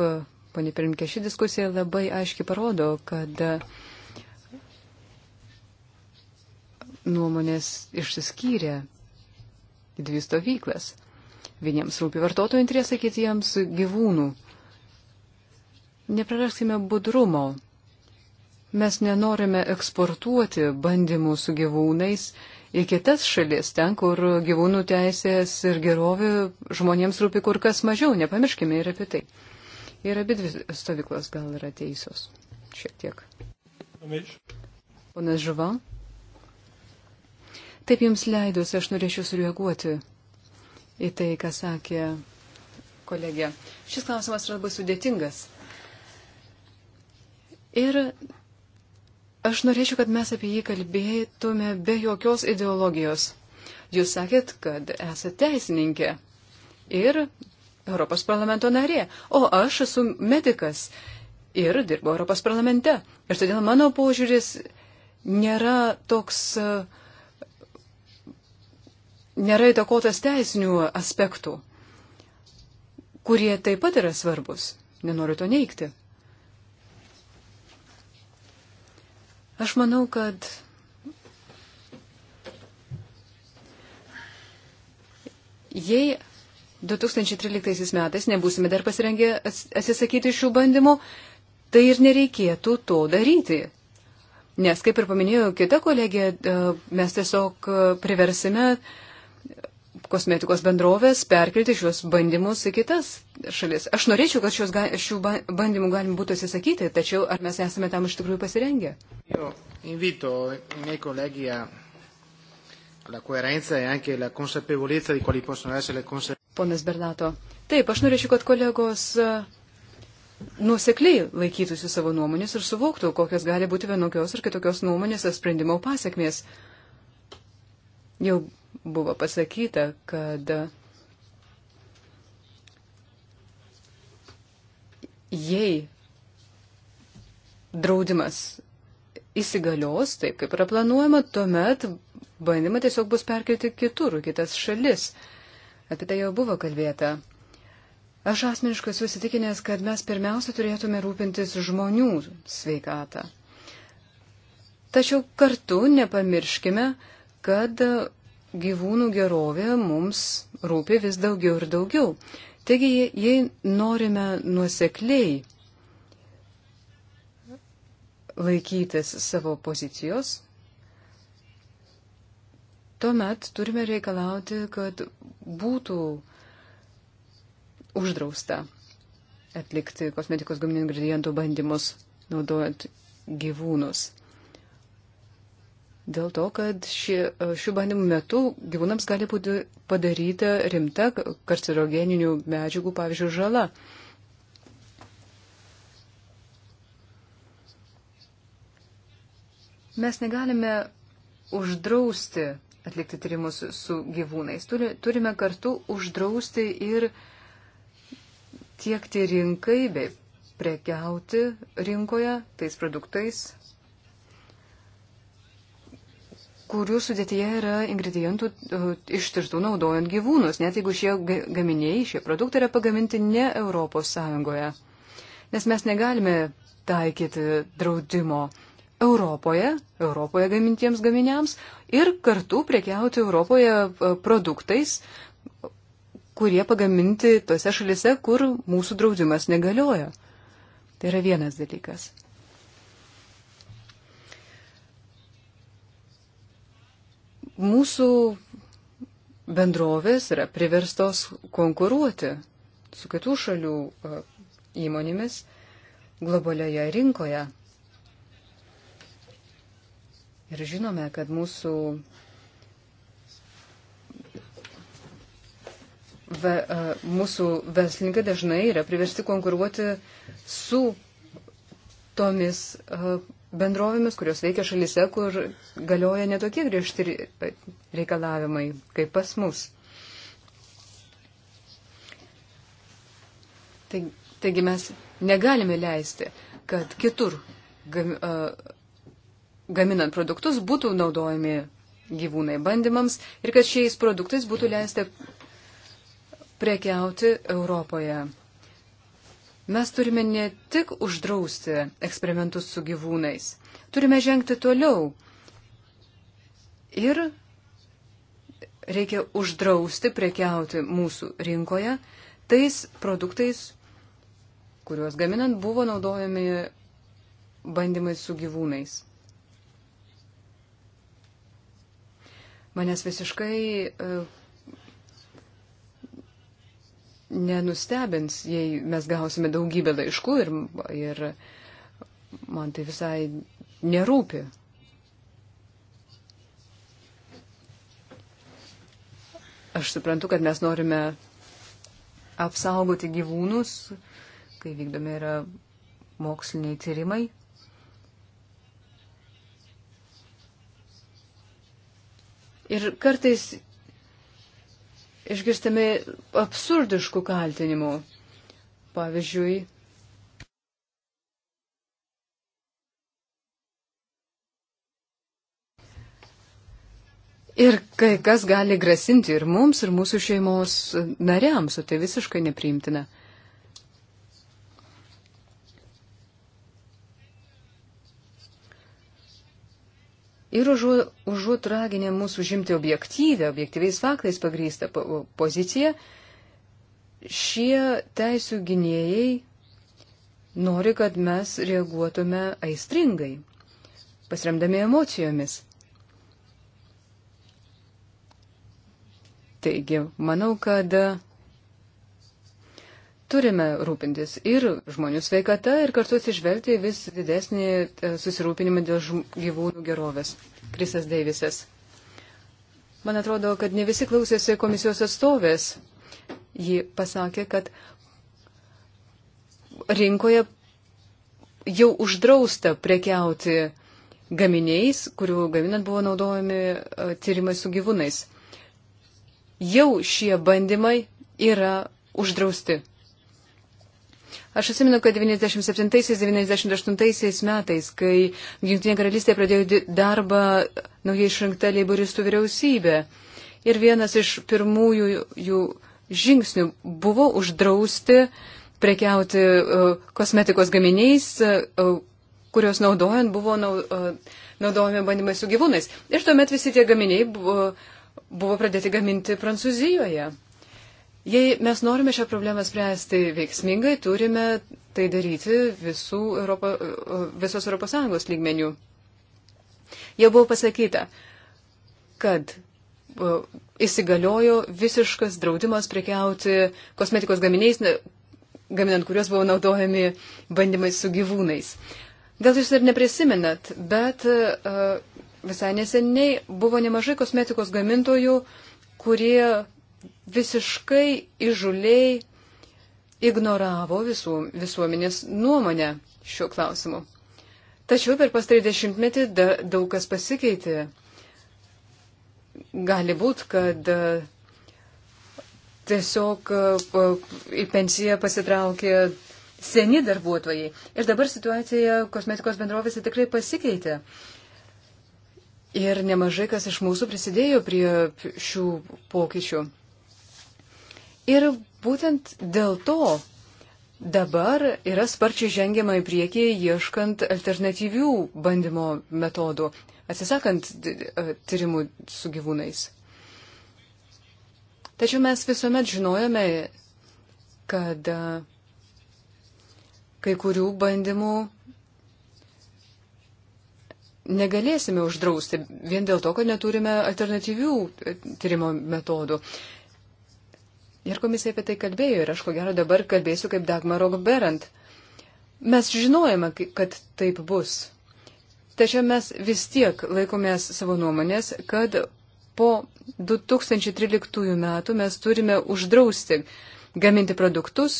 Pane pirmininkė, ši diskusija labai aiškiai parodo, kad nuomonės išsiskyrė į dvi stovyklas. Vieniems rūpi vartotojų interesai, kitiems gyvūnų. Nepraraskime budrumo. Mes nenorime eksportuoti bandymų su gyvūnais į kitas šalis, ten, kur gyvūnų teisės ir gerovė žmonėms rūpi kur kas mažiau. Nepamirškime ir apie tai. Ir abi dvi stovyklos gal yra teisios. Šiek tiek. Ponas Žuva. Taip jums leidus, aš norėčiau sureaguoti į tai, ką sakė kolegė. Šis klausimas yra labai sudėtingas. Ir aš norėčiau, kad mes apie jį kalbėtume be jokios ideologijos. Jūs sakėt, kad esate teisininkė. Ir Europos parlamento narė, o aš esu medikas ir dirbu Europos parlamente. Ir todėl mano požiūris nėra toks, nėra įtakotas teisinių aspektų, kurie taip pat yra svarbus. Nenoriu to neikti. Aš manau, kad jei 2013 metais nebūsime dar pasirengę atsisakyti šių bandymų, tai ir nereikėtų to daryti. Nes, kaip ir paminėjo kita kolegė, e, mes tiesiog e, priversime kosmetikos bendrovės perkelti šios bandymus į kitas šalis. Aš norėčiau, kad šios, šių bandymų galima būtų atsisakyti, tačiau ar mes esame tam iš tikrųjų pasirengę? alla coerenza e anche la consapevolezza di quali possono essere le conseguenze ponas Bernato. Taip, aš norėčiau, kad kolegos e, nusekliai laikytųsi savo nuomonės ir suvoktų, kokios gali būti vienokios ar kitokios nuomonės ar sprendimo pasiekmės. Jau buvo pasakyta, kad e, jei draudimas įsigalios, taip kaip yra planuojama, tuomet bandymą tiesiog bus perkelti kitur, kitas šalis. Uh, Apie tai jau buvo kalbėta. Aš asmeniškai susitikinęs, kad mes pirmiausia turėtume rūpintis žmonių sveikatą. Tačiau kartu nepamirškime, kad gyvūnų gerovė mums rūpi vis daugiau ir daugiau. Taigi, jei norime nuosekliai laikytis savo pozicijos, tuomet turime reikalauti, kad būtų uždrausta atlikti kosmetikos gaminių ingredientų bandymus naudojant gyvūnus. Dėl to, kad ši, šių bandymų metu gyvūnams gali būti padaryta rimta karcerogeninių medžiagų, pavyzdžiui, žala. Mes negalime uždrausti atlikti tyrimus su gyvūnais. Turime kartu uždrausti ir tiekti rinkai bei prekiauti rinkoje tais produktais, kurių sudėtyje yra ingredientų e, ištirtų naudojant gyvūnus, net jeigu šie gaminiai, šie produktai yra pagaminti ne Europos Sąjungoje. Nes mes negalime taikyti draudimo Europoje, Europoje gamintiems gaminiams ir kartu prekiauti Europoje e, produktais, kurie pagaminti tose šalise, kur mūsų draudimas negalioja. Tai yra vienas dalykas. Mūsų bendrovės yra priverstos konkuruoti su kitų šalių e, įmonėmis globalioje rinkoje. Ir žinome, kad mūsų ve, e, mūsų verslininkai dažnai yra priversti konkuruoti su tomis e, bendrovėmis, kurios veikia šalise, kur galioja netokie griežti reikalavimai kaip pas mus. Taigi mes negalime leisti, kad kitur e, gaminant produktus būtų naudojami gyvūnai bandymams ir kad šiais produktais būtų leista prekiauti Europoje. Mes turime ne tik uždrausti eksperimentus su gyvūnais, turime žengti toliau ir reikia uždrausti prekiauti mūsų rinkoje tais produktais, kuriuos gaminant buvo naudojami bandymai su gyvūnais. manęs visiškai e, nenustebins, jei mes gausime daugybę laiškų ir, ir man tai visai nerūpi. Aš suprantu, kad mes norime apsaugoti gyvūnus, kai vykdomi yra moksliniai tyrimai. Ir kartais išgirstame absurdiškų kaltinimų. Pavyzdžiui, Ir kai kas gali grasinti ir mums, ir mūsų šeimos nariams, o tai visiškai nepriimtina. Ir užuot, užuot raginę mūsų žimti objektyvę, objektyviais faktais pagrįstą poziciją, šie teisų gynėjai nori, kad mes reaguotume aistringai, pasiremdami emocijomis. Taigi, manau, kad turime rūpintis ir žmonių sveikata, ir kartu atsižvelgti vis didesnį e, susirūpinimą dėl gyvūnų gerovės. Krisas Deivisas. Man atrodo, kad ne visi klausėsi komisijos atstovės. Ji pasakė, kad rinkoje jau uždrausta prekiauti gaminiais, kurių gaminant buvo naudojami e, tyrimai su gyvūnais. Jau šie bandymai yra uždrausti. Aš atsimenu, kad 97-98 metais, kai Junktinė karalystė pradėjo darbą naujai išrinkta leiboristų vyriausybė. Ir vienas iš pirmųjų jų žingsnių buvo uždrausti prekiauti uh, kosmetikos gaminiais, uh, kurios naudojant buvo nau, uh, naudojami bandymai su gyvūnais. Ir tuomet visi tie gaminiai buvo, buvo pradėti gaminti Prancūzijoje. Jei mes norime šią problemą spręsti veiksmingai, turime tai daryti visų Europo, visos ES lygmenių. Jau buvo pasakyta, kad įsigaliojo visiškas draudimas prekiauti kosmetikos gaminiais, gaminant kuriuos buvo naudojami bandymai su gyvūnais. Gal jūs ir neprisimenat, bet e, visai neseniai buvo nemažai kosmetikos gamintojų, kurie visiškai įžuliai ignoravo visų, visuomenės nuomonę šiuo klausimu. Tačiau per pastarį dešimtmetį da, daug kas pasikeitė. Gali būt, kad e, tiesiog e, į pensiją pasitraukė seni darbuotojai. Ir dabar situacija kosmetikos bendrovėse tikrai pasikeitė. Ir nemažai kas iš mūsų prisidėjo prie šių pokyčių. Ir būtent dėl to dabar yra sparčiai žengiama į priekį ieškant alternatyvių bandymo metodų, atsisakant tyrimų su gyvūnais. Tačiau mes visuomet žinojame, kad kai kurių bandymų negalėsime uždrausti vien dėl to, kad neturime alternatyvių e, tyrimo metodų. Ir komisija apie tai kalbėjo ir aš ko gero dabar kalbėsiu kaip Dagmar Rogberant. Mes žinojame, kad taip bus. Tačiau mes vis tiek laikomės savo nuomonės, kad po 2013 metų mes turime uždrausti gaminti produktus,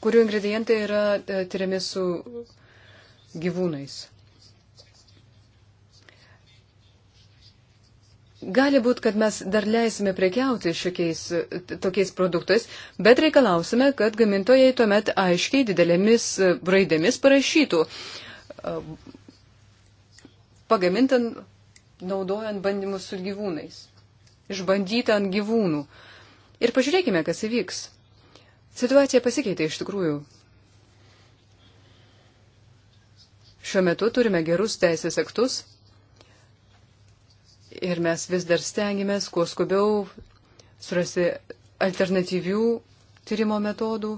kurių ingredientai yra e, tyriami su gyvūnais. Gali būti, kad mes dar leisime prekiauti šiokiais, tokiais produktais, bet reikalausime, kad gamintojai tuomet aiškiai didelėmis e, raidėmis parašytų e, pagamintant, naudojant bandymus su gyvūnais, išbandyta ant gyvūnų. Ir pažiūrėkime, kas įvyks. Situacija pasikeitė iš tikrųjų. Šiuo metu turime gerus teisės aktus, Ir mes vis dar stengiamės, kuo skubiau, surasti alternatyvių tyrimo metodų.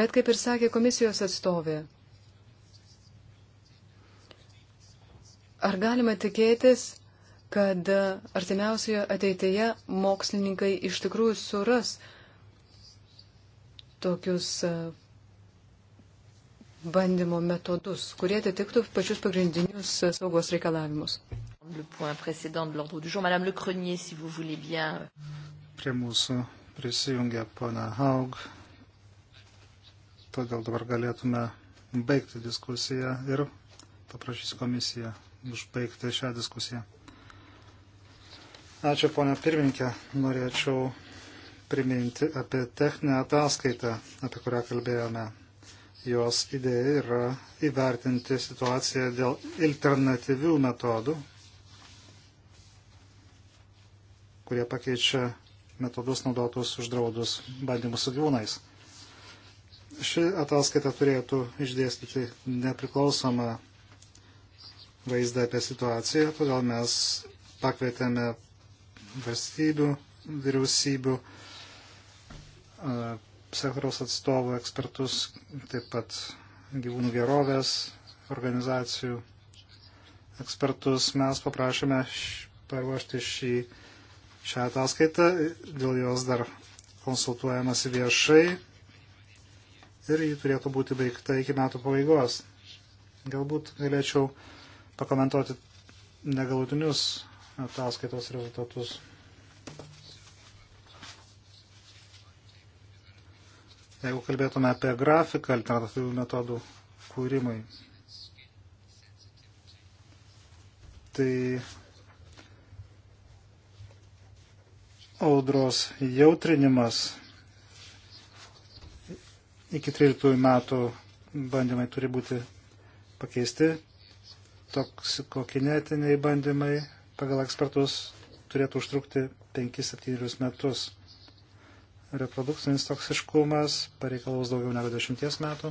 Bet kaip ir sakė komisijos atstovė, ar galima tikėtis, kad artimiausioje ateityje mokslininkai iš tikrųjų suras tokius e, bandymo metodus, kurie atitiktų pačius pagrindinius e, saugos reikalavimus. Le point précédent de l'ordre du jour. Madame Le Crenier, si vous voulez bien. Euh. Prie mūsų prisijungia pana Haug. Todėl dabar galėtume baigti diskusiją ir paprašysiu komisiją užbaigti šią diskusiją. Ačiū, ponia pirmininkė. Norėčiau priminti apie techninę ataskaitą, apie kurią kalbėjome. Jos idėja yra įvertinti situaciją dėl alternatyvių metodų, kurie pakeičia metodus naudotus uždraudus bandymus su gyvūnais. Ši ataskaita turėtų išdėstyti nepriklausomą vaizdą apie situaciją, todėl mes pakvietėme valstybių, vyriausybių, sektoriaus atstovų, ekspertus, taip pat gyvūnų gerovės organizacijų ekspertus. Mes paprašėme paruošti šį šią ataskaitą, dėl jos dar konsultuojamas viešai ir ji turėtų būti baigta iki metų pabaigos. Galbūt galėčiau pakomentuoti negalutinius ataskaitos rezultatus. Jeigu kalbėtume apie grafiką alternatyvių metodų kūrimai, tai audros jautrinimas iki 13 metų bandymai turi būti pakeisti. Toksikokinetiniai bandymai pagal ekspertus turėtų užtrukti 5-7 metus. Reprodukcinis toksiškumas pareikalaus daugiau negu 10 metų.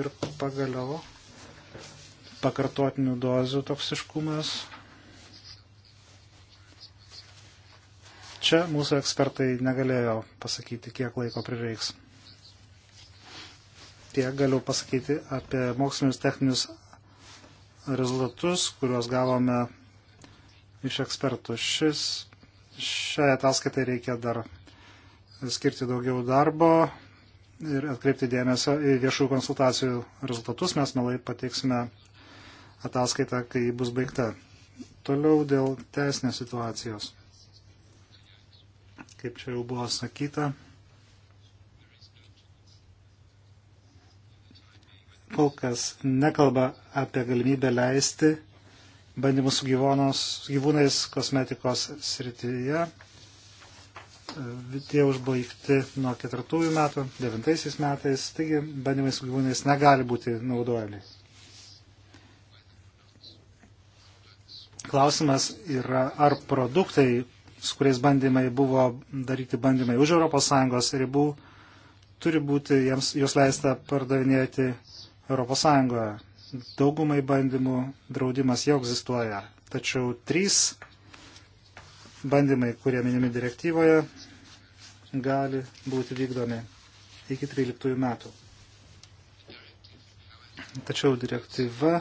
Ir pagaliau pakartotinių dozių toksiškumas Čia mūsų ekspertai negalėjo pasakyti, kiek laiko prireiks. Tiek galiu pasakyti apie mokslinius techninius rezultatus, kuriuos gavome iš ekspertų. Šis, šiai ataskaitai reikia dar skirti daugiau darbo ir atkreipti dėmesio į viešų konsultacijų rezultatus. Mes melai pateiksime ataskaitą, kai bus baigta. Toliau dėl teisinės situacijos kaip čia jau buvo sakyta. Kol kas nekalba apie galimybę leisti bandymus su gyvūnais kosmetikos srityje. Tie užbaigti nuo 4 metų, 9 metais, taigi bandymai su gyvūnais negali būti naudojami. Klausimas yra, ar produktai, su kuriais bandymai buvo daryti bandymai už ES ribų, turi būti jiems, jos leista pardavinėti ES. Daugumai bandymų draudimas jau egzistuoja. Tačiau trys bandymai, kurie minimi direktyvoje, gali būti vykdomi iki 13 metų. Tačiau direktyva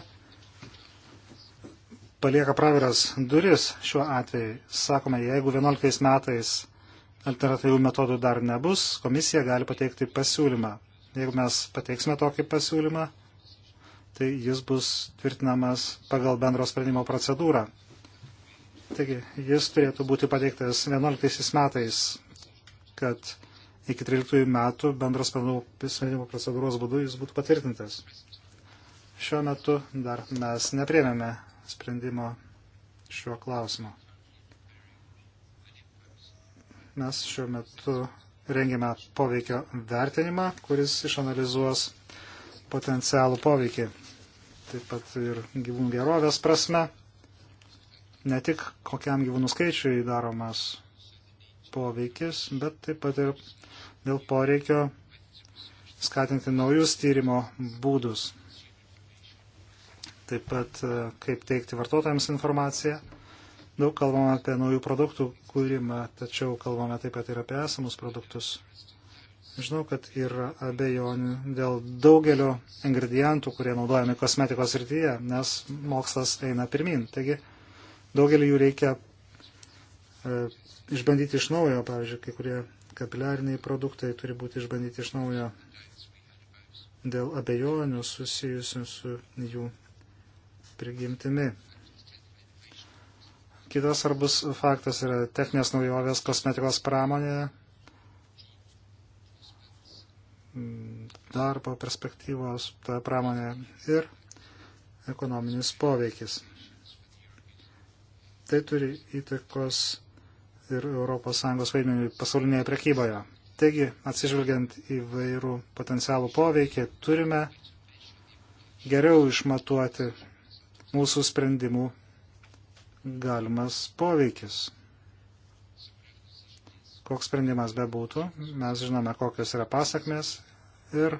palieka praviras duris šiuo atveju. Sakome, jeigu 11 metais alternatyvių metodų dar nebus, komisija gali pateikti pasiūlymą. Jeigu mes pateiksime tokį pasiūlymą, tai jis bus tvirtinamas pagal bendro sprendimo procedūrą. Taigi, jis turėtų būti pateiktas 11 metais, kad iki 13 metų bendro sprendimo procedūros būdu jis būtų patvirtintas. Šiuo metu dar mes nepriemėme sprendimo šiuo klausimu. Mes šiuo metu rengiame poveikio vertinimą, kuris išanalizuos potencialų poveikį. Taip pat ir gyvūnų gerovės prasme, ne tik kokiam gyvūnų skaičiui daromas poveikis, bet taip pat ir dėl poreikio skatinti naujus tyrimo būdus taip pat e, kaip teikti vartotojams informaciją. Daug kalbama apie naujų produktų kūrimą, tačiau kalbame taip pat ir apie esamus produktus. Žinau, kad yra abejonių dėl daugelio ingredientų, kurie naudojami kosmetikos rytyje, nes mokslas eina pirmin. Taigi daugelį jų reikia e, išbandyti iš naujo. Pavyzdžiui, kai kurie kapiliariniai produktai turi būti išbandyti iš naujo dėl abejonių susijusių su jų prigimtimi. Kitas svarbus faktas yra techninės naujovės kosmetikos pramonėje. Darbo perspektyvos toje pramonėje ir ekonominis poveikis. Tai turi įtakos ir ES vaidmenį pasaulinėje prekyboje. Taigi, atsižvelgiant į vairų potencialų poveikį, turime geriau išmatuoti mūsų sprendimų galimas poveikis. Koks sprendimas bebūtų, mes žinome, kokios yra pasakmės ir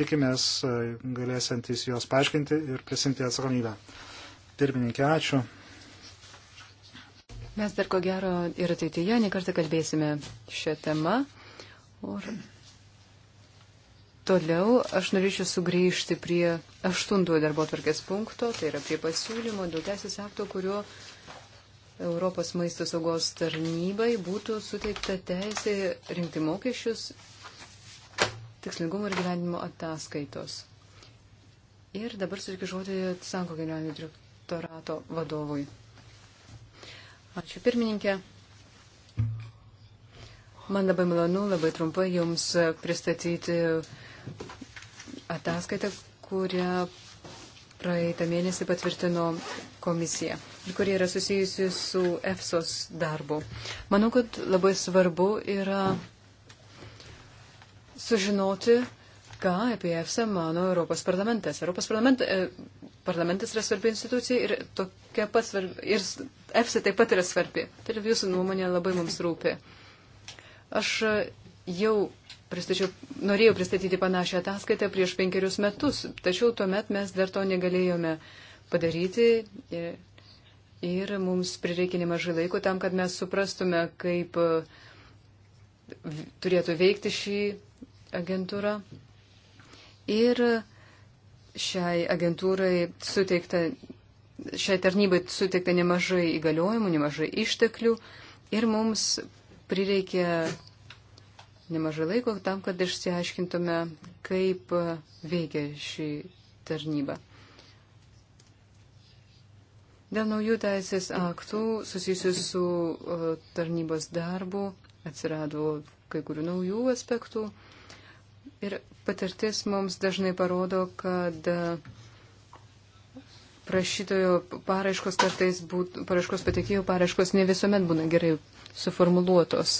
tikimės e, galėsiantis juos paaiškinti ir prisimti atsakomybę. Pirmininkė, ačiū. Mes dar ko gero ir ateityje nekartą kalbėsime šią temą. Or... Toliau aš norėčiau sugrįžti prie aštuntojo darbo tvarkės punkto, tai yra prie pasiūlymo dėl teisės akto, kuriuo Europos maisto saugos tarnybai būtų suteikta teisė rinkti mokesčius tikslingumo ir gyvenimo ataskaitos. Ir dabar suteikiu žodį Sanko generalinio direktorato vadovui. Ačiū pirmininkė. Man labai malonu, labai trumpai Jums pristatyti uh, ataskaitą, kurią praeitą mėnesį patvirtino komisija ir kurie yra susijusi su EFSOS darbu. Manau, kad labai svarbu yra sužinoti, ką apie EFSA mano Europos parlamentas. Europos parlament, e, parlamentas yra svarbi institucija ir, svarbi, ir EFSA taip pat yra svarbi. Tai jūsų nuomonė labai mums rūpi. Aš jau pristačiau, norėjau pristatyti panašią ataskaitą prieš penkerius metus, tačiau tuomet mes dar to negalėjome padaryti ir, ir mums prireikė nemažai laiko tam, kad mes suprastume, kaip turėtų veikti šį agentūrą. Ir šiai agentūrai suteikta, šiai tarnybai suteikta nemažai įgaliojimų, nemažai išteklių ir mums prireikė nemažai laiko tam, kad išsiaiškintume, kaip veikia šį tarnybą. Dėl naujų teisės aktų susijusių su tarnybos darbu atsirado kai kurių naujų aspektų ir patirtis mums dažnai parodo, kad e, prašytojo paraiškos kartais būt, paraiškos patikėjo paraiškos ne visuomet būna gerai suformuluotos.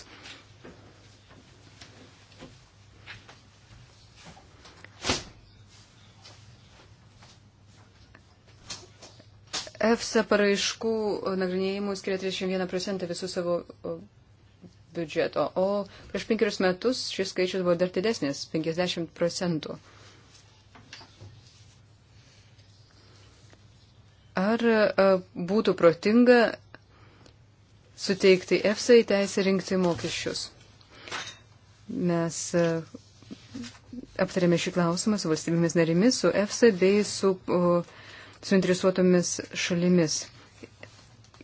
EFSA paraiškų nagrinėjimų skiria 31 procentą visų savo biudžeto, o prieš penkerius metus šis skaičius buvo dar didesnis - 50 procentų. Ar e, būtų protinga suteikti EFSA į teisę rinkti mokesčius? Mes e, aptarėme šį klausimą su valstybėmis narimis, su EFSA bei su uh, suinteresuotomis šalimis.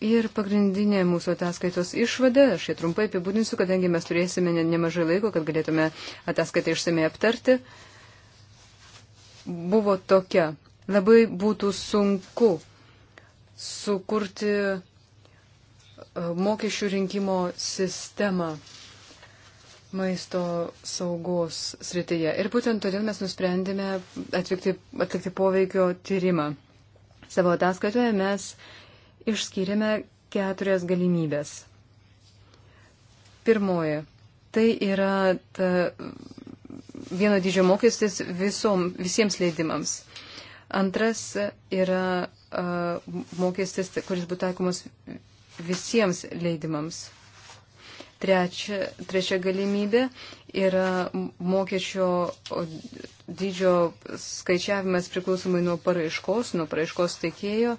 Ir pagrindinė mūsų ataskaitos išvada, aš ją trumpai apibūdinsiu, kadangi mes turėsime nemažai laiko, kad galėtume ataskaitą išsamei aptarti, buvo tokia. Labai būtų sunku sukurti e, mokesčių rinkimo sistemą maisto saugos srityje. Ir būtent todėl mes nusprendėme atvykti, atlikti poveikio tyrimą. Savo ataskaitoje mes išskyrėme keturias galimybės. Pirmoji. Tai yra ta vieno dydžio mokestis visom, visiems leidimams. Antras yra uh, mokestis, kuris būtų taikomas visiems leidimams. Trečia, trečia galimybė yra mokesčio dydžio skaičiavimas priklausomai nuo paraiškos, nuo paraiškos teikėjo.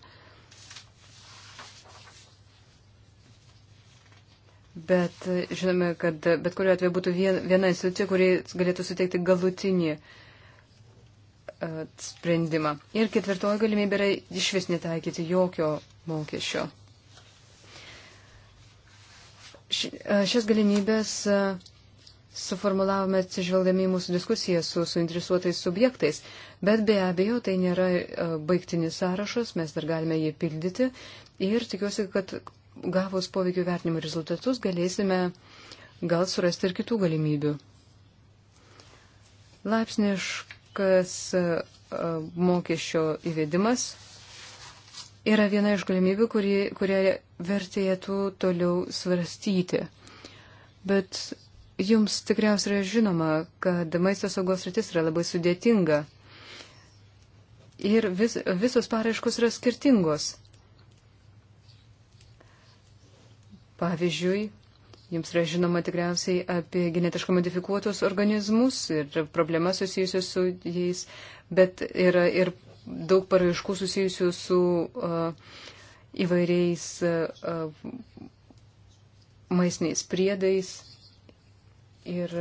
Bet žinome, kad bet kuriuo atveju būtų viena institucija, kuri galėtų suteikti galutinį e, sprendimą. Ir ketvirtoji galimybė yra iš vis netaikyti jokio mokesčio. E, šias galimybės e, suformulavome atsižvelgdami mūsų diskusiją su suinteresuotais subjektais, bet be abejo tai nėra e, baigtinis sąrašas, mes dar galime jį pildyti ir tikiuosi, kad gavus poveikio vertinimo rezultatus galėsime gal surasti ir kitų galimybių. Laipsniškas e, e, mokesčio įvedimas yra viena iš galimybių, kuri, kurią vertėtų toliau svarstyti. Bet Jums tikriausiai yra žinoma, kad maisto saugos rytis yra labai sudėtinga. Ir vis, visos paraiškos yra skirtingos. Pavyzdžiui, jums yra žinoma tikriausiai apie genetiškai modifikuotus organizmus ir problemas susijusios su jais, bet yra ir daug paraiškų susijusių su uh, įvairiais uh, uh maistiniais priedais ir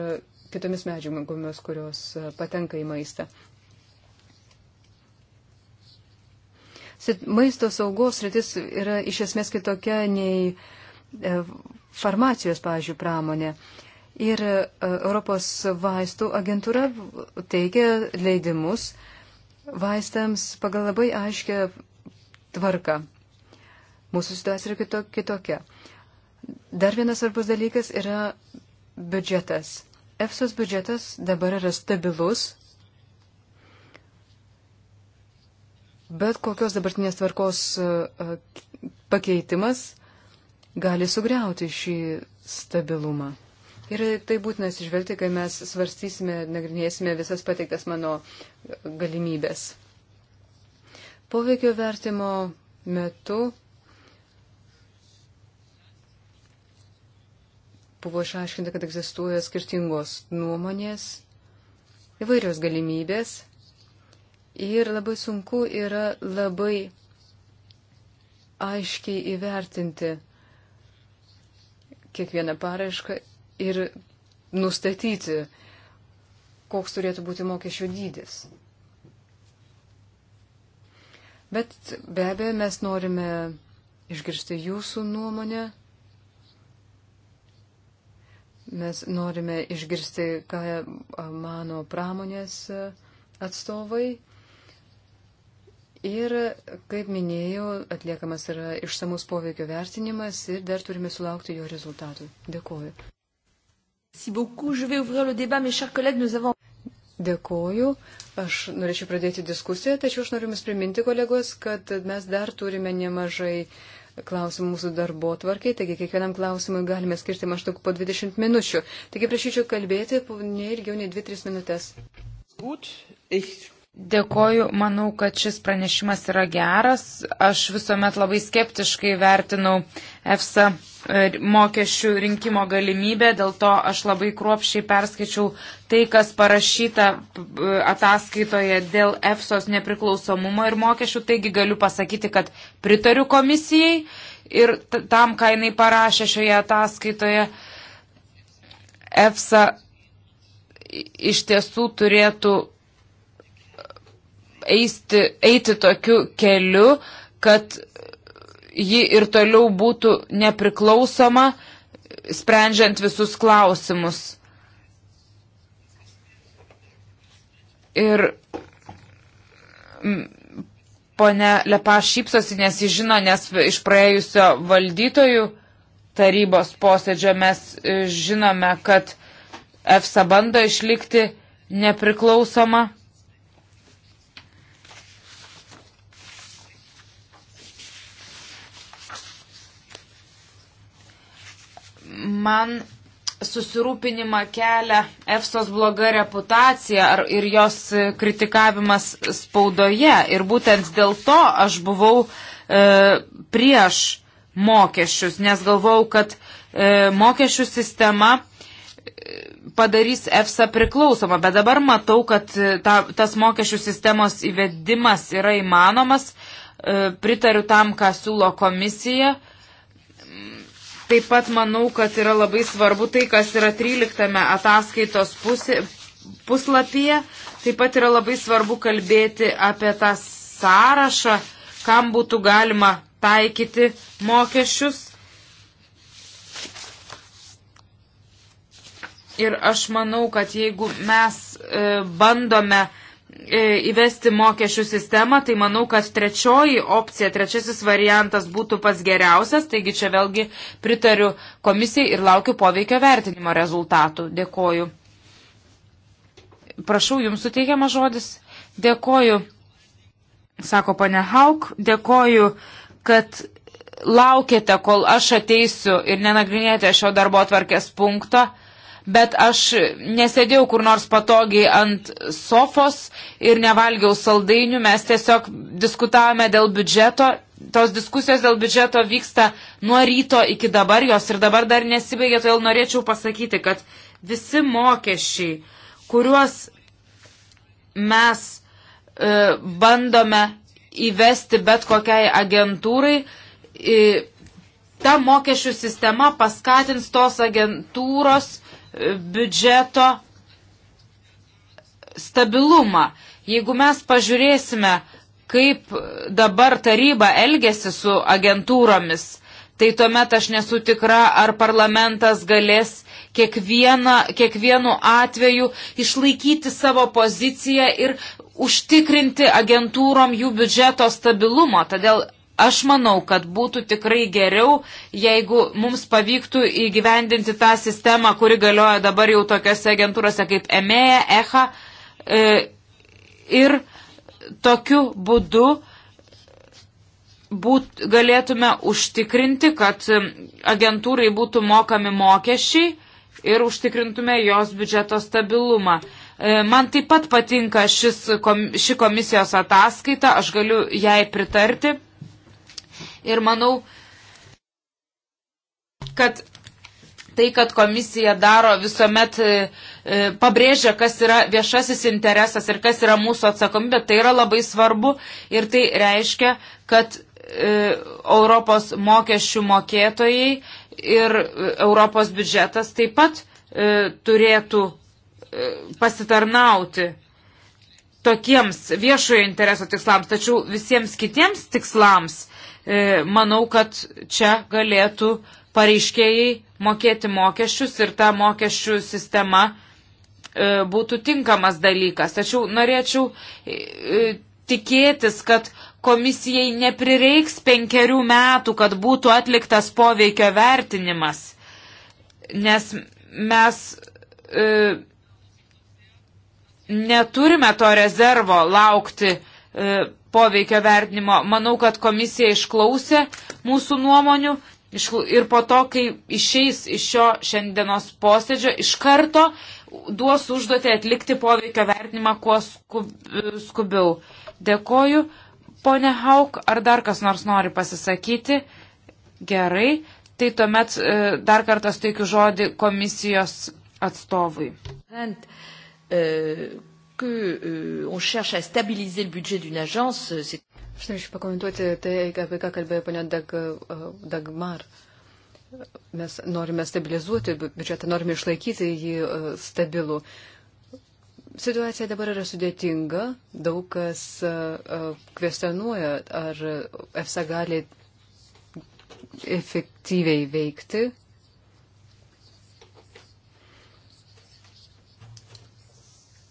kitomis medžiagomis, kurios patenka į maistą. Maisto saugos rytis yra iš esmės kitokia nei e, farmacijos, pavyzdžiui, pramonė. Ir e, Europos vaistų agentūra teikia leidimus vaistams pagal labai aiškę tvarką. Mūsų situacija yra kitokia. Dar vienas svarbus dalykas yra biudžetas. EFSOS biudžetas dabar yra stabilus. Bet kokios dabartinės tvarkos e, pakeitimas gali sugriauti šį stabilumą. Ir tai būtina atsižvelgti, kai mes svarstysime, nagrinėsime visas pateiktas mano galimybės. Poveikio vertimo metu buvo išaiškinta, kad egzistuoja skirtingos nuomonės, įvairios galimybės ir labai sunku yra labai aiškiai įvertinti kiekvieną paraišką ir nustatyti, koks turėtų būti mokesčio dydis. Bet be abejo, mes norime išgirsti jūsų nuomonę Mes norime išgirsti, ką mano pramonės atstovai. Ir, kaip minėjau, atliekamas yra išsamus poveikio vertinimas ir dar turime sulaukti jo rezultatų. Dėkoju. Dėkoju. Aš norėčiau pradėti diskusiją, tačiau aš noriu Jums priminti, kolegos, kad mes dar turime nemažai uh, klausimų mūsų darbo tvarkiai, taigi kiekvienam klausimui galime skirti maždaug po 20 minučių. Taigi prašyčiau kalbėti ne ilgiau nei 2-3 minutės. Gut, ich Dėkoju, manau, kad šis pranešimas yra geras. Aš visuomet labai skeptiškai vertinau EFSA e, mokesčių rinkimo galimybę, dėl to aš labai kruopšiai perskaičiau tai, kas parašyta e, ataskaitoje dėl EFSOS nepriklausomumo ir mokesčių, taigi galiu pasakyti, kad pritariu komisijai ir tam, ką jinai parašė šioje ataskaitoje. EFSA iš tiesų turėtų eisti, eiti tokiu keliu, kad ji ir toliau būtų nepriklausoma, sprendžiant visus klausimus. Ir ponia Lepa šypsosi, nes jis žino, nes iš praėjusio valdytojų tarybos posėdžio mes e, žinome, kad EFSA bando išlikti nepriklausoma. man susirūpinimą kelia EFSOS bloga reputacija ar, ir jos kritikavimas spaudoje. Ir būtent dėl to aš buvau e, prieš mokesčius, nes galvau, kad e, mokesčių sistema e, padarys EFSA priklausomą, bet dabar matau, kad e, ta, tas mokesčių sistemos įvedimas yra įmanomas. E, pritariu tam, ką siūlo komisija. E, Taip pat manau, kad yra labai svarbu tai, kas yra 13 ataskaitos pusė, puslapyje. Taip pat yra labai svarbu kalbėti apie tą sąrašą, kam būtų galima taikyti mokesčius. Ir aš manau, kad jeigu mes e, bandome e, E, įvesti mokesčių sistemą, tai manau, kad trečioji opcija, trečiasis variantas būtų pats geriausias, taigi čia vėlgi pritariu komisijai ir laukiu poveikio vertinimo rezultatų. Dėkoju. Prašau, jums suteikiamas žodis. Dėkoju, sako pane Hauk, dėkoju, kad laukėte, kol aš ateisiu ir nenagrinėjote šio darbo atvarkės punkto bet aš nesėdėjau kur nors patogiai ant sofos ir nevalgiau saldainių, mes tiesiog diskutavome dėl biudžeto. Tos diskusijos dėl biudžeto vyksta nuo ryto iki dabar, jos ir dabar dar nesibaigė, todėl norėčiau pasakyti, kad visi mokesčiai, kuriuos mes e, bandome įvesti bet kokiai agentūrai, e, ta mokesčių sistema paskatins tos agentūros biudžeto stabilumą. Jeigu mes pažiūrėsime, kaip dabar taryba elgesi su agentūromis, tai tuomet aš nesu tikra, ar parlamentas galės kiekvieną, kiekvienu atveju išlaikyti savo poziciją ir užtikrinti agentūrom jų biudžeto stabilumą. Todėl Aš manau, kad būtų tikrai geriau, jeigu mums pavyktų įgyvendinti tą sistemą, kuri galioja dabar jau tokiose agentūrose kaip EMEA, EHA e, e, ir tokiu būdu būt, galėtume užtikrinti, kad agentūrai būtų mokami mokesčiai ir užtikrintume jos biudžeto stabilumą. E, man taip pat patinka šis, ši komisijos ataskaita, aš galiu jai pritarti. Ir manau, kad tai, kad komisija daro visuomet e, e, pabrėžia, kas yra viešasis interesas ir kas yra mūsų atsakomybė, tai yra labai svarbu ir tai reiškia, kad e, Europos mokesčių mokėtojai ir e, Europos biudžetas taip pat e, turėtų e, pasitarnauti tokiems viešojo intereso tikslams, tačiau visiems kitiems tikslams E, manau, kad čia galėtų pareiškėjai mokėti mokesčius ir ta mokesčių sistema e, būtų tinkamas dalykas. Tačiau norėčiau e, tikėtis, kad komisijai neprireiks penkerių metų, kad būtų atliktas poveikio vertinimas. Nes mes e, neturime to rezervo laukti e, poveikio vertinimo. Manau, kad komisija išklausė mūsų nuomonių ir po to, kai išeis iš šio šiandienos posėdžio, iš karto duos užduotį atlikti poveikio vertinimą kuo skubiau. Dėkoju. Pone Hauk, ar dar kas nors nori pasisakyti? Gerai. Tai tuomet e, dar kartą suteikiu žodį komisijos atstovui. And, uh, e, que euh, on cherche à stabiliser le budget d'une agence, euh, c'est. Aš norėčiau pakomentuoti tai, apie ką kalbėjo ponia Dag, euh, Dagmar. Mes norime stabilizuoti biudžetą, norime išlaikyti jį euh, stabilų. Situacija dabar yra sudėtinga, daug kas kvestionuoja, ar EFSA gali efektyviai veikti,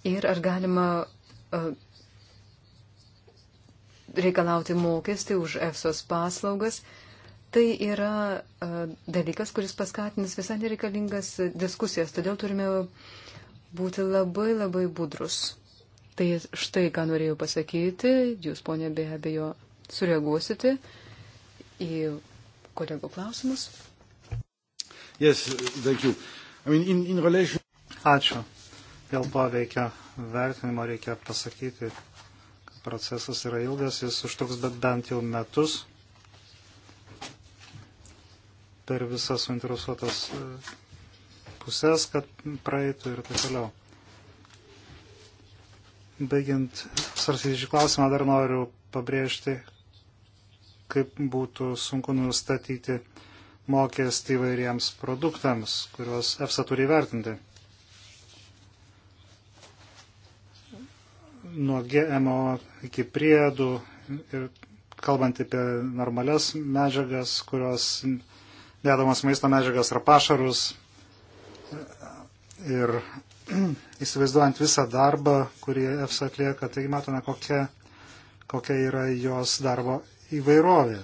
ir ar galima reikalauti mokestį už EFSOS paslaugas. Tai yra dalykas, kuris paskatins visai nereikalingas diskusijas, todėl turime būti labai labai budrus. Tai štai, ką norėjau pasakyti, jūs, ponė, be abejo, sureaguosite į kolegų klausimus. Yes, I mean, in, in relation... Ačiū. Dėl poveikio vertinimo reikia pasakyti, kad procesas yra ilgas, jis užtruks bent jau metus per visas suinteresuotas e, pusės, kad praeitų ir taip toliau. Baigiant svarstyti šį klausimą, dar noriu pabrėžti, kaip būtų sunku nustatyti mokestį įvairiems produktams, kuriuos EFSA turi vertinti. nuo GMO iki priedų ir kalbant apie normalias medžiagas, kurios dedamos maisto medžiagas ar pašarus. Ir įsivaizduojant visą darbą, kurį EFSA atlieka, taigi matome, kokia, kokia yra jos darbo įvairovė.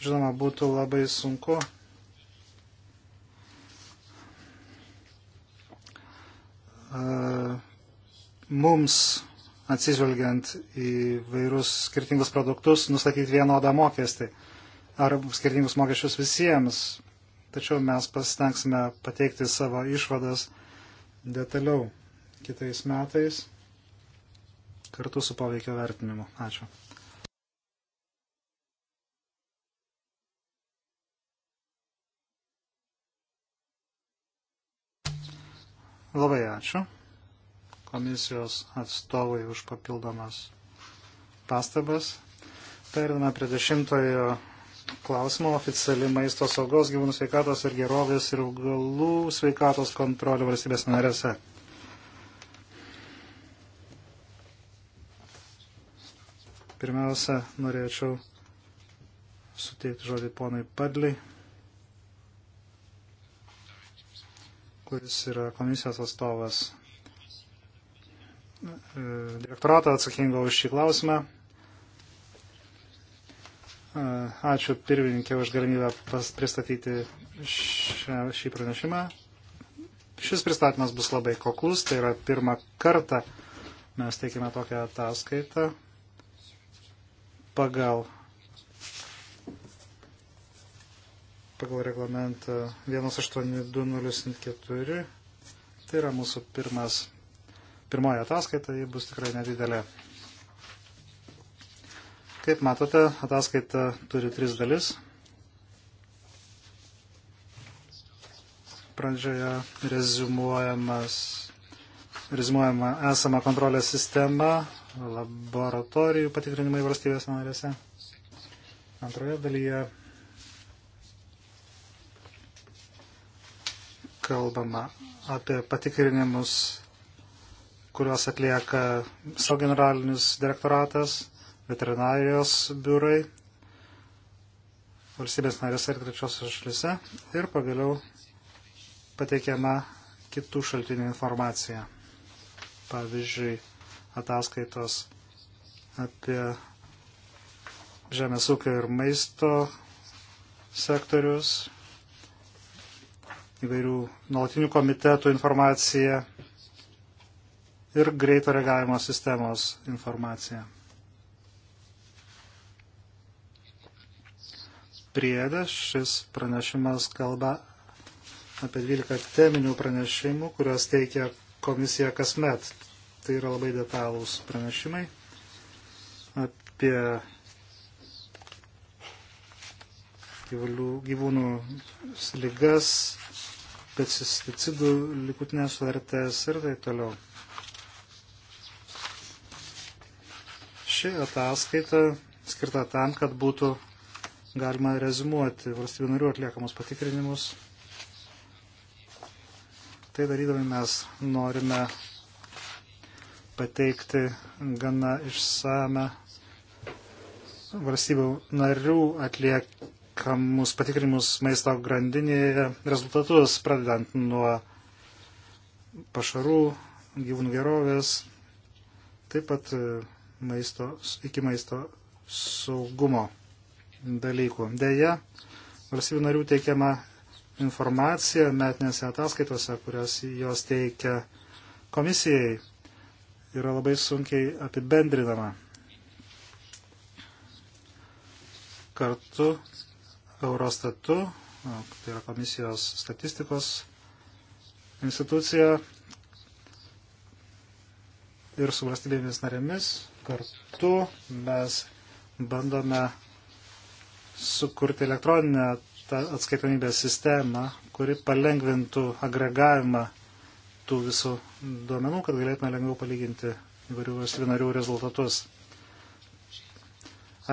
Žinoma, būtų labai sunku uh, mums, atsižvelgiant į vairus skirtingus produktus, nustatyti vienodą mokestį ar skirtingus mokesčius visiems. Tačiau mes pasitengsime pateikti savo išvadas detaliau kitais metais kartu su poveikio vertinimu. Ačiū. Labai ačiū komisijos atstovui už papildomas pastabas. Periname prie dešimtojo klausimo oficiali maisto saugos gyvūnų sveikatos ir gerovės ir augalų sveikatos kontrolė valstybės narėse. Pirmiausia, norėčiau suteikti žodį ponui Padliui, kuris yra komisijos atstovas direktoratą atsakingą už šį klausimą. Ačiū pirmininkė už galimybę pristatyti šią, šį pranešimą. Šis pristatymas bus labai koklus, tai yra pirmą kartą mes teikime tokią ataskaitą pagal, pagal reglamentą 1824. Tai yra mūsų pirmas pirmoji ataskaita, ji bus tikrai nedidelė. Kaip matote, ataskaita turi tris dalis. Pradžioje rezumuojamas, rezumuojama esama kontrolės sistema, laboratorijų patikrinimai valstybės narėse. Antroje dalyje kalbama apie patikrinimus kuriuos atlieka savo generalinis direktoratas, veterinarijos biurai, valstybės narės ir trečiosios šalise ir pagaliau pateikiama kitų šaltinių informacija. Pavyzdžiui, ataskaitos apie žemės ūkio ir maisto sektorius, įvairių nuolatinių komitetų informacija, ir greito reagavimo sistemos informaciją. Priedė šis pranešimas kalba apie 12 teminių pranešimų, kuriuos teikia komisija kasmet. Tai yra labai detalūs pranešimai apie gyvulių, gyvūnų lygas, pesticidų likutinės vertės ir taip toliau. Ši ataskaita skirta tam, kad būtų galima rezumuoti valstybių narių atliekamus patikrinimus. Tai darydami mes norime pateikti gana išsame valstybių narių atliekamus patikrinimus maisto grandinėje rezultatus, pradedant nuo pašarų, gyvūnų gerovės, taip pat maisto, iki maisto saugumo dalykų. Deja, valstybių narių teikiama informacija metinėse ataskaitose, kurias jos teikia komisijai, yra labai sunkiai apibendrinama. Kartu Eurostatu, tai yra komisijos statistikos institucija, ir su valstybėmis narėmis kartu mes bandome sukurti elektroninę atskaitomybės sistemą, kuri palengvintų agregavimą tų visų duomenų, kad galėtume lengviau palyginti įvairių valstybių narių rezultatus.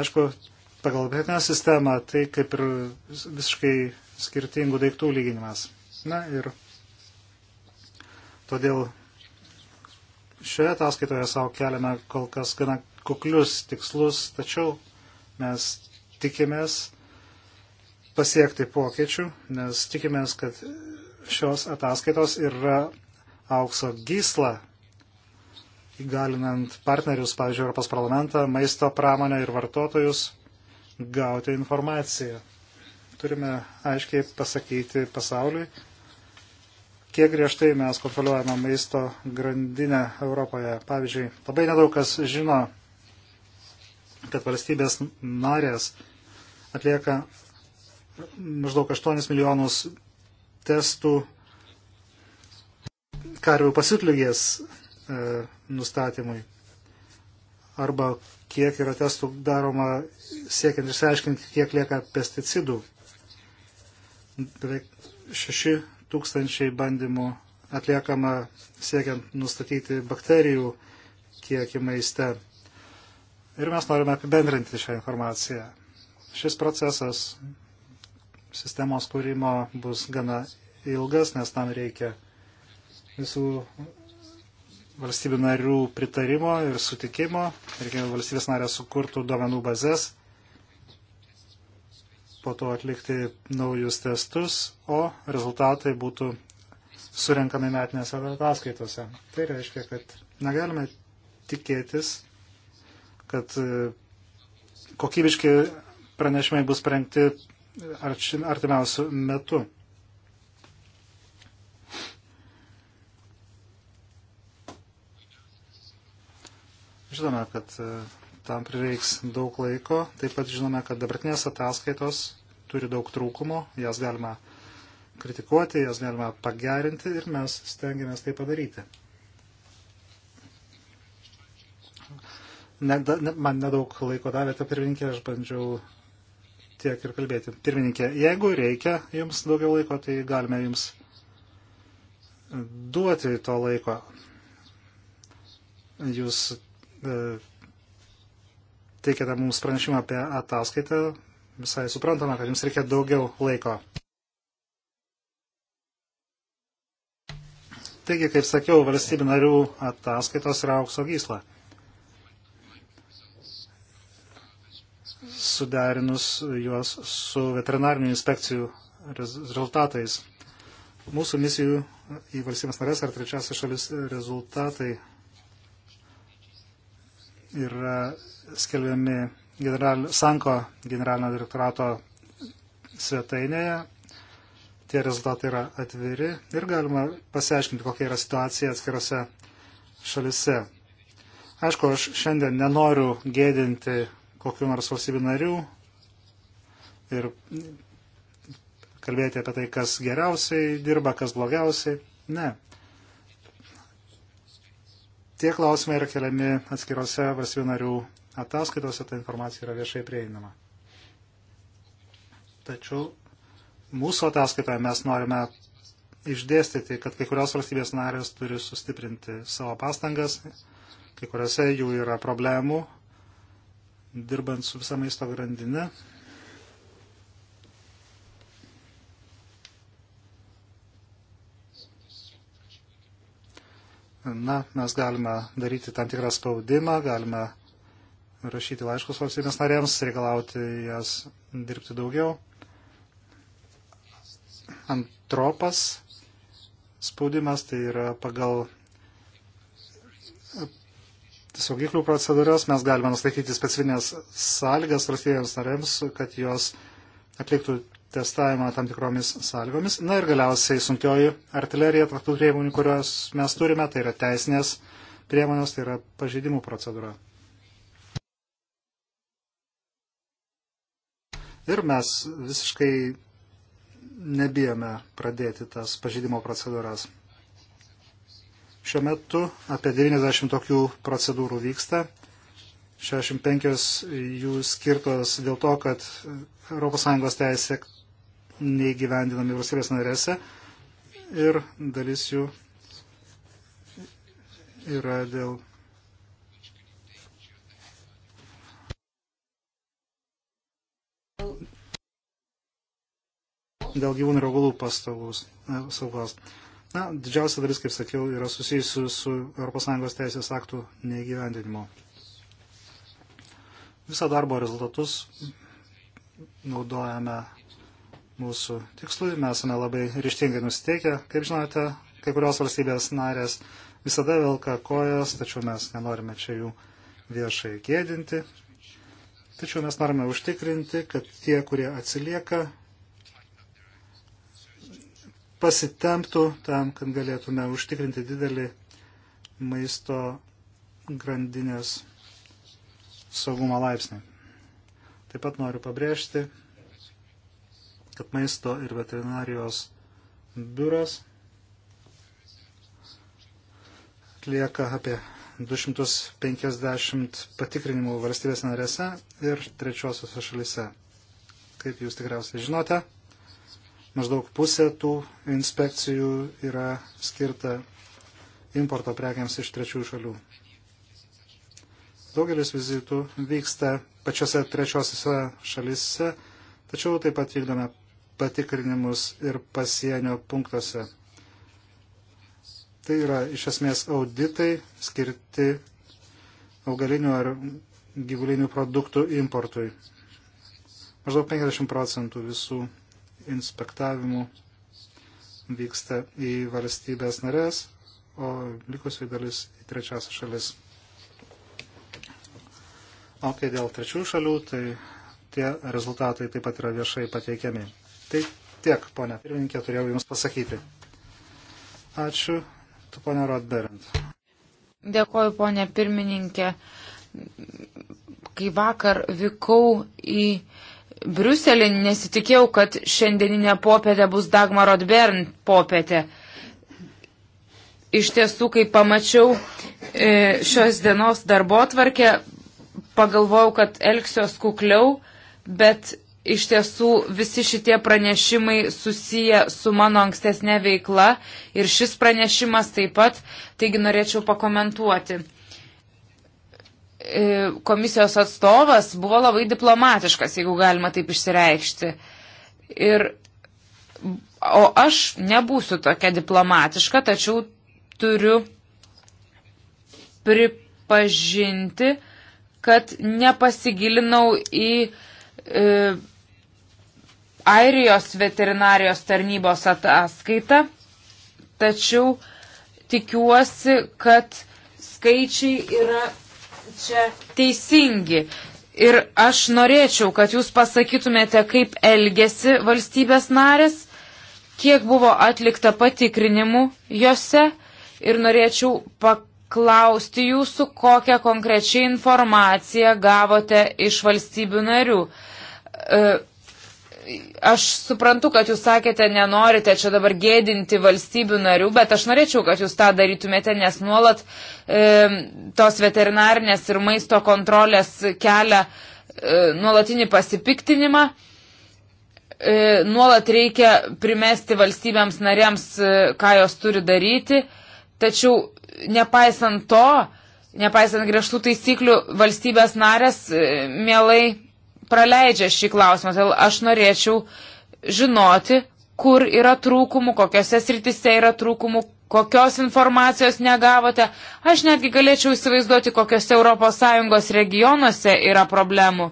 Aišku, pagal vietinę sistemą tai kaip ir visiškai skirtingų daiktų lyginimas. Na ir todėl Šioje ataskaitoje savo keliame kol kas gana kuklius tikslus, tačiau mes tikimės pasiekti pokyčių, nes tikimės, kad šios ataskaitos yra aukso gysla, įgalinant partnerius, pavyzdžiui, Europos parlamentą, maisto pramonę ir vartotojus gauti informaciją. Turime aiškiai pasakyti pasauliui, kiek griežtai mes kontroliuojame maisto grandinę Europoje. Pavyzdžiui, labai nedaug kas žino, kad valstybės narės atlieka maždaug 8 milijonus testų karvių pasitlygės e, nustatymui. Arba kiek yra testų daroma siekiant išsiaiškinti, kiek lieka pesticidų. Beveik 6 tūkstančiai bandymų atliekama siekiant nustatyti bakterijų kiekį maiste. Ir mes norime apibendrinti šią informaciją. Šis procesas sistemos kūrimo bus gana ilgas, nes tam reikia visų valstybių narių pritarimo ir sutikimo. Reikia valstybės narės sukurtų duomenų bazės po to atlikti naujus testus, o rezultatai būtų surenkami metinėse ataskaitose. Tai reiškia, kad negalime tikėtis, kad e, kokybiški pranešimai bus parengti artimiausių metų. Žinome, kad e, tam prireiks daug laiko. Taip pat žinome, kad dabartinės ataskaitos turi daug trūkumų, jas galima kritikuoti, jas galima pagerinti ir mes stengiamės tai padaryti. Ne, ne, man nedaug laiko davėte, pirmininkė, aš bandžiau tiek ir kalbėti. Pirmininkė, jeigu reikia jums daugiau laiko, tai galime jums duoti to laiko. Jūs e, teikiate mums pranešimą apie ataskaitą, visai suprantama, kad jums reikia daugiau laiko. Taigi, kaip sakiau, valstybių narių ataskaitos yra aukso gysla. Suderinus juos su veterinarinių inspekcijų rezultatais. Mūsų misijų į valstybės narės ar trečiasis šalis rezultatai yra skelbiami general, Sanko generalinio direktorato svetainėje. Tie rezultatai yra atviri ir galima pasiaiškinti, kokia yra situacija atskirose šalise. Aišku, aš šiandien nenoriu gėdinti kokiu nors valstybių narių ir kalbėti apie tai, kas geriausiai dirba, kas blogiausiai. Ne. Tie klausimai yra keliami atskirose valstybių narių ataskaitose ta informacija yra viešai prieinama. Tačiau mūsų ataskaitoje mes norime išdėstyti, kad kai kurios valstybės narės turi sustiprinti savo pastangas, kai kuriuose jų yra problemų, dirbant su visa maisto grandinė. Na, mes galime daryti tam tikrą spaudimą, galime uh, rašyti laiškus valstybės narėms, reikalauti jas dirbti daugiau. Antropas spaudimas tai yra pagal saugiklių procedūras mes galime nustatyti specifinės sąlygas valstybėms narėms, kad jos atliktų testavimą tam tikromis sąlygomis. Na ir galiausiai sunkioji artilerija, tarptų priemonių, kurios mes turime, tai yra teisinės priemonės, tai yra pažeidimų procedūra. ir mes visiškai nebijome pradėti tas pažydimo procedūras. Šiuo metu apie 90 tokių procedūrų vyksta. 65 jų skirtos dėl to, kad ES teisė neįgyvendinami valstybės narėse ir dalis jų yra dėl dėl gyvūnų ir augalų paslaugos. E, Na, didžiausia dalis, kaip sakiau, yra susijusi su ES teisės aktų neįgyvendinimu. Visą darbo rezultatus naudojame mūsų tikslui, mes esame labai ryštingai nusiteikę. Kaip žinote, kai kurios valstybės narės visada vilka kojas, tačiau mes nenorime čia jų viešai gėdinti. Tačiau mes norime užtikrinti, kad tie, kurie atsilieka, pasitemptų tam, kad galėtume užtikrinti didelį maisto grandinės saugumo laipsnį. Taip pat noriu pabrėžti, kad maisto ir veterinarijos biuras atlieka apie 250 patikrinimų valstybės narėse ir trečiosiuose šalise. Kaip jūs tikriausiai žinote, Maždaug pusė tų inspekcijų yra skirta importo prekiams iš trečiųjų šalių. Daugelis vizitų vyksta pačiose trečiosiose šalise, tačiau taip pat vykdome patikrinimus ir pasienio punktuose. Tai yra iš esmės auditai skirti augalinių ar gyvulinių produktų importui. Maždaug 50 procentų visų inspektavimu vyksta į valstybės narės, o likusiai dalis į trečias šalis. O kai dėl trečių šalių, tai tie rezultatai taip pat yra viešai pateikiami. Tai tiek, ponė pirmininkė, turėjau Jums pasakyti. Ačiū, tu ponė Rodberint. Dėkoju, ponė pirmininkė. Kai vakar vykau į Briuselį, nesitikėjau, kad šiandieninė popietė bus Dagmar Odbern popietė. Iš tiesų, kai pamačiau e, šios dienos darbo tvarkę, pagalvojau, kad elgsiuos kukliau, bet iš tiesų visi šitie pranešimai susiję su mano ankstesnė veikla ir šis pranešimas taip pat, taigi norėčiau pakomentuoti. E, komisijos atstovas buvo labai diplomatiškas, jeigu galima taip išsireikšti. Ir, o aš nebūsiu tokia diplomatiška, tačiau turiu pripažinti, kad nepasigilinau į e, Airijos veterinarijos tarnybos ataskaitą, tačiau tikiuosi, kad skaičiai yra čia teisingi. Ir aš norėčiau, kad jūs pasakytumėte, kaip elgesi valstybės narės, kiek buvo atlikta patikrinimų jose ir norėčiau paklausti jūsų, kokią konkrečiai informaciją gavote iš valstybių narių. E, aš suprantu, kad jūs sakėte, nenorite čia dabar gėdinti valstybių narių, bet aš norėčiau, kad jūs tą darytumėte, nes nuolat e, tos veterinarinės ir maisto kontrolės kelia e, nuolatinį pasipiktinimą. E, nuolat reikia primesti valstybėms narėms, e, ką jos turi daryti, tačiau nepaisant to, nepaisant griežtų taisyklių, valstybės narės e, mielai praleidžia šį klausimą. Tai aš norėčiau žinoti, kur yra trūkumų, kokiose sritise yra trūkumų, kokios informacijos negavote. Aš netgi galėčiau įsivaizduoti, kokiose ES regionuose yra problemų.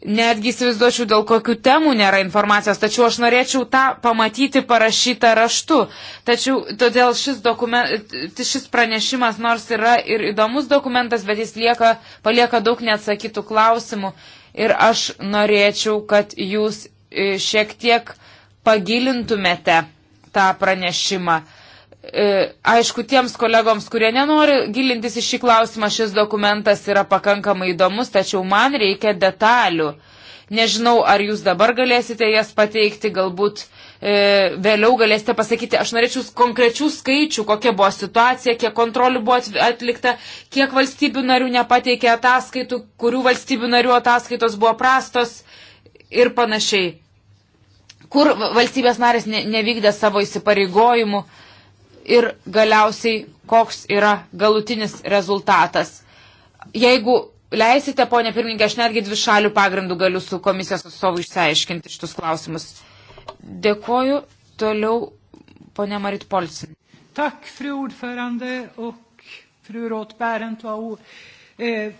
Netgi įsivaizduočiau, dėl kokių temų nėra informacijos, tačiau aš norėčiau tą pamatyti parašytą raštu. Tačiau todėl šis, dokument, šis pranešimas nors yra ir įdomus dokumentas, bet jis lieka, palieka daug neatsakytų klausimų ir aš norėčiau, kad jūs e, šiek tiek pagilintumėte tą pranešimą. E, aišku, tiems kolegoms, kurie nenori gilintis į šį klausimą, šis dokumentas yra pakankamai įdomus, tačiau man reikia detalių. Nežinau, ar jūs dabar galėsite jas pateikti, galbūt uh, e, vėliau galėsite pasakyti, aš norėčiau konkrečių skaičių, kokia buvo situacija, kiek kontrolių buvo atlikta, kiek valstybių narių nepateikė ataskaitų, kurių valstybių narių ataskaitos buvo prastos ir panašiai. Kur valstybės narės ne, nevykdė savo įsipareigojimų ir galiausiai koks yra galutinis rezultatas. Jeigu leisite, ponė pirmininkė, aš netgi dvi šalių pagrindų galiu su komisijos atstovu išsiaiškinti šitus klausimus. Dėkoju. Toliau ponia Marit Polsin. Tak, fru ordförande och fru Roth-Berent var eh,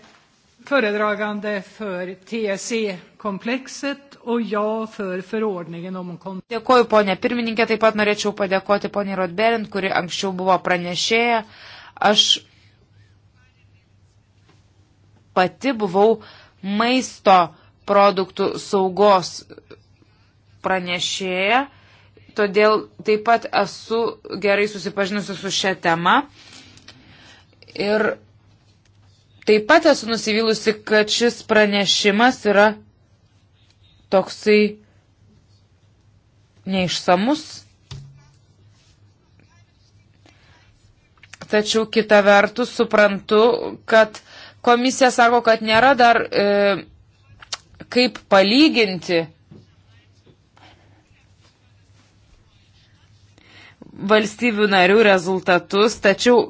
föredragande för TSE-komplexet och jag för förordningen om kontroll. Dėkoju, ponė pirmininkė, taip pat norėčiau padėkoti poniai Rodberint, kuri anksčiau buvo pranešėja. Aš pati buvau maisto produktų saugos pranešėja, todėl taip pat esu gerai susipažinusi su šia tema. Ir taip pat esu nusivylusi, kad šis pranešimas yra toksai neišsamus. Tačiau kita vertus suprantu, kad komisija sako, kad nėra dar e, kaip palyginti valstybių narių rezultatus, tačiau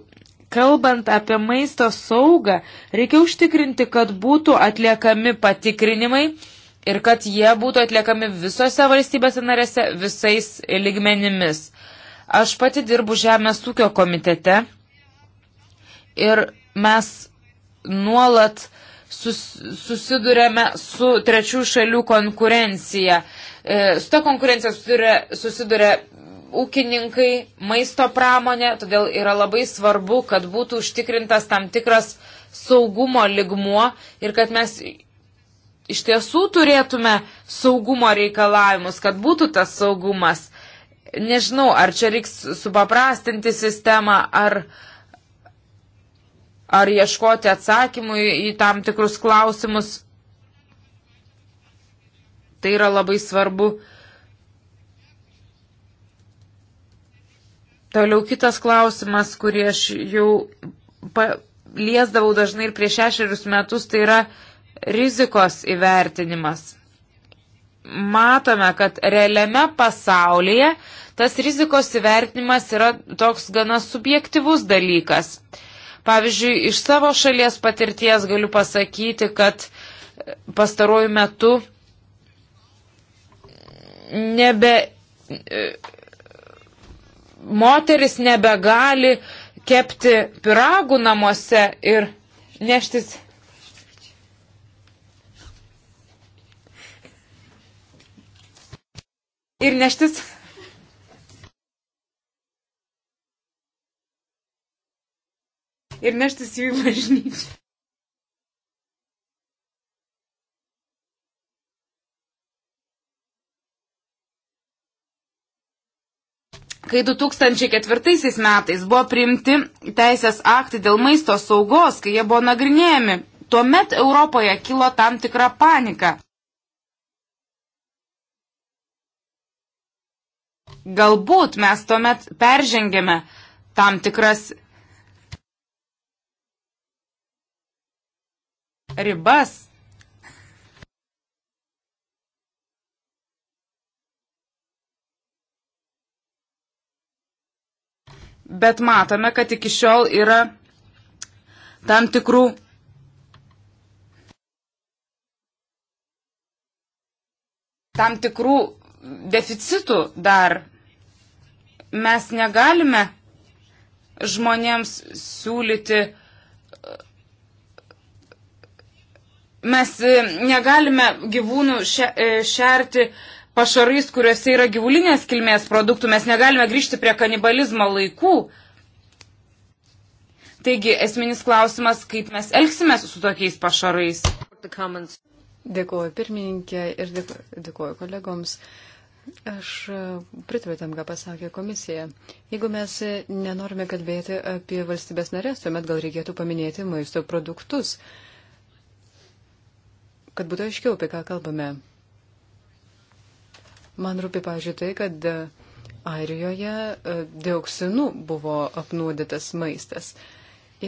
kalbant apie maisto saugą, reikia užtikrinti, kad būtų atliekami patikrinimai ir kad jie būtų atliekami visose valstybėse narėse visais ligmenimis. Aš pati dirbu Žemės ūkio komitete ir mes nuolat sus, susidurėme su trečių šalių konkurencija. E, su ta konkurencija susiduria, susiduria ūkininkai, maisto pramonė, todėl yra labai svarbu, kad būtų užtikrintas tam tikras saugumo ligmuo ir kad mes iš tiesų turėtume saugumo reikalavimus, kad būtų tas saugumas. Nežinau, ar čia reiks supaprastinti sistemą, ar, ar ieškoti atsakymų į, į tam tikrus klausimus. Tai yra labai svarbu. Toliau kitas klausimas, kurį aš jau liesdavau dažnai ir prieš šešerius metus, tai yra rizikos įvertinimas. Matome, kad realiame pasaulyje tas rizikos įvertinimas yra toks gana subjektivus dalykas. Pavyzdžiui, iš savo šalies patirties galiu pasakyti, kad pastaruoju metu nebe moteris nebegali kepti piragų namuose ir neštis. Ir neštis. Ir neštis jų į bažnyčią. Kai 2004 metais buvo priimti teisės aktai dėl maisto saugos, kai jie buvo nagrinėjami, tuomet Europoje kilo tam tikra panika. Galbūt mes tuomet peržengėme tam tikras ribas bet matome, kad iki šiol yra tam tikrų tam tikrų deficitų dar. Mes negalime žmonėms siūlyti, mes negalime gyvūnų e, šerti pašarais, kuriuose yra gyvulinės kilmės produktų, mes negalime grįžti prie kanibalizmo laikų. Taigi esminis klausimas, kaip mes elgsime su tokiais pašarais. Dėkuoju pirmininkė ir dėkuoju kolegoms. Aš e, pritariu tam, ką pasakė komisija. Jeigu mes nenorime kalbėti apie valstybės narės, tuomet gal reikėtų paminėti maisto produktus, kad būtų aiškiau, apie ką kalbame. Man rūpi, pažiūrėjau, tai, kad e, Airijoje e, dioksinų buvo apnuodytas maistas.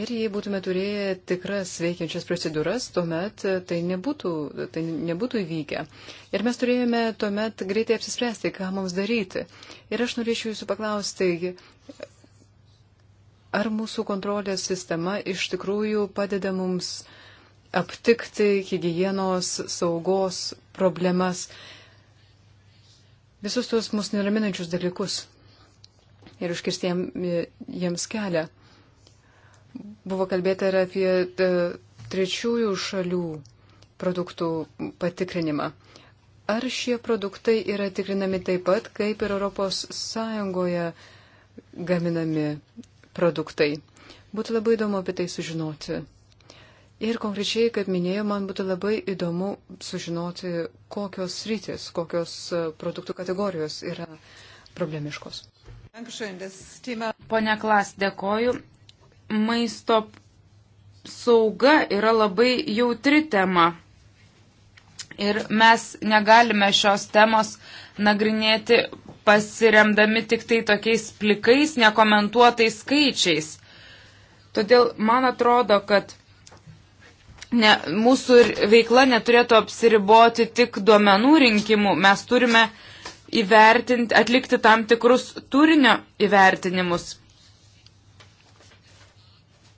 Ir jei būtume turėję tikras veikiančias procedūras, tuomet e, tai nebūtų, tai nebūtų įvykę. Ir mes turėjome tuomet greitai apsispręsti, ką mums daryti. Ir aš norėčiau jūsų paklausti, ar mūsų kontrolės sistema iš tikrųjų padeda mums aptikti hygienos saugos problemas visus tuos mus neraminančius dalykus ir užkirsti jam, jiems kelią. Buvo kalbėta ir apie e, trečiųjų šalių produktų patikrinimą. Ar šie produktai yra tikrinami taip pat, kaip ir ES gaminami produktai? Būtų labai įdomu apie tai sužinoti. Ir konkrečiai, kaip minėjau, man būtų labai įdomu sužinoti, kokios rytis, kokios e, produktų kategorijos yra problemiškos. Pone Klas, dėkoju. Maisto sauga yra labai jautri tema. Ir mes negalime šios temos nagrinėti pasiremdami tik tai tokiais plikais, nekomentuotais skaičiais. Todėl man atrodo, kad ne, mūsų veikla neturėtų apsiriboti tik duomenų rinkimų. Mes turime įvertinti, atlikti tam tikrus turinio įvertinimus.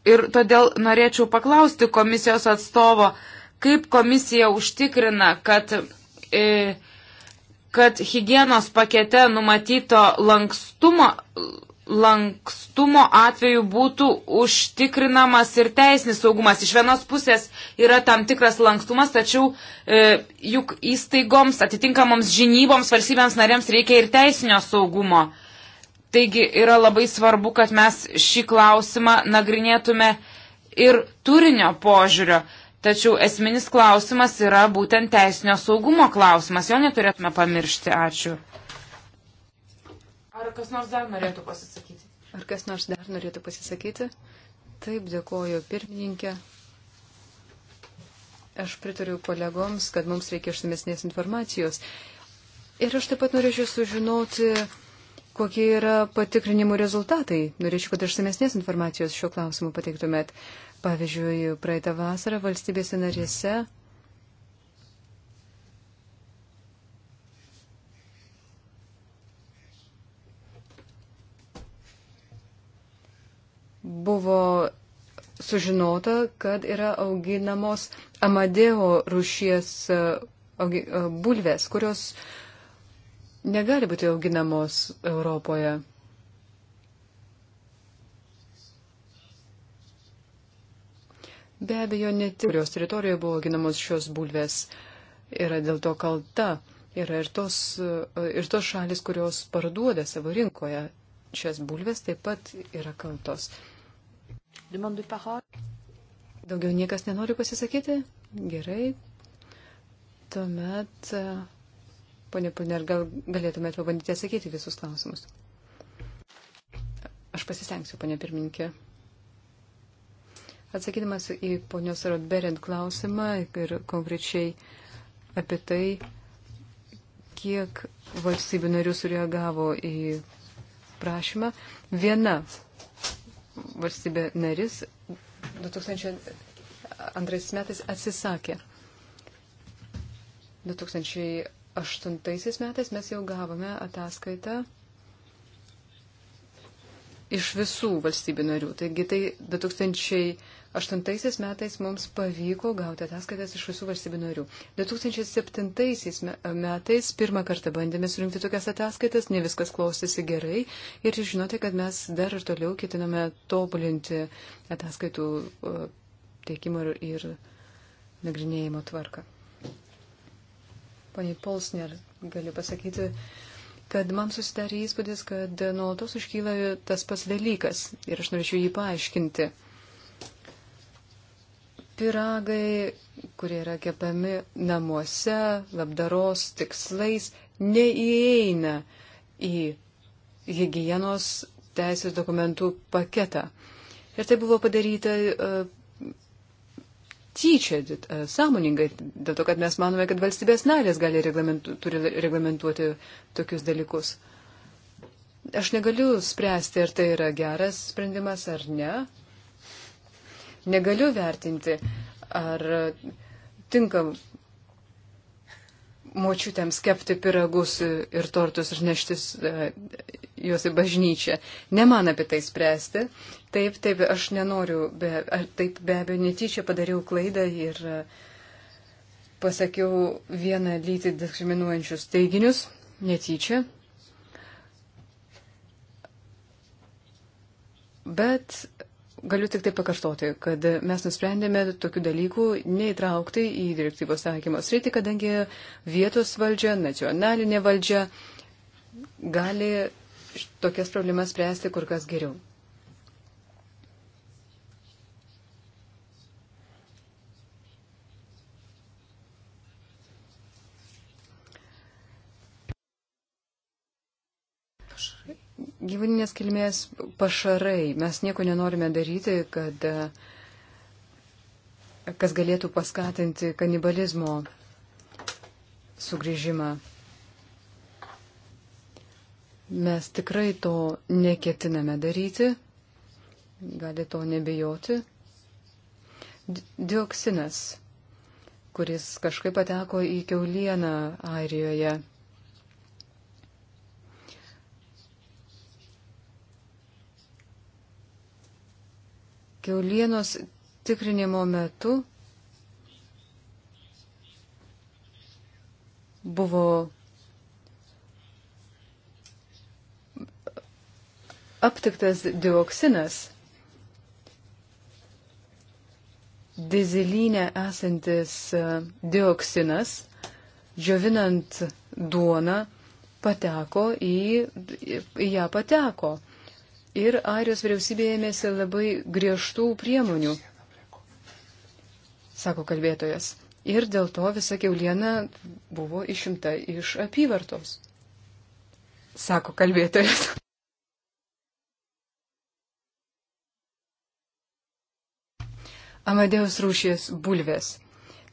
Ir todėl norėčiau paklausti komisijos atstovo, kaip komisija užtikrina, kad, e, kad hygienos pakete numatyto lankstumo, lankstumo atveju būtų užtikrinamas ir teisinis saugumas. Iš vienos pusės yra tam tikras lankstumas, tačiau e, juk įstaigoms, atitinkamoms žinyboms, valstybėms narėms reikia ir teisinio saugumo. Taigi yra labai svarbu, kad mes šį klausimą nagrinėtume ir turinio požiūrio. Tačiau esminis klausimas yra būtent teisinio saugumo klausimas. Jo neturėtume pamiršti. Ačiū. Ar kas nors dar norėtų pasisakyti? Ar kas nors dar norėtų pasisakyti? Taip, dėkoju pirmininkė. Aš pritariu kolegoms, kad mums reikia išsamesnės informacijos. Ir aš taip pat norėčiau sužinoti, kokie yra patikrinimų rezultatai. Norėčiau, kad išsamesnės informacijos šiuo klausimu pateiktumėt. Pavyzdžiui, praeitą vasarą valstybėse narėse buvo sužinota, kad yra auginamos amadeo rušies e, e, bulvės, kurios negali būti auginamos Europoje. Be abejo, ne tik kurios teritorijoje buvo auginamos šios bulvės yra dėl to kalta. Yra ir tos, e, ir tos šalis, kurios parduoda savo rinkoje šias bulves, taip pat yra kaltos. Daugiau niekas nenori pasisakyti? Gerai. Tuomet, e, ponė Pulner, gal galėtumėt pabandyti atsakyti visus klausimus? Aš pasistengsiu, ponė pirmininkė. Atsakydamas į ponios Rodberent klausimą ir konkrečiai apie tai, kiek valstybių narių sureagavo į prašymą. Viena valstybė naris 2002 metais atsisakė. 2008 metais mes jau gavome ataskaitą iš visų valstybių narių. Taigi tai 2008 metais mums pavyko gauti ataskaitas iš visų valstybių narių. 2007 metais pirmą kartą bandėme surinkti tokias ataskaitas, ne viskas klostėsi gerai ir žinote, kad mes dar ir toliau ketiname tobulinti ataskaitų teikimo ir, ir nagrinėjimo tvarką. Pane Polsner, galiu pasakyti, kad man susidarė įspūdis, kad nuolatos užkyla tas pats dalykas ir aš norėčiau jį paaiškinti. Piragai, kurie yra kepami namuose, labdaros tikslais, neįeina į hygienos teisės dokumentų paketą. Ir tai buvo padaryta uh, tyčia, e, sąmoningai, dėl to, kad mes manome, kad valstybės narės gali reglamentu, turi reglamentuoti tokius dalykus. Aš negaliu spręsti, ar tai yra geras sprendimas ar ne. Negaliu vertinti, ar tinkam močiutėms kepti piragus ir tortus ir neštis e, juos į bažnyčią. Ne man apie tai spręsti. Taip, taip, aš nenoriu, be, taip be abejo, netyčia padariau klaidą ir e, pasakiau vieną lytį diskriminuojančius teiginius, netyčia. Bet galiu tik tai pakartoti, kad mes nusprendėme tokių dalykų neįtraukti į direktyvos taikymo sritį, kadangi vietos valdžia, nacionalinė valdžia gali tokias problemas spręsti kur kas geriau. Gyvūninės kilmės pašarai. Mes nieko nenorime daryti, kad kas galėtų paskatinti kanibalizmo sugrįžimą Mes tikrai to neketiname daryti, gali to nebijoti. Dioksinas, kuris kažkaip pateko į keulieną Airijoje. Keulienos tikrinimo metu buvo aptiktas dioksinas, dizelinė esantis e, dioksinas, džiovinant duoną, pateko į, į ją pateko. Ir Airijos vyriausybė ėmėsi labai griežtų priemonių, sako kalbėtojas. Ir dėl to visa keuliena buvo išimta iš apyvartos, sako kalbėtojas. Amadėjus rūšies bulvės.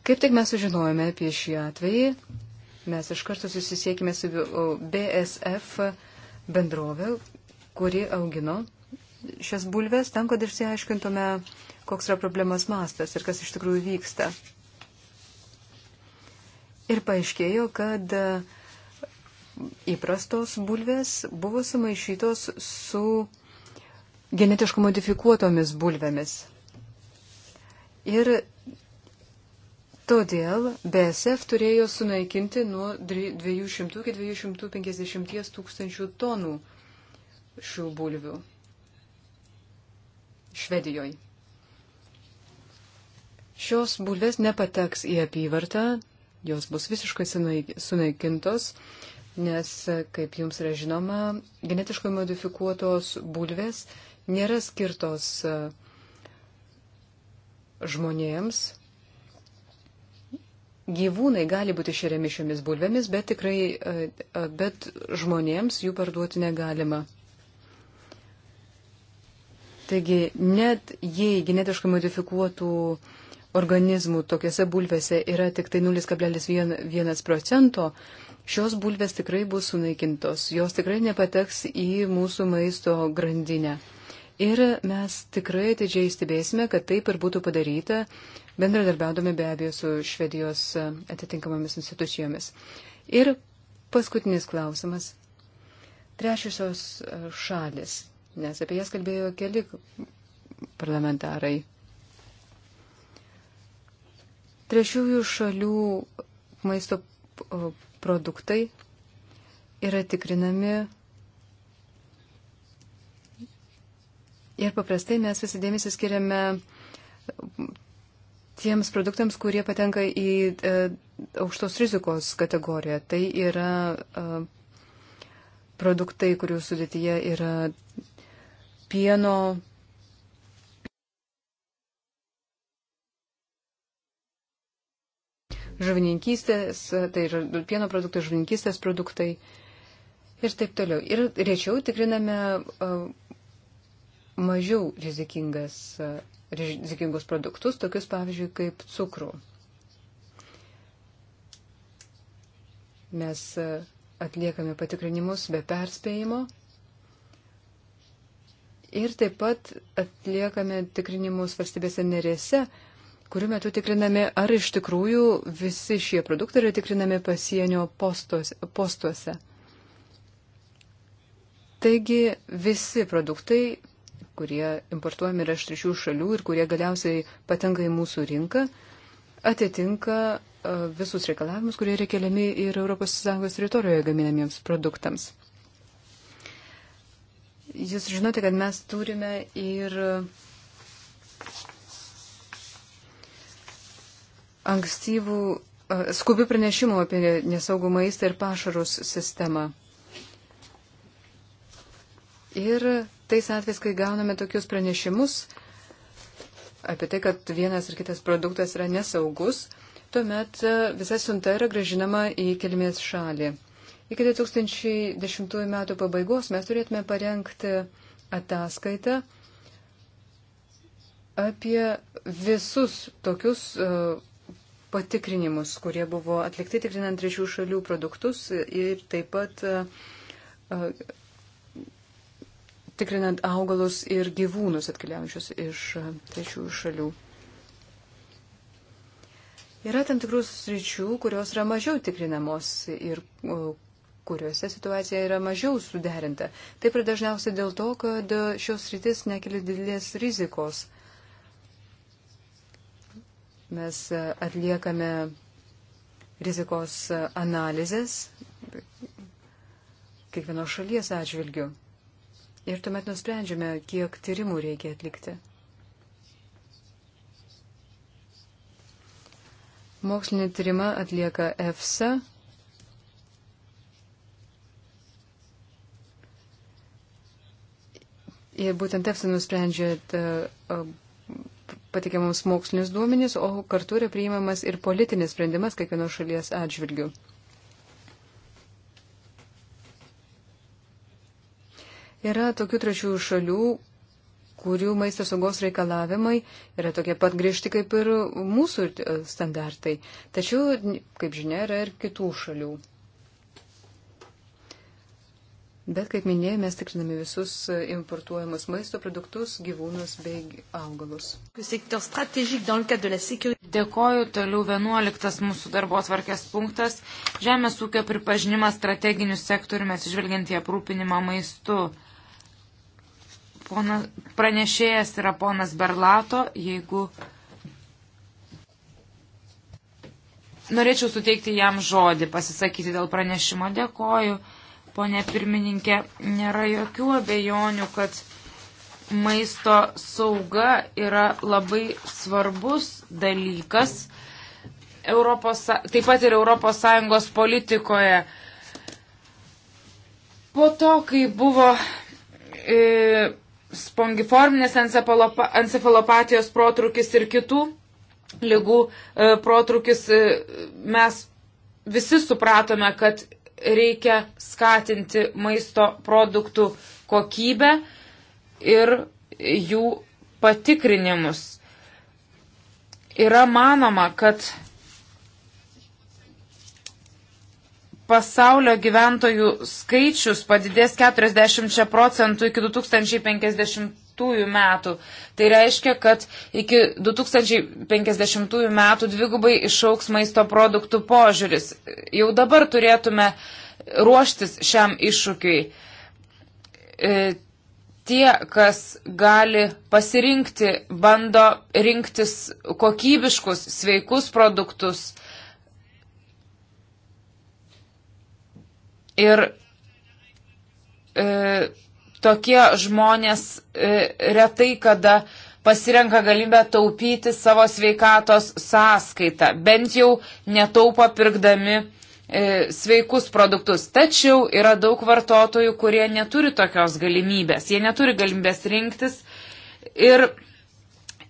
Kaip tik mes sužinojome apie šį atvejį, mes iš karto susisiekime su BSF bendrovė, kuri augino šias bulves tam, kad išsiaiškintume, koks yra problemas mastas ir kas iš tikrųjų vyksta. Ir paaiškėjo, kad įprastos bulvės buvo sumaišytos su genetiškai modifikuotomis bulvėmis. Ir todėl BSF turėjo sunaikinti nuo 200 iki 250 tūkstančių tonų šių bulvių Švedijoje. Šios bulvės nepateks į apyvartą, jos bus visiškai sunaikintos, nes, kaip jums yra žinoma, genetiškai modifikuotos bulvės nėra skirtos uh, žmonėms gyvūnai gali būti šeriami šiomis bulvėmis, bet tikrai, e, e, bet žmonėms jų parduoti negalima. Taigi, net jei genetiškai modifikuotų organizmų tokiuose bulvėse yra tik tai 0,1 procento, šios bulvės tikrai bus sunaikintos, jos tikrai nepateks į mūsų maisto grandinę. Ir mes tikrai atidžiai stebėsime, kad taip ir būtų padaryta, bendradarbiaudami be abejo su Švedijos e, atitinkamomis institucijomis. Ir paskutinis klausimas. Trešiosios e, šalis, nes apie jas kalbėjo keli parlamentarai. Trečiųjų šalių maisto e, produktai yra tikrinami Ir paprastai mes visą dėmesį skiriame tiems produktams, kurie patenka į e, aukštos rizikos kategoriją. Tai yra e, produktai, kurių sudėtyje yra pieno. Žuvininkystės, tai yra pieno produktai, žuvininkystės produktai ir taip toliau. Ir rečiau tikriname uh, mažiau e, rizikingus produktus, tokius pavyzdžiui kaip cukrų. Mes e, atliekame patikrinimus be perspėjimo ir taip pat atliekame tikrinimus valstybėse nerėse, kurių metu tikriname, ar iš tikrųjų visi šie produktai yra tikrinami pasienio postuose. postuose. Taigi visi produktai kurie importuojami yra iš trečių šalių ir kurie galiausiai patenka į mūsų rinką, atitinka e, visus reikalavimus, kurie yra keliami ir ES teritorijoje gaminamiems produktams. Jūs žinote, kad mes turime ir ankstyvų e, skubių pranešimų apie nesaugų maistą ir pašarus sistemą. Ir tais atvejais, kai gauname tokius pranešimus apie tai, kad vienas ar kitas produktas yra nesaugus, tuomet e, visa siunta yra gražinama į kilmės šalį. Iki 2010 metų pabaigos mes turėtume parengti ataskaitą apie visus tokius e, patikrinimus, kurie buvo atlikti tikrinant trečių šalių produktus ir taip pat e, tikrinant augalus ir gyvūnus atkeliaujančius iš trečiųjų šalių. Yra tam tikrus sričių, kurios yra mažiau tikrinamos ir kuriuose situacija yra mažiau suderinta. Taip ir dažniausiai dėl to, kad šios sritis nekelia didelės rizikos. Mes atliekame rizikos analizės kiekvienos šalies atžvilgių. Ir tuomet nusprendžiame, kiek tyrimų reikia atlikti. Mokslinį tyrimą atlieka EFSA. Ir būtent EFSA nusprendžia patikiamus mokslinius duomenys, o kartu yra priimamas ir politinis sprendimas kiekvienos šalies atžvilgių. Yra tokių trečiųjų šalių, kurių maisto saugos reikalavimai yra tokie pat griežti kaip ir mūsų e, standartai. Tačiau, kaip žinia, yra ir kitų šalių. Bet, kaip minėjau, mes tikriname visus e, importuojamus maisto produktus, gyvūnus bei augalus. Dėkoju, toliau 11 mūsų darbo atvarkės punktas - žemės ūkio pripažinimas strateginių sektorių, mes išvelgiant į aprūpinimą maistu. Pona, pranešėjas yra ponas Berlato, jeigu norėčiau suteikti jam žodį, pasisakyti dėl pranešimo. Dėkoju, ponė pirmininkė, nėra jokių abejonių, kad maisto sauga yra labai svarbus dalykas. Europos, taip pat ir ES politikoje. Po to, kai buvo e, spongiforminės encefalopatijos protrukis ir kitų lygų e, protrukis, e, mes visi supratome, kad reikia skatinti maisto produktų kokybę ir jų patikrinimus. Yra manoma, kad pasaulio gyventojų skaičius padidės 40 procentų iki 2050 metų. Tai reiškia, kad iki 2050 metų dvigubai išauks maisto produktų požiūris. Jau dabar turėtume ruoštis šiam iššūkiui. E, tie, kas gali pasirinkti, bando rinktis kokybiškus, sveikus produktus Ir e, tokie žmonės e, retai kada pasirenka galimybę taupyti savo sveikatos sąskaitą, bent jau netaupo pirkdami e, sveikus produktus. Tačiau yra daug vartotojų, kurie neturi tokios galimybės, jie neturi galimybės rinktis. Ir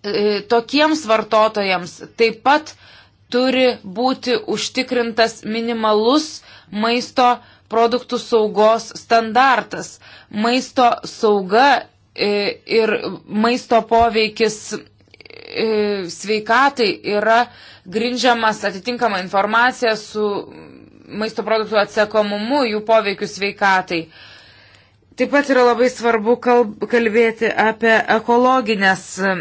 e, tokiems vartotojams taip pat turi būti užtikrintas minimalus maisto produktų saugos standartas. Maisto sauga e, ir maisto poveikis e, sveikatai yra grindžiamas atitinkama informacija su maisto produktų atsakomumu, jų poveikiu sveikatai. Taip pat yra labai svarbu kalbėti apie ekologinės e,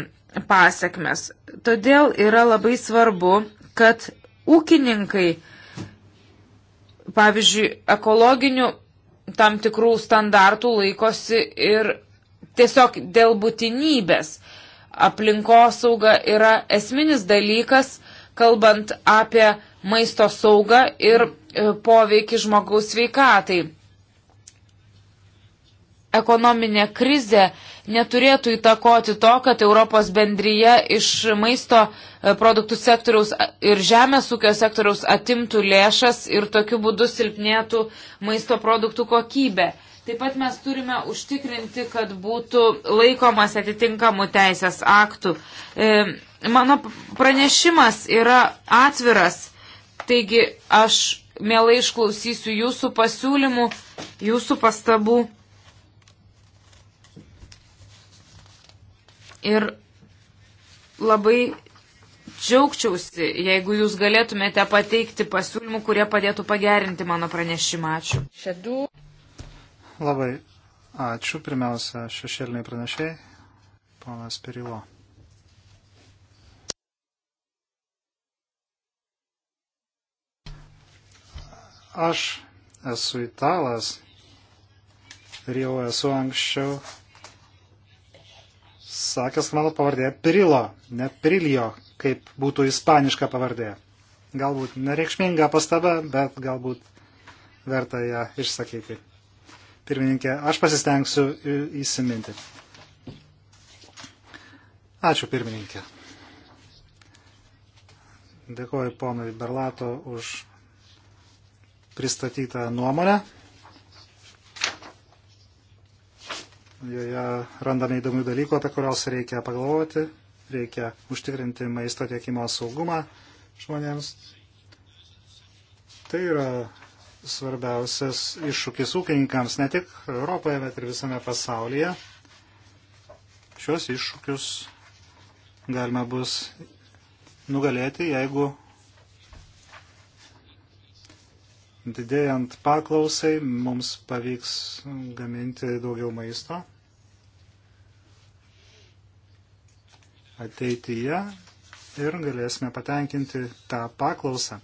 pasiekmes. Todėl yra labai svarbu, kad ūkininkai pavyzdžiui, ekologinių tam tikrų standartų laikosi ir tiesiog dėl būtinybės. Aplinkosauga yra esminis dalykas, kalbant apie maisto saugą ir e, poveikį žmogaus sveikatai. Ekonominė krizė neturėtų įtakoti to, kad Europos bendryje iš maisto e, produktų sektoriaus ir žemės ūkio sektoriaus atimtų lėšas ir tokiu būdu silpnėtų maisto produktų kokybė. Taip pat mes turime užtikrinti, kad būtų laikomas atitinkamų teisės aktų. E, mano pranešimas yra atviras, taigi aš mielai išklausysiu jūsų pasiūlymų, jūsų pastabų. Ir labai džiaugčiausi, jeigu jūs galėtumėte pateikti pasiūlymų, kurie padėtų pagerinti mano pranešimą. Ačiū. Šedu. Labai ačiū. Pirmiausia, šešėliniai pranešėjai. Ponas Pirilo. Aš esu italas ir jau esu anksčiau sakęs mano pavardė Pirilo, ne Pirilio, kaip būtų ispaniška pavardė. Galbūt nereikšminga pastaba, bet galbūt verta ją išsakyti. Pirmininkė, aš pasistengsiu įsiminti. Ačiū pirmininkė. Dėkoju ponui Berlato už pristatytą nuomonę. Joje randame įdomių dalykų, apie kurios reikia pagalvoti, reikia užtikrinti maisto tiekimo saugumą žmonėms. Tai yra svarbiausias iššūkis ūkininkams ne tik Europoje, bet ir visame pasaulyje. Šios iššūkius galima bus nugalėti, jeigu didėjant paklausai mums pavyks gaminti daugiau maisto. ateityje ir galėsime patenkinti tą paklausą.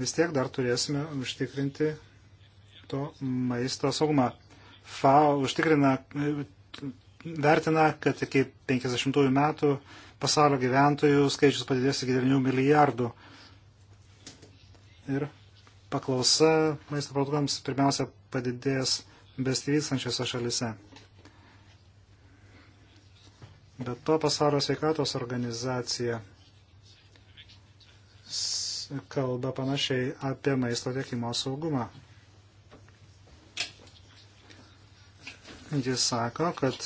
Vis tiek dar turėsime užtikrinti to maisto saugumą. FAO užtikrina, vertina, kad iki 50 metų pasaulio gyventojų skaičius padidės iki 9 milijardų. Ir paklausa maisto produktams pirmiausia padidės besivystančiose šalise. Bet to pasaulio sveikatos organizacija kalba panašiai apie maisto tiekimo saugumą. Jis sako, kad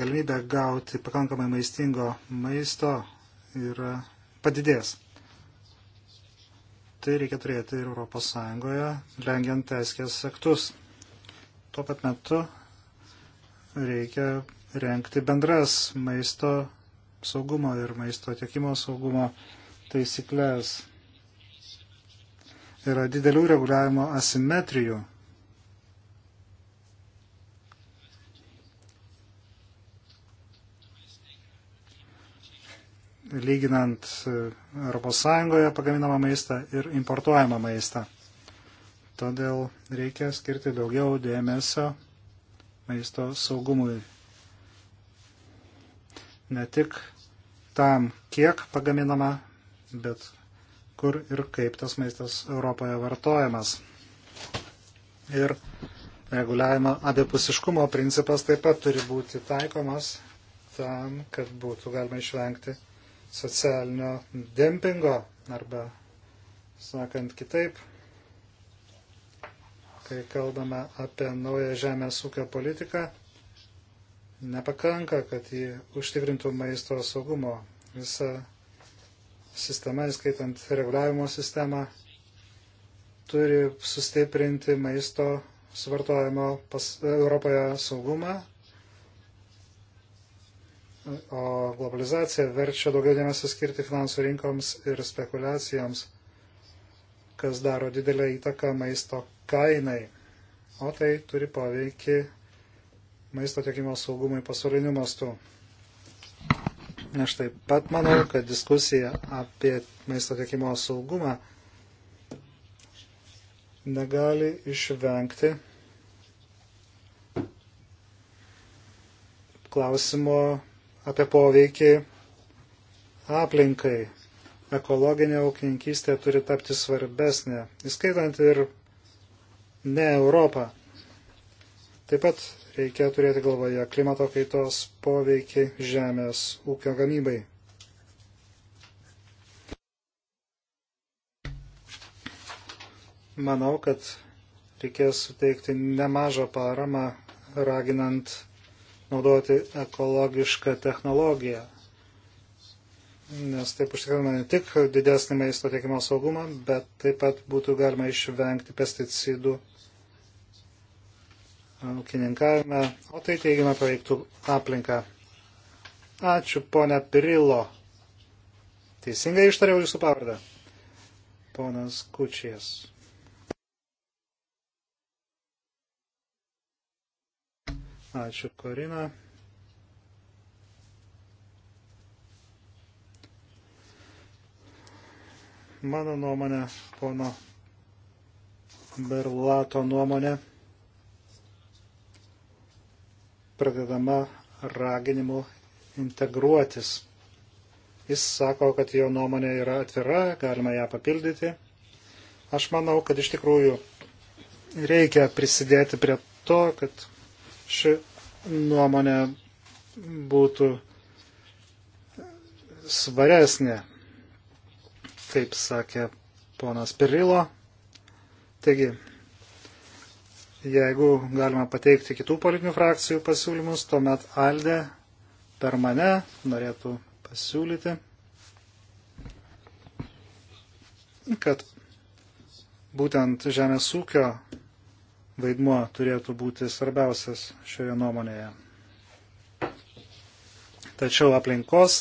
galimybė gauti pakankamai maistingo maisto yra padidės. Tai reikia turėti ir Europos Sąjungoje, rengiant teiskės aktus. Tuo pat metu reikia renkti bendras maisto saugumo ir maisto tiekimo saugumo taisyklės. Yra didelių reguliavimo asimetrijų. lyginant ES pagaminamą maistą ir importuojamą maistą. Todėl reikia skirti daugiau dėmesio maisto saugumui ne tik tam, kiek pagaminama, bet kur ir kaip tas maistas Europoje vartojamas. Ir reguliavimo abipusiškumo principas taip pat turi būti taikomas tam, kad būtų galima išvengti socialinio dempingo arba, sakant kitaip, kai kalbame apie naują žemės ūkio politiką, nepakanka, kad jį užtikrintų maisto saugumo. Visa sistema, įskaitant reguliavimo sistemą, turi sustiprinti maisto suvartojimo pas, Europoje saugumą, o globalizacija verčia daugiau dėmesio skirti finansų rinkoms ir spekulacijoms, kas daro didelę įtaką maisto kainai, o tai turi poveikį maisto tiekimo saugumui pasauliniu mastu. Aš taip pat manau, kad diskusija apie maisto tiekimo saugumą negali išvengti klausimo apie poveikį aplinkai. Ekologinė ūkininkystė turi tapti svarbesnė, įskaitant ir ne Europą. Taip pat reikia turėti galvoje klimato kaitos poveikį žemės ūkio gamybai. Manau, kad reikės suteikti nemažą paramą, raginant naudoti ekologišką technologiją. Nes taip užtikrina ne tik didesnį maisto tiekimo saugumą, bet taip pat būtų galima išvengti pesticidų ūkininkavime, o tai teigiamai paveiktų aplinką. Ačiū, ponia Pirilo. Teisingai ištariau jūsų pavardę. Ponas Kučijas. Ačiū, Korina. Mano nuomonė, pono Berlato nuomonė pradedama raginimu integruotis. Jis sako, kad jo nuomonė yra atvira, galima ją papildyti. Aš manau, kad iš tikrųjų reikia prisidėti prie to, kad ši nuomonė būtų svaresnė, kaip sakė ponas Pirilo. Taigi, Jeigu galima pateikti kitų politinių frakcijų pasiūlymus, tuomet Alde per mane norėtų pasiūlyti, kad būtent žemės ūkio vaidmuo turėtų būti svarbiausias šioje nuomonėje. Tačiau aplinkos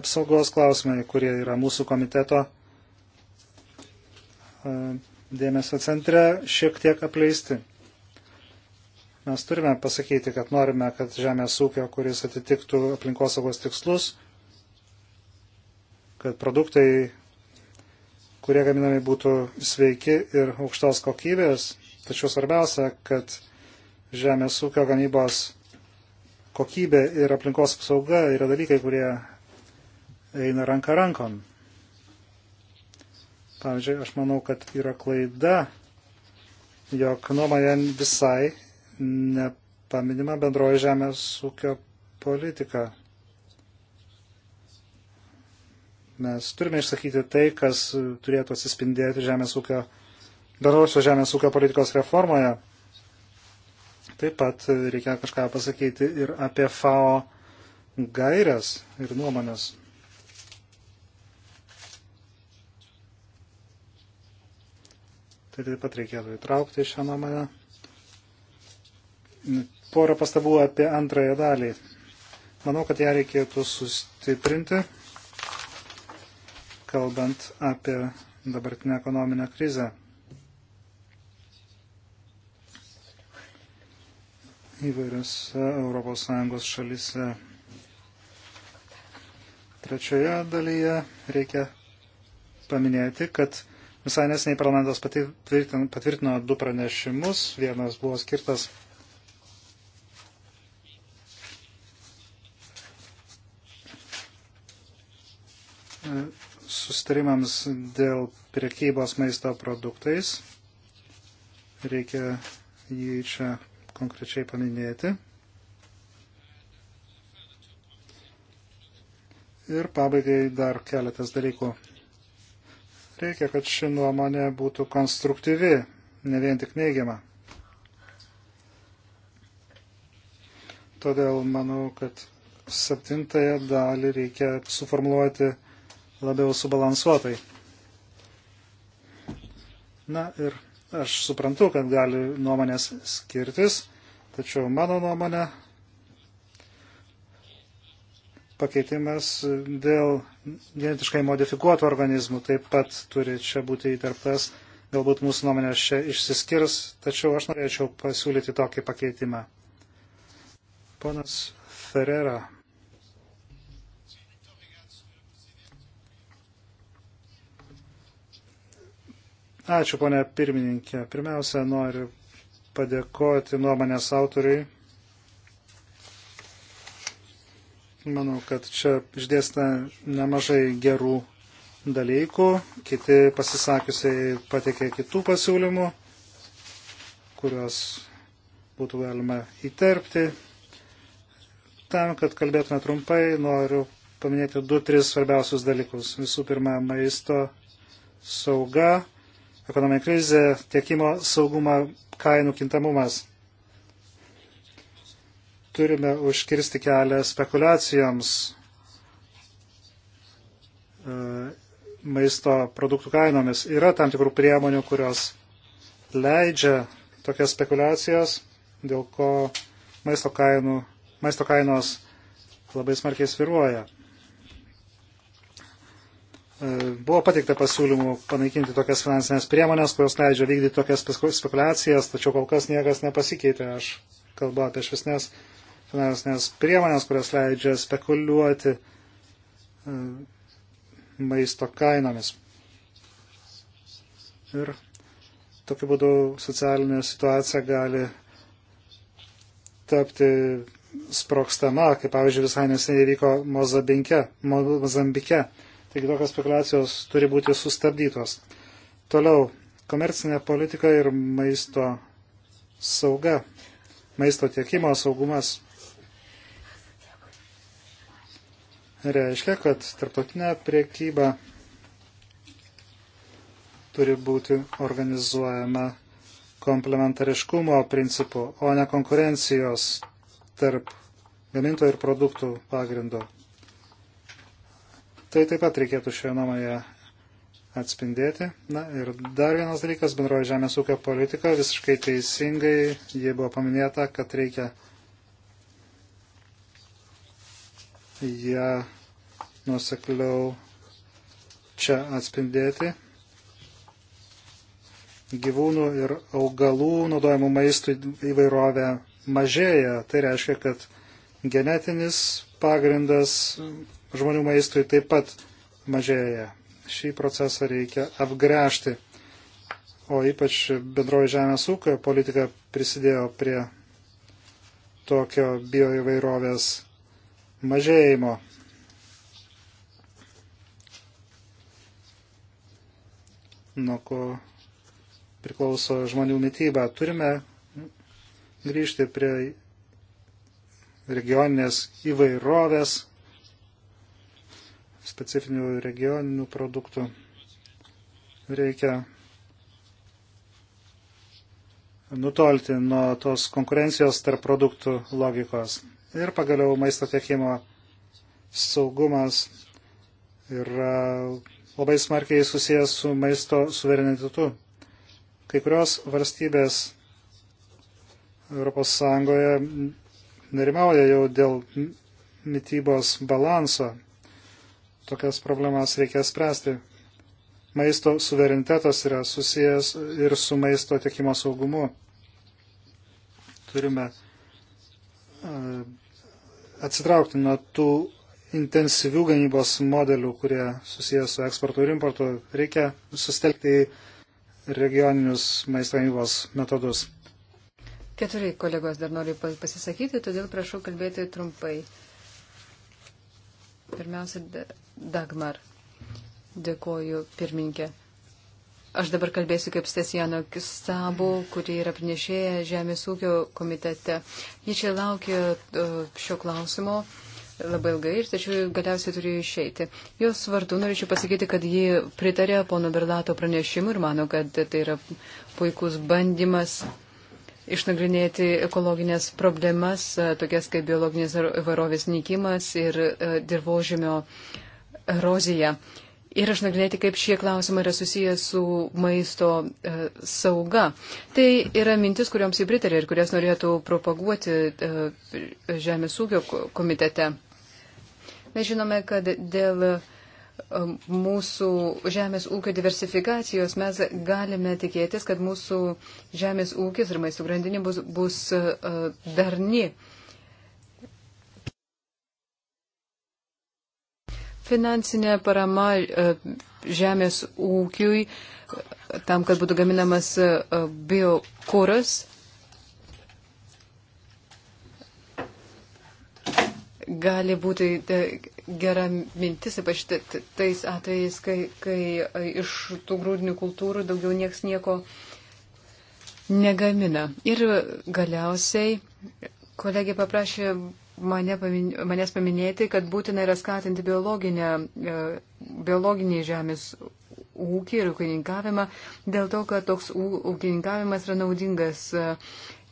apsaugos klausimai, kurie yra mūsų komiteto e, dėmesio centre, šiek tiek apleisti. Mes turime pasakyti, kad norime, kad žemės ūkio, kuris atitiktų aplinkosaugos tikslus, kad produktai, kurie gaminami būtų sveiki ir aukštos kokybės, tačiau svarbiausia, kad žemės ūkio gamybos kokybė ir aplinkos apsauga yra dalykai, kurie eina ranka rankon. Pavyzdžiui, aš manau, kad yra klaida, jog nuomoje visai nepaminima bendroji žemės ūkio politika. Mes turime išsakyti tai, kas turėtų atsispindėti žemės ūkio, bendrosios žemės ūkio politikos reformoje. Taip pat reikia kažką pasakyti ir apie FAO gairias ir nuomonės. Tai taip pat reikėtų įtraukti šią nuomonę. Porą pastabų apie antrąją dalį. Manau, kad ją reikėtų sustiprinti, kalbant apie dabartinę ekonominę krizę. įvairiose ES šalise. Trečioje dalyje reikia paminėti, kad visai nesiniai parlamentas patvirtino du pranešimus. Vienas buvo skirtas sustarimams dėl priekybos maisto produktais. Reikia jį čia konkrečiai paminėti. Ir pabaigai dar keletas dalykų. Reikia, kad ši nuomonė būtų konstruktyvi, ne vien tik neigiama. Todėl manau, kad septintąją dalį reikia suformuoluoti labiau subalansuotai. Na ir aš suprantu, kad gali nuomonės skirtis, tačiau mano nuomonė pakeitimas dėl genetiškai modifikuotų organizmų taip pat turi čia būti įtarptas. Galbūt mūsų nuomonės čia išsiskirs, tačiau aš norėčiau pasiūlyti tokį pakeitimą. Ponas Ferrera Ačiū, ponė pirmininkė. Pirmiausia, noriu padėkoti nuomonės autoriai. Manau, kad čia išdėsta nemažai gerų dalykų. Kiti pasisakiusiai patikė kitų pasiūlymų, kuriuos būtų galima įterpti. Tam, kad kalbėtume trumpai, noriu paminėti du, tris svarbiausius dalykus. Visų pirma, maisto sauga ekonominė krizė, tiekimo saugumą, kainų kintamumas. Turime užkirsti kelią spekulacijoms e, maisto produktų kainomis. Yra tam tikrų priemonių, kurios leidžia tokias spekulacijos, dėl ko maisto, kainų, maisto kainos labai smarkiai sviruoja. E, buvo pateikta pasiūlymų panaikinti tokias finansinės priemonės, kurios leidžia vykdyti tokias spekulacijas, tačiau kol kas niekas nepasikeitė. Aš kalbu apie švisnės finansinės priemonės, kurios leidžia spekuliuoti e, maisto kainomis. Ir tokiu būdu socialinė situacija gali tapti sprokstama, kaip pavyzdžiui visai neseniai vyko Mozambike. Taigi tokios spekulacijos turi būti sustabdytos. Toliau, komercinė politika ir maisto sauga, maisto tiekimo saugumas reiškia, kad tarptautinė priekyba turi būti organizuojama komplementariškumo principu, o ne konkurencijos tarp gamintojų ir produktų pagrindo. Tai taip pat reikėtų šioje nuomoje atspindėti. Na ir dar vienas dalykas, bendroji žemės ūkio politika, visiškai teisingai, jie buvo paminėta, kad reikia ją nusekliau čia atspindėti. Gyvūnų ir augalų naudojimų maistų įvairovė mažėja. Tai reiškia, kad genetinis pagrindas žmonių maistui taip pat mažėja. Šį procesą reikia apgręžti. O ypač bendroji žemės ūkio politika prisidėjo prie tokio bioįvairovės mažėjimo. Nuo ko priklauso žmonių mytyba. Turime grįžti prie regioninės įvairovės specifinių regioninių produktų. Reikia nutolti nuo tos konkurencijos tarp produktų logikos. Ir pagaliau maisto tiekimo saugumas yra labai smarkiai susijęs su maisto suverenitetu. Kai kurios valstybės ES nerimauja jau dėl mytybos balanso tokias problemas reikia spręsti. Maisto suverenitetas yra susijęs ir su maisto tiekimo saugumu. Turime e, atsitraukti nuo tų intensyvių gamybos modelių, kurie susijęs su eksportu ir importu. Reikia sustelkti į regioninius maisto gamybos metodus. Keturi kolegos dar nori pasisakyti, todėl prašau kalbėti trumpai. Pirmiausia, Dagmar. Dėkoju, pirminkė. Aš dabar kalbėsiu kaip Stesijano Kistabų, kuri yra pranešėja Žemės ūkio komitete. Ji čia laukia e, šio klausimo labai ilgai ir tačiau galiausiai turėjo išeiti. Jos vardu norėčiau pasakyti, kad ji pritarė pono Berlato pranešimu ir mano, kad tai yra puikus bandymas išnagrinėti ekologinės problemas, e, tokias kaip biologinės įvairovės nykimas ir e, dirbožėmio erozija. Ir išnagrinėti, kaip šie klausimai yra susijęs su maisto e, sauga. Tai yra mintis, kuriuoms jį pritarė ir kurias norėtų propaguoti e, Žemės ūkio komitete. Mes žinome, kad dėl e, mūsų žemės ūkio diversifikacijos mes galime tikėtis, kad mūsų žemės ūkis ir maisto grandinė bus, bus e, darni. Finansinė parama e, žemės ūkiui tam, kad būtų gaminamas e, biokuras. Gali būti gera mintis, ypač tais atvejais, kai, kai e, iš tų grūdinių kultūrų daugiau nieks nieko negamina. Ir galiausiai kolegė paprašė mane pamin, manęs paminėti, kad būtina yra skatinti e, biologinį žemės ūkį ir ūkininkavimą, dėl to, kad toks ūkininkavimas yra naudingas e,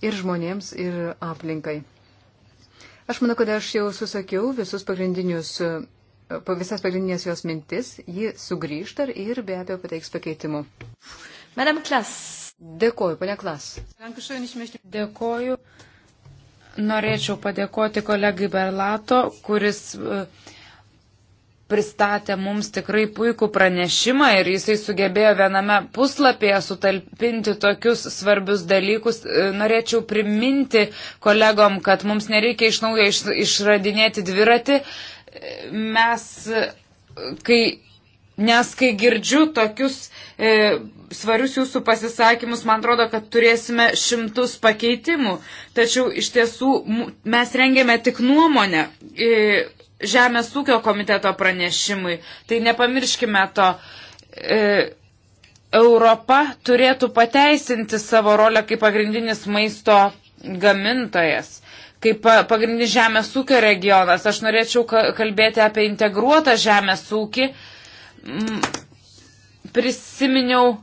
ir žmonėms, ir aplinkai. Aš manau, kad aš jau susakiau visus pagrindinius, visas pagrindinės jos mintis. Ji sugrįžta ir be abejo pateiks pakeitimų. Madam Klas. Dėkoju, ponia Klas. Dėkoju. Norėčiau padėkoti kolegai Berlato, kuris uh, pristatė mums tikrai puikų pranešimą ir jisai sugebėjo viename puslapyje sutalpinti tokius svarbius dalykus. E, norėčiau priminti kolegom, kad mums nereikia iš naujo išradinėti dviratį. E, mes, e, kai nes kai girdžiu tokius e, svarius jūsų pasisakymus, man atrodo, kad turėsime šimtus pakeitimų. Tačiau iš tiesų mes rengėme tik nuomonę. E, Žemės ūkio komiteto pranešimui. Tai nepamirškime to. E, Europa turėtų pateisinti savo rolę kaip pagrindinis maisto gamintojas kaip pagrindinis žemės ūkio regionas. Aš norėčiau kalbėti apie integruotą žemės ūkį, Mm, prisiminiau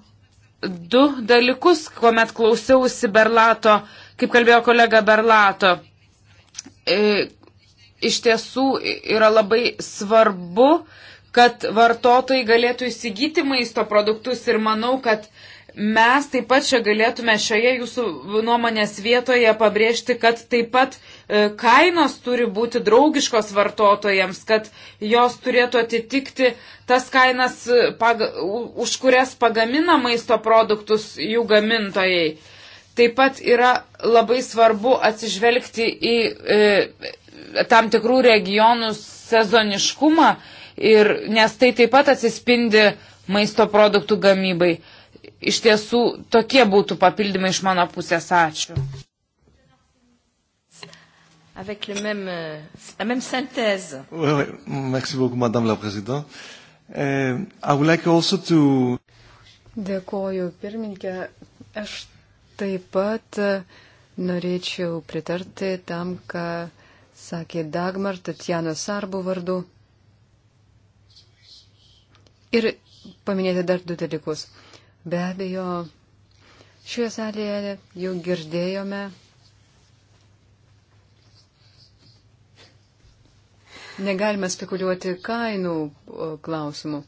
du dalykus, kuomet klausiausi Berlato, kaip kalbėjo kolega Berlato. E, iš tiesų yra labai svarbu, kad vartotojai galėtų įsigyti maisto produktus ir manau, kad mes taip pat čia galėtume šioje jūsų nuomonės vietoje pabrėžti, kad taip pat e, kainos turi būti draugiškos vartotojams, kad jos turėtų atitikti tas kainas, e, už kurias pagamina maisto produktus jų gamintojai. Taip pat yra labai svarbu atsižvelgti į e, tam tikrų regionų sezoniškumą, ir, nes tai taip pat atsispindi maisto produktų gamybai. E, iš tiesų tokie būtų papildymai iš mano pusės. Ačiū. Avec le même, la même synthèse. Oui, oui. Merci beaucoup, Madame la Présidente. Uh, I would like also to. Dėkoju, pirmininkė. Aš taip pat eh, norėčiau pritarti tam, ką sakė Dagmar Tatjano Sarbo vardu. Ir paminėti dar du dalykus. Be abejo, šioje salėje jau girdėjome negalime spekuliuoti kainų klausimų.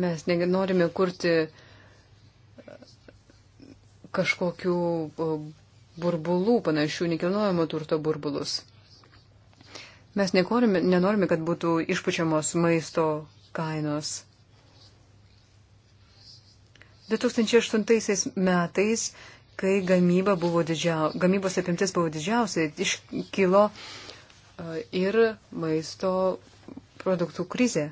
Mes norime kurti e, kažkokių burbulų, panašių nekilnojamo turto burbulus. Mes nekorime, nenorime, kad būtų išpučiamos maisto kainos. 2008 metais, kai gamyba buvo didžiau, gamybos apimtis buvo didžiausia, iškilo e, ir maisto produktų krizė,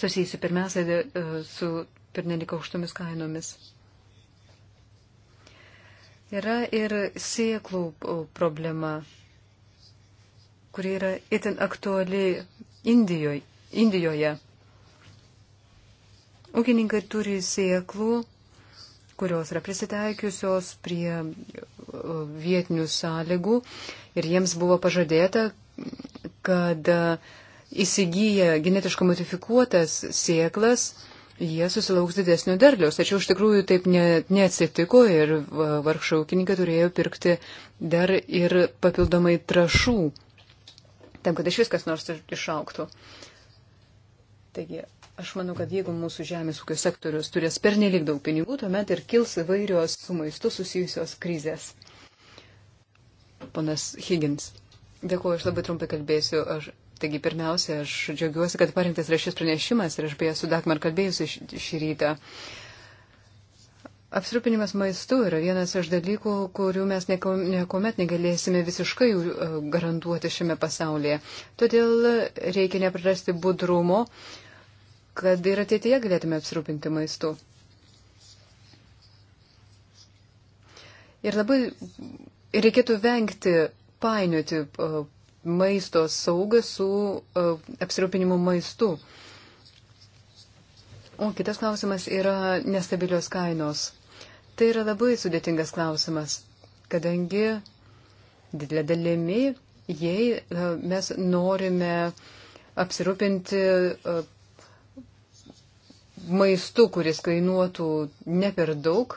susijusi pirmiausia e, su pernelik aukštomis kainomis. Yra ir sėklų problema, kuri yra itin aktuali Indijoje. Indijoje. Ūkininkai turi sieklų, kurios yra prisitaikiusios prie e, vietinių sąlygų ir jiems buvo pažadėta, kad e, įsigyję genetiškai modifikuotas sieklas, jie susilauks didesnio derliaus. Tačiau iš tikrųjų taip ne, neatsitiko ir e, vargšai ūkininkai turėjo pirkti dar ir papildomai trašų, tam, kad iš viskas nors išauktų. Taigi, Aš manau, kad jeigu mūsų žemės ūkio sektorius turės pernelik daug pinigų, tuomet ir kils įvairios su maistu susijusios krizės. Ponas Higgins, dėkuoju, aš labai trumpai kalbėsiu. Aš, taigi, pirmiausia, aš džiaugiuosi, kad parinktas yra šis pranešimas ir aš beje su Dakmar kalbėjusiu šį, šį rytą. Apsirūpinimas maistu yra vienas iš dalykų, kurių mes niekuomet negalėsime visiškai uh, garantuoti šiame pasaulyje. Todėl reikia neprarasti budrumo, uh, kad ir ateityje galėtume apsirūpinti maistu. Ir labai reikėtų vengti painioti maisto saugą su apsirūpinimu maistu. O kitas klausimas yra nestabilios kainos. Tai yra labai sudėtingas klausimas, kadangi didelė dalimi, jei e, mes norime apsirūpinti e, maistu, kuris kainuotų ne per daug,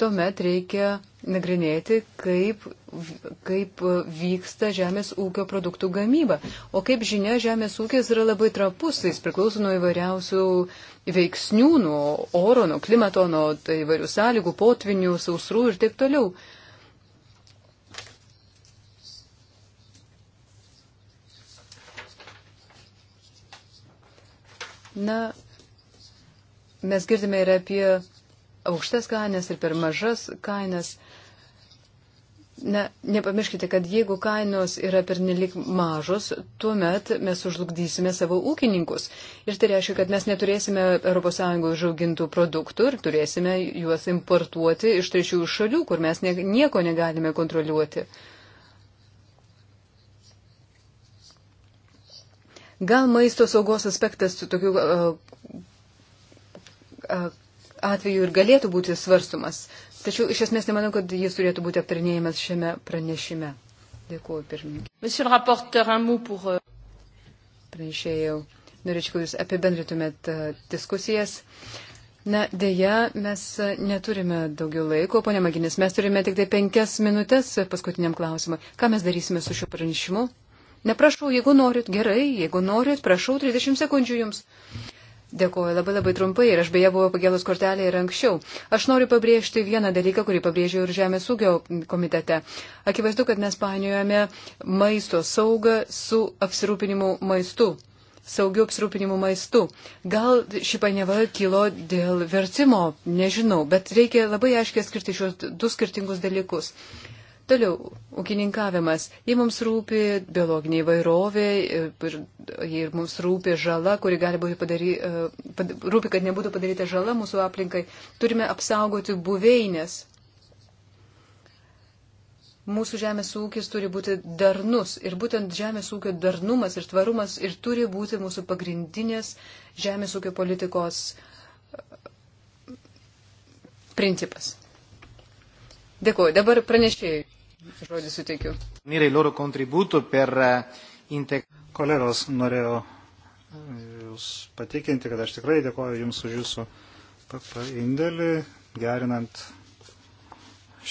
tuomet reikia nagrinėti, kaip, kaip vyksta žemės ūkio produktų gamyba. O kaip žinia, žemės ūkis yra labai trapus, jis priklauso nuo įvairiausių veiksnių, nuo oro, nuo klimato, nuo tai įvairių sąlygų, potvinių, sausrų ir taip toliau. Na, mes girdime ir apie aukštas kainas ir per mažas kainas. Ne, nepamirškite, kad jeigu kainos yra pernelik mažos, tuomet mes užlugdysime savo ūkininkus. Ir tai reiškia, kad mes neturėsime ES užaugintų produktų ir turėsime juos importuoti iš trečiųjų šalių, kur mes ne, nieko negalime kontroliuoti. Gal maisto saugos aspektas tokių uh, atveju ir galėtų būti svarstumas. Tačiau iš esmės nemanau, kad jis turėtų būti aptarinėjimas šiame pranešime. Dėkuoju, pirmininkai. Euh, Pranešėjau. Norėčiau, kad jūs apibendrytumėt diskusijas. Na, dėja, mes neturime daugiau laiko, ponia Maginis, mes turime tik tai penkias minutės paskutiniam klausimui. Ką mes darysime su šiuo pranešimu? Neprašau, jeigu norit, gerai, jeigu norit, prašau, 30 sekundžių jums. Dėkuoju labai labai trumpai ir aš beje buvau pagėlus kortelė ir anksčiau. Aš noriu pabrėžti vieną dalyką, kurį pabrėžiau ir Žemės ūkio komitete. Akivaizdu, kad mes painiojame maisto saugą su apsirūpinimu maistu saugių apsirūpinimų maistu. Gal ši painiava kilo dėl vertimo, nežinau, bet reikia labai aiškiai skirti šios du skirtingus dalykus. Toliau, ūkininkavimas. Jei mums rūpi biologinė įvairovė, jei mums rūpi žala, kuri gali būti padaryta, e, rūpi, kad nebūtų padaryta žala mūsų aplinkai, turime apsaugoti buveinės. Mūsų žemės ūkis turi būti darnus ir būtent žemės ūkio darnumas ir tvarumas ir turi būti mūsų pagrindinės žemės ūkio politikos e, principas. Dėkuoju. Dabar pranešėjai. Žodį suteikiu. Myrai, loro kontributų per eh, integ... Kolegos, norėjau eh, Jūs patikinti, kad aš tikrai dėkoju Jums už Jūsų indėlį, gerinant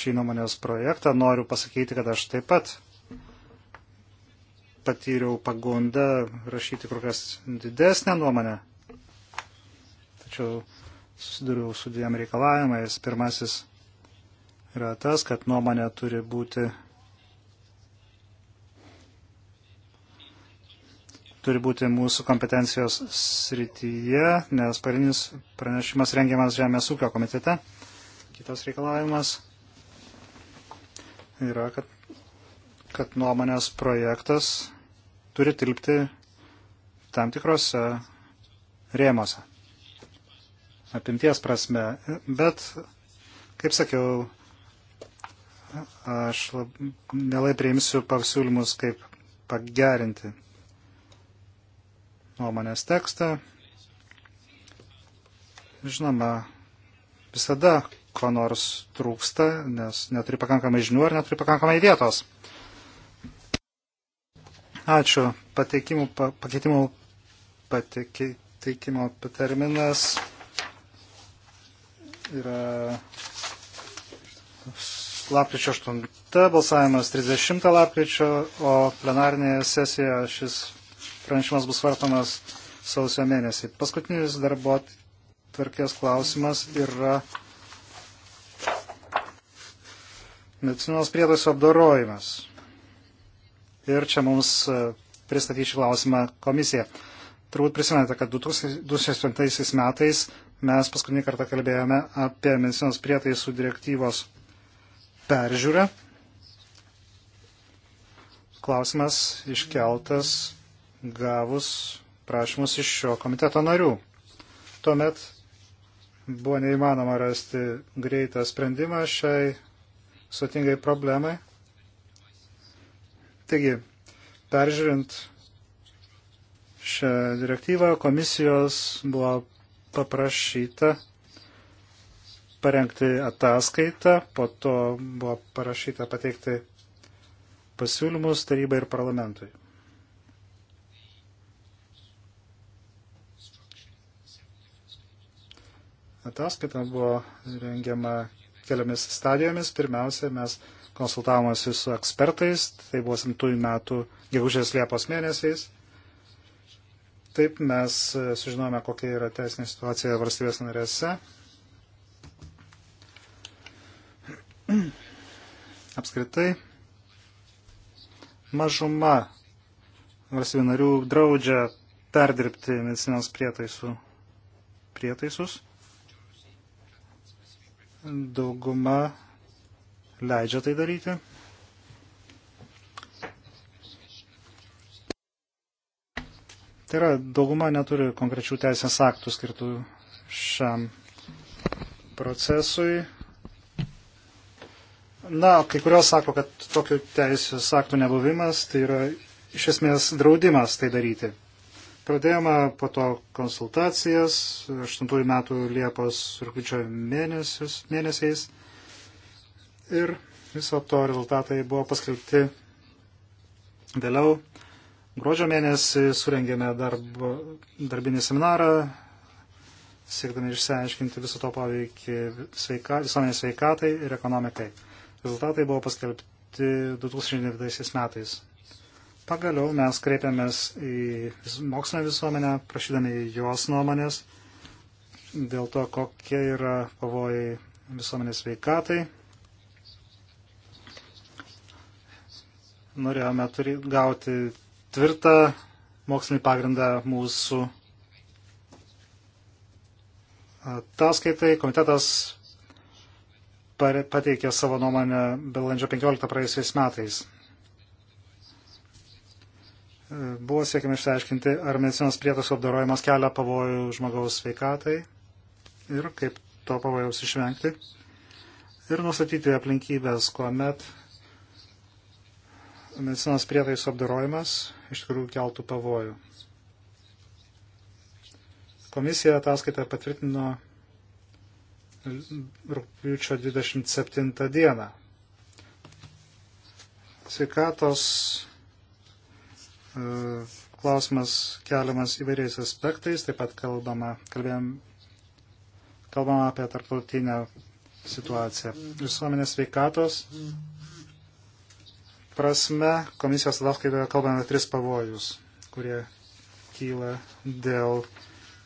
šį nuomonės projektą. Noriu pasakyti, kad aš taip pat patyriau pagundą rašyti kur kas didesnę nuomonę. Tačiau susidūriau su dviem reikalavimais. Pirmasis yra tas, kad nuomonė turi būti turi būti mūsų kompetencijos srityje, nes pagrindinis pranešimas rengiamas Žemės ūkio komitete. Kitas reikalavimas yra, kad, kad nuomonės projektas turi tilpti tam tikrose rėmose. Apimties prasme. Bet, kaip sakiau, Aš lab, mielai priimsiu pasiūlymus, kaip pagerinti nuomonės tekstą. Žinoma, visada ko nors trūksta, nes neturi pakankamai žinių ar neturi pakankamai vietos. Ačiū. Pateikimų, pa, pakeitimų pateikimo terminas yra lapkričio 8 balsavimas 30 lapkričio, o plenarinėje sesijoje šis pranešimas bus vartomas sausio mėnesį. Paskutinis darbo tvarkės klausimas yra medicinos prietaisų apdorojimas. Ir čia mums e, pristatysiu klausimą komisiją. Turbūt prisimenate, kad 2008 metais mes paskutinį kartą kalbėjome apie medicinos prietaisų direktyvos peržiūrą. Klausimas iškeltas gavus prašymus iš šio komiteto narių. Tuomet buvo neįmanoma rasti greitą sprendimą šiai sutingai problemai. Taigi, peržiūrint šią direktyvą, komisijos buvo paprašyta parengti ataskaitą, po to buvo parašyta pateikti pasiūlymus tarybai ir parlamentui. Ataskaita buvo rengiama keliomis stadijomis. Pirmiausia, mes konsultavomės su ekspertais, tai buvo 7 metų gegužės Liepos mėnesiais. Taip mes sužinome, kokia yra teisinė situacija valstybės narėse. Apskritai, mažuma valstybių narių draudžia perdirbti medicinos prietaisų prietaisus. Dauguma leidžia tai daryti. Tai yra, dauguma neturi konkrečių teisės aktų skirtų šiam procesui. Na, kai kurios sako, kad tokių teisės aktų nebuvimas tai yra iš esmės draudimas tai daryti. Pradėjome po to konsultacijas 8 metų Liepos rūpiučio mėnesiais ir viso to rezultatai buvo paskelbti vėliau. Gruodžio mėnesį surengėme darbo, darbinį seminarą, siekdami išsiaiškinti viso to poveikį sveika, visuomenės sveikatai ir ekonomikai. Rezultatai buvo paskelbti 2009 metais. Pagaliau mes kreipiamės į mokslinę visuomenę, prašydami jos nuomonės dėl to, kokie yra pavojai visuomenės veikatai. Norėjome turi, gauti tvirtą mokslinį pagrindą mūsų ataskaitai. Komitetas pateikė savo nuomonę balandžio 15 praėjusiais metais. Buvo siekiama išsiaiškinti, ar medicinos prietaisų apdarojimas kelia pavojų žmogaus sveikatai ir kaip to pavojaus išvengti. Ir nustatyti aplinkybės, kuomet medicinos prietaisų apdarojimas iš tikrųjų keltų pavojų. Komisija ataskaitą patvirtino rūpiučio 27 dieną. Sveikatos e, klausimas keliamas įvairiais aspektais, taip pat kalbama, kalbėjom, kalbama apie tarptautinę situaciją. Visuomenės sveikatos prasme komisijos ataskaitoje kalbame tris pavojus, kurie kyla dėl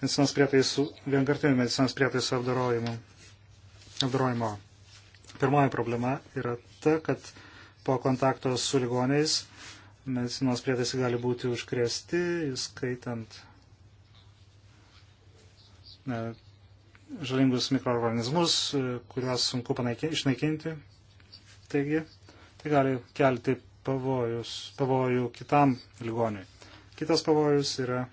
medicinos prietaisų, vienkartinių medicinos prietaisų apdarojimų apdorojimo. Pirmoji problema yra ta, kad po kontakto su ligoniais medicinos prietaisai gali būti užkrėsti, įskaitant ne, žalingus mikroorganizmus, kuriuos sunku išnaikinti. Taigi, tai gali kelti pavojus, pavojų kitam ligoniui. Kitas pavojus yra e,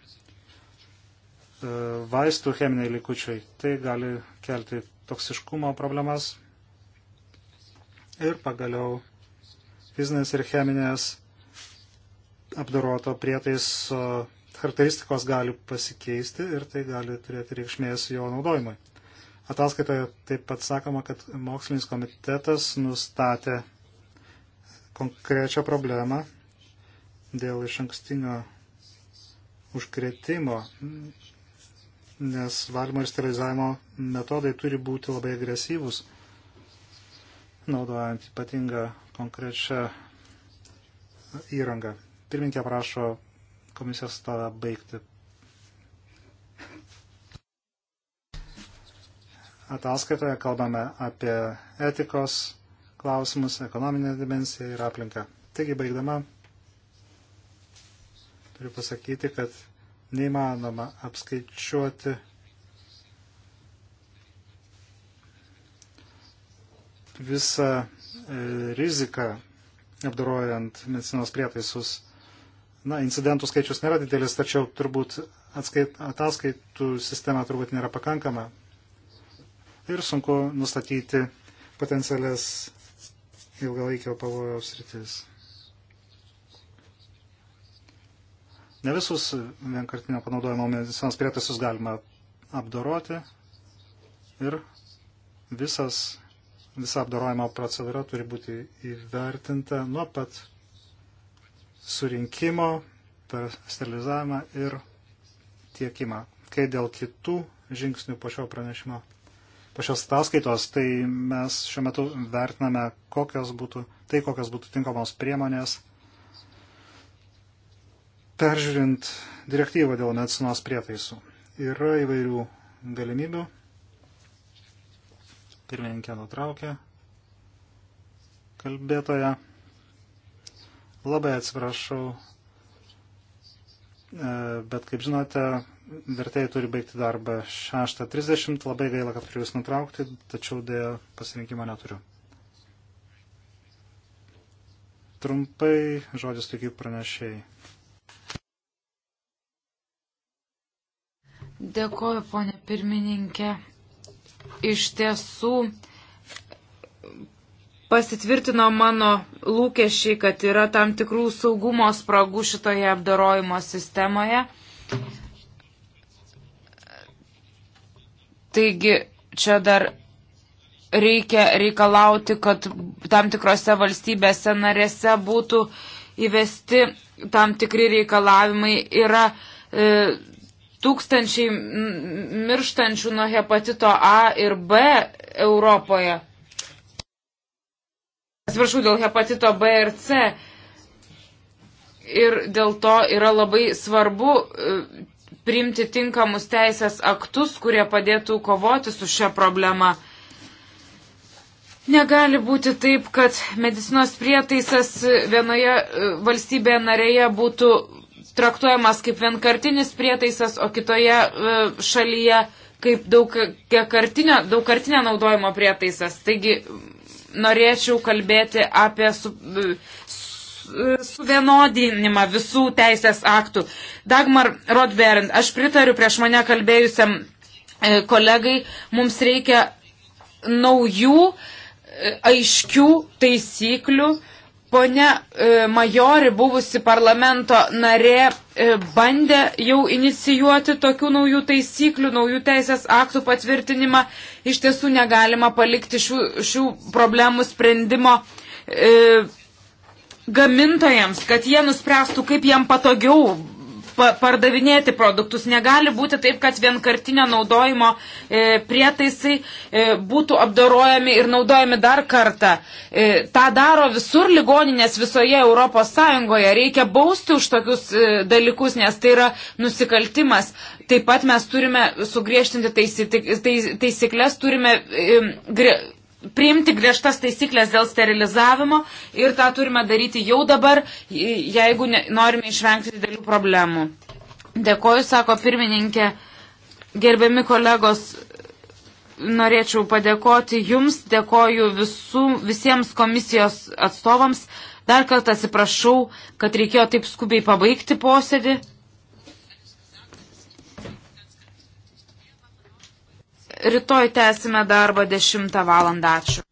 vaistų cheminiai likučiai. Tai gali kelti toksiškumo problemas ir pagaliau fizinės ir cheminės apdoroto prietaiso charakteristikos gali pasikeisti ir tai gali turėti reikšmės jo naudojimui. Ataskaitoje taip pat sakoma, kad mokslinis komitetas nustatė konkrečią problemą dėl iš ankstinio užkretimo nes valymo ir sterilizavimo metodai turi būti labai agresyvūs, naudojant ypatingą konkrečią įrangą. Pirminkė prašo komisijos tą baigti. Ataskaitoje kalbame apie etikos klausimus, ekonominę dimensiją ir aplinką. Taigi, baigdama, turiu pasakyti, kad neįmanoma apskaičiuoti visą e, riziką apdorojant medicinos prietaisus. Na, incidentų skaičius nėra didelis, tačiau turbūt atskait, ataskaitų sistema turbūt nėra pakankama. Ir sunku nustatyti potencialias ilgalaikio pavojaus rytis. Ne visus vienkartinio panaudojimo medicinos prietaisus galima apdoroti ir visas, visa apdorojimo procedūra turi būti įvertinta nuo pat surinkimo per sterilizavimą ir tiekimą. Kai dėl kitų žingsnių po šio pranešimo, po šios ataskaitos, tai mes šiuo metu vertiname, kokios būtų, tai kokios būtų tinkamos priemonės peržiūrint direktyvą dėl medicinos prietaisų. Yra įvairių galimybių. Pirmininkė nutraukė kalbėtoja. Labai atsiprašau, e, bet kaip žinote, vertėjai turi baigti darbą 6.30, labai gaila, kad turiu jūs nutraukti, tačiau dėja pasirinkimo neturiu. Trumpai žodis tokių pranešėjai. Dėkoju, ponė pirmininkė. Iš tiesų pasitvirtino mano lūkesčiai, kad yra tam tikrų saugumo spragų šitoje apdarojimo sistemoje. Taigi čia dar reikia reikalauti, kad tam tikrose valstybėse narėse būtų įvesti tam tikri reikalavimai. Yra e, tūkstančiai mirštančių nuo hepatito A ir B Europoje. Atsiprašau, dėl hepatito B ir C. Ir dėl to yra labai svarbu e, priimti tinkamus teisės aktus, kurie padėtų kovoti su šia problema. Negali būti taip, kad medicinos prietaisas vienoje e, valstybėje narėje būtų traktuojamas kaip vienkartinis prietaisas, o kitoje e, šalyje kaip daugkartinio daug naudojimo prietaisas. Taigi norėčiau kalbėti apie su, e, e, suvienodinimą visų teisės aktų. Dagmar Rodberen, aš pritariu prieš mane kalbėjusiam kolegai, mums reikia naujų, aiškių taisyklių, Pone e, Majori, buvusi parlamento narė, e, bandė jau inicijuoti tokių naujų taisyklių, naujų teisės aktų patvirtinimą. Iš tiesų negalima palikti šių, šių problemų sprendimo e, gamintojams, kad jie nuspręstų, kaip jam patogiau pa pardavinėti produktus. Negali būti taip, kad vienkartinio naudojimo e, prietaisai e, būtų apdarojami ir naudojami dar kartą. E, tą daro visur ligoninės visoje Europos Sąjungoje. Reikia bausti už tokius e, dalykus, nes tai yra nusikaltimas. Taip pat mes turime sugriežtinti taisy, tais, taisyklės, turime. E, priimti griežtas taisyklės dėl sterilizavimo ir tą turime daryti jau dabar, jeigu ne, norime išvengti didelių problemų. Dėkoju, sako pirmininkė, gerbiami kolegos, norėčiau padėkoti Jums, dėkoju visų, visiems komisijos atstovams. Dar kartą atsiprašau, kad reikėjo taip skubiai pabaigti posėdį. Rytoj tęsime darbą 10 val. Ačiū.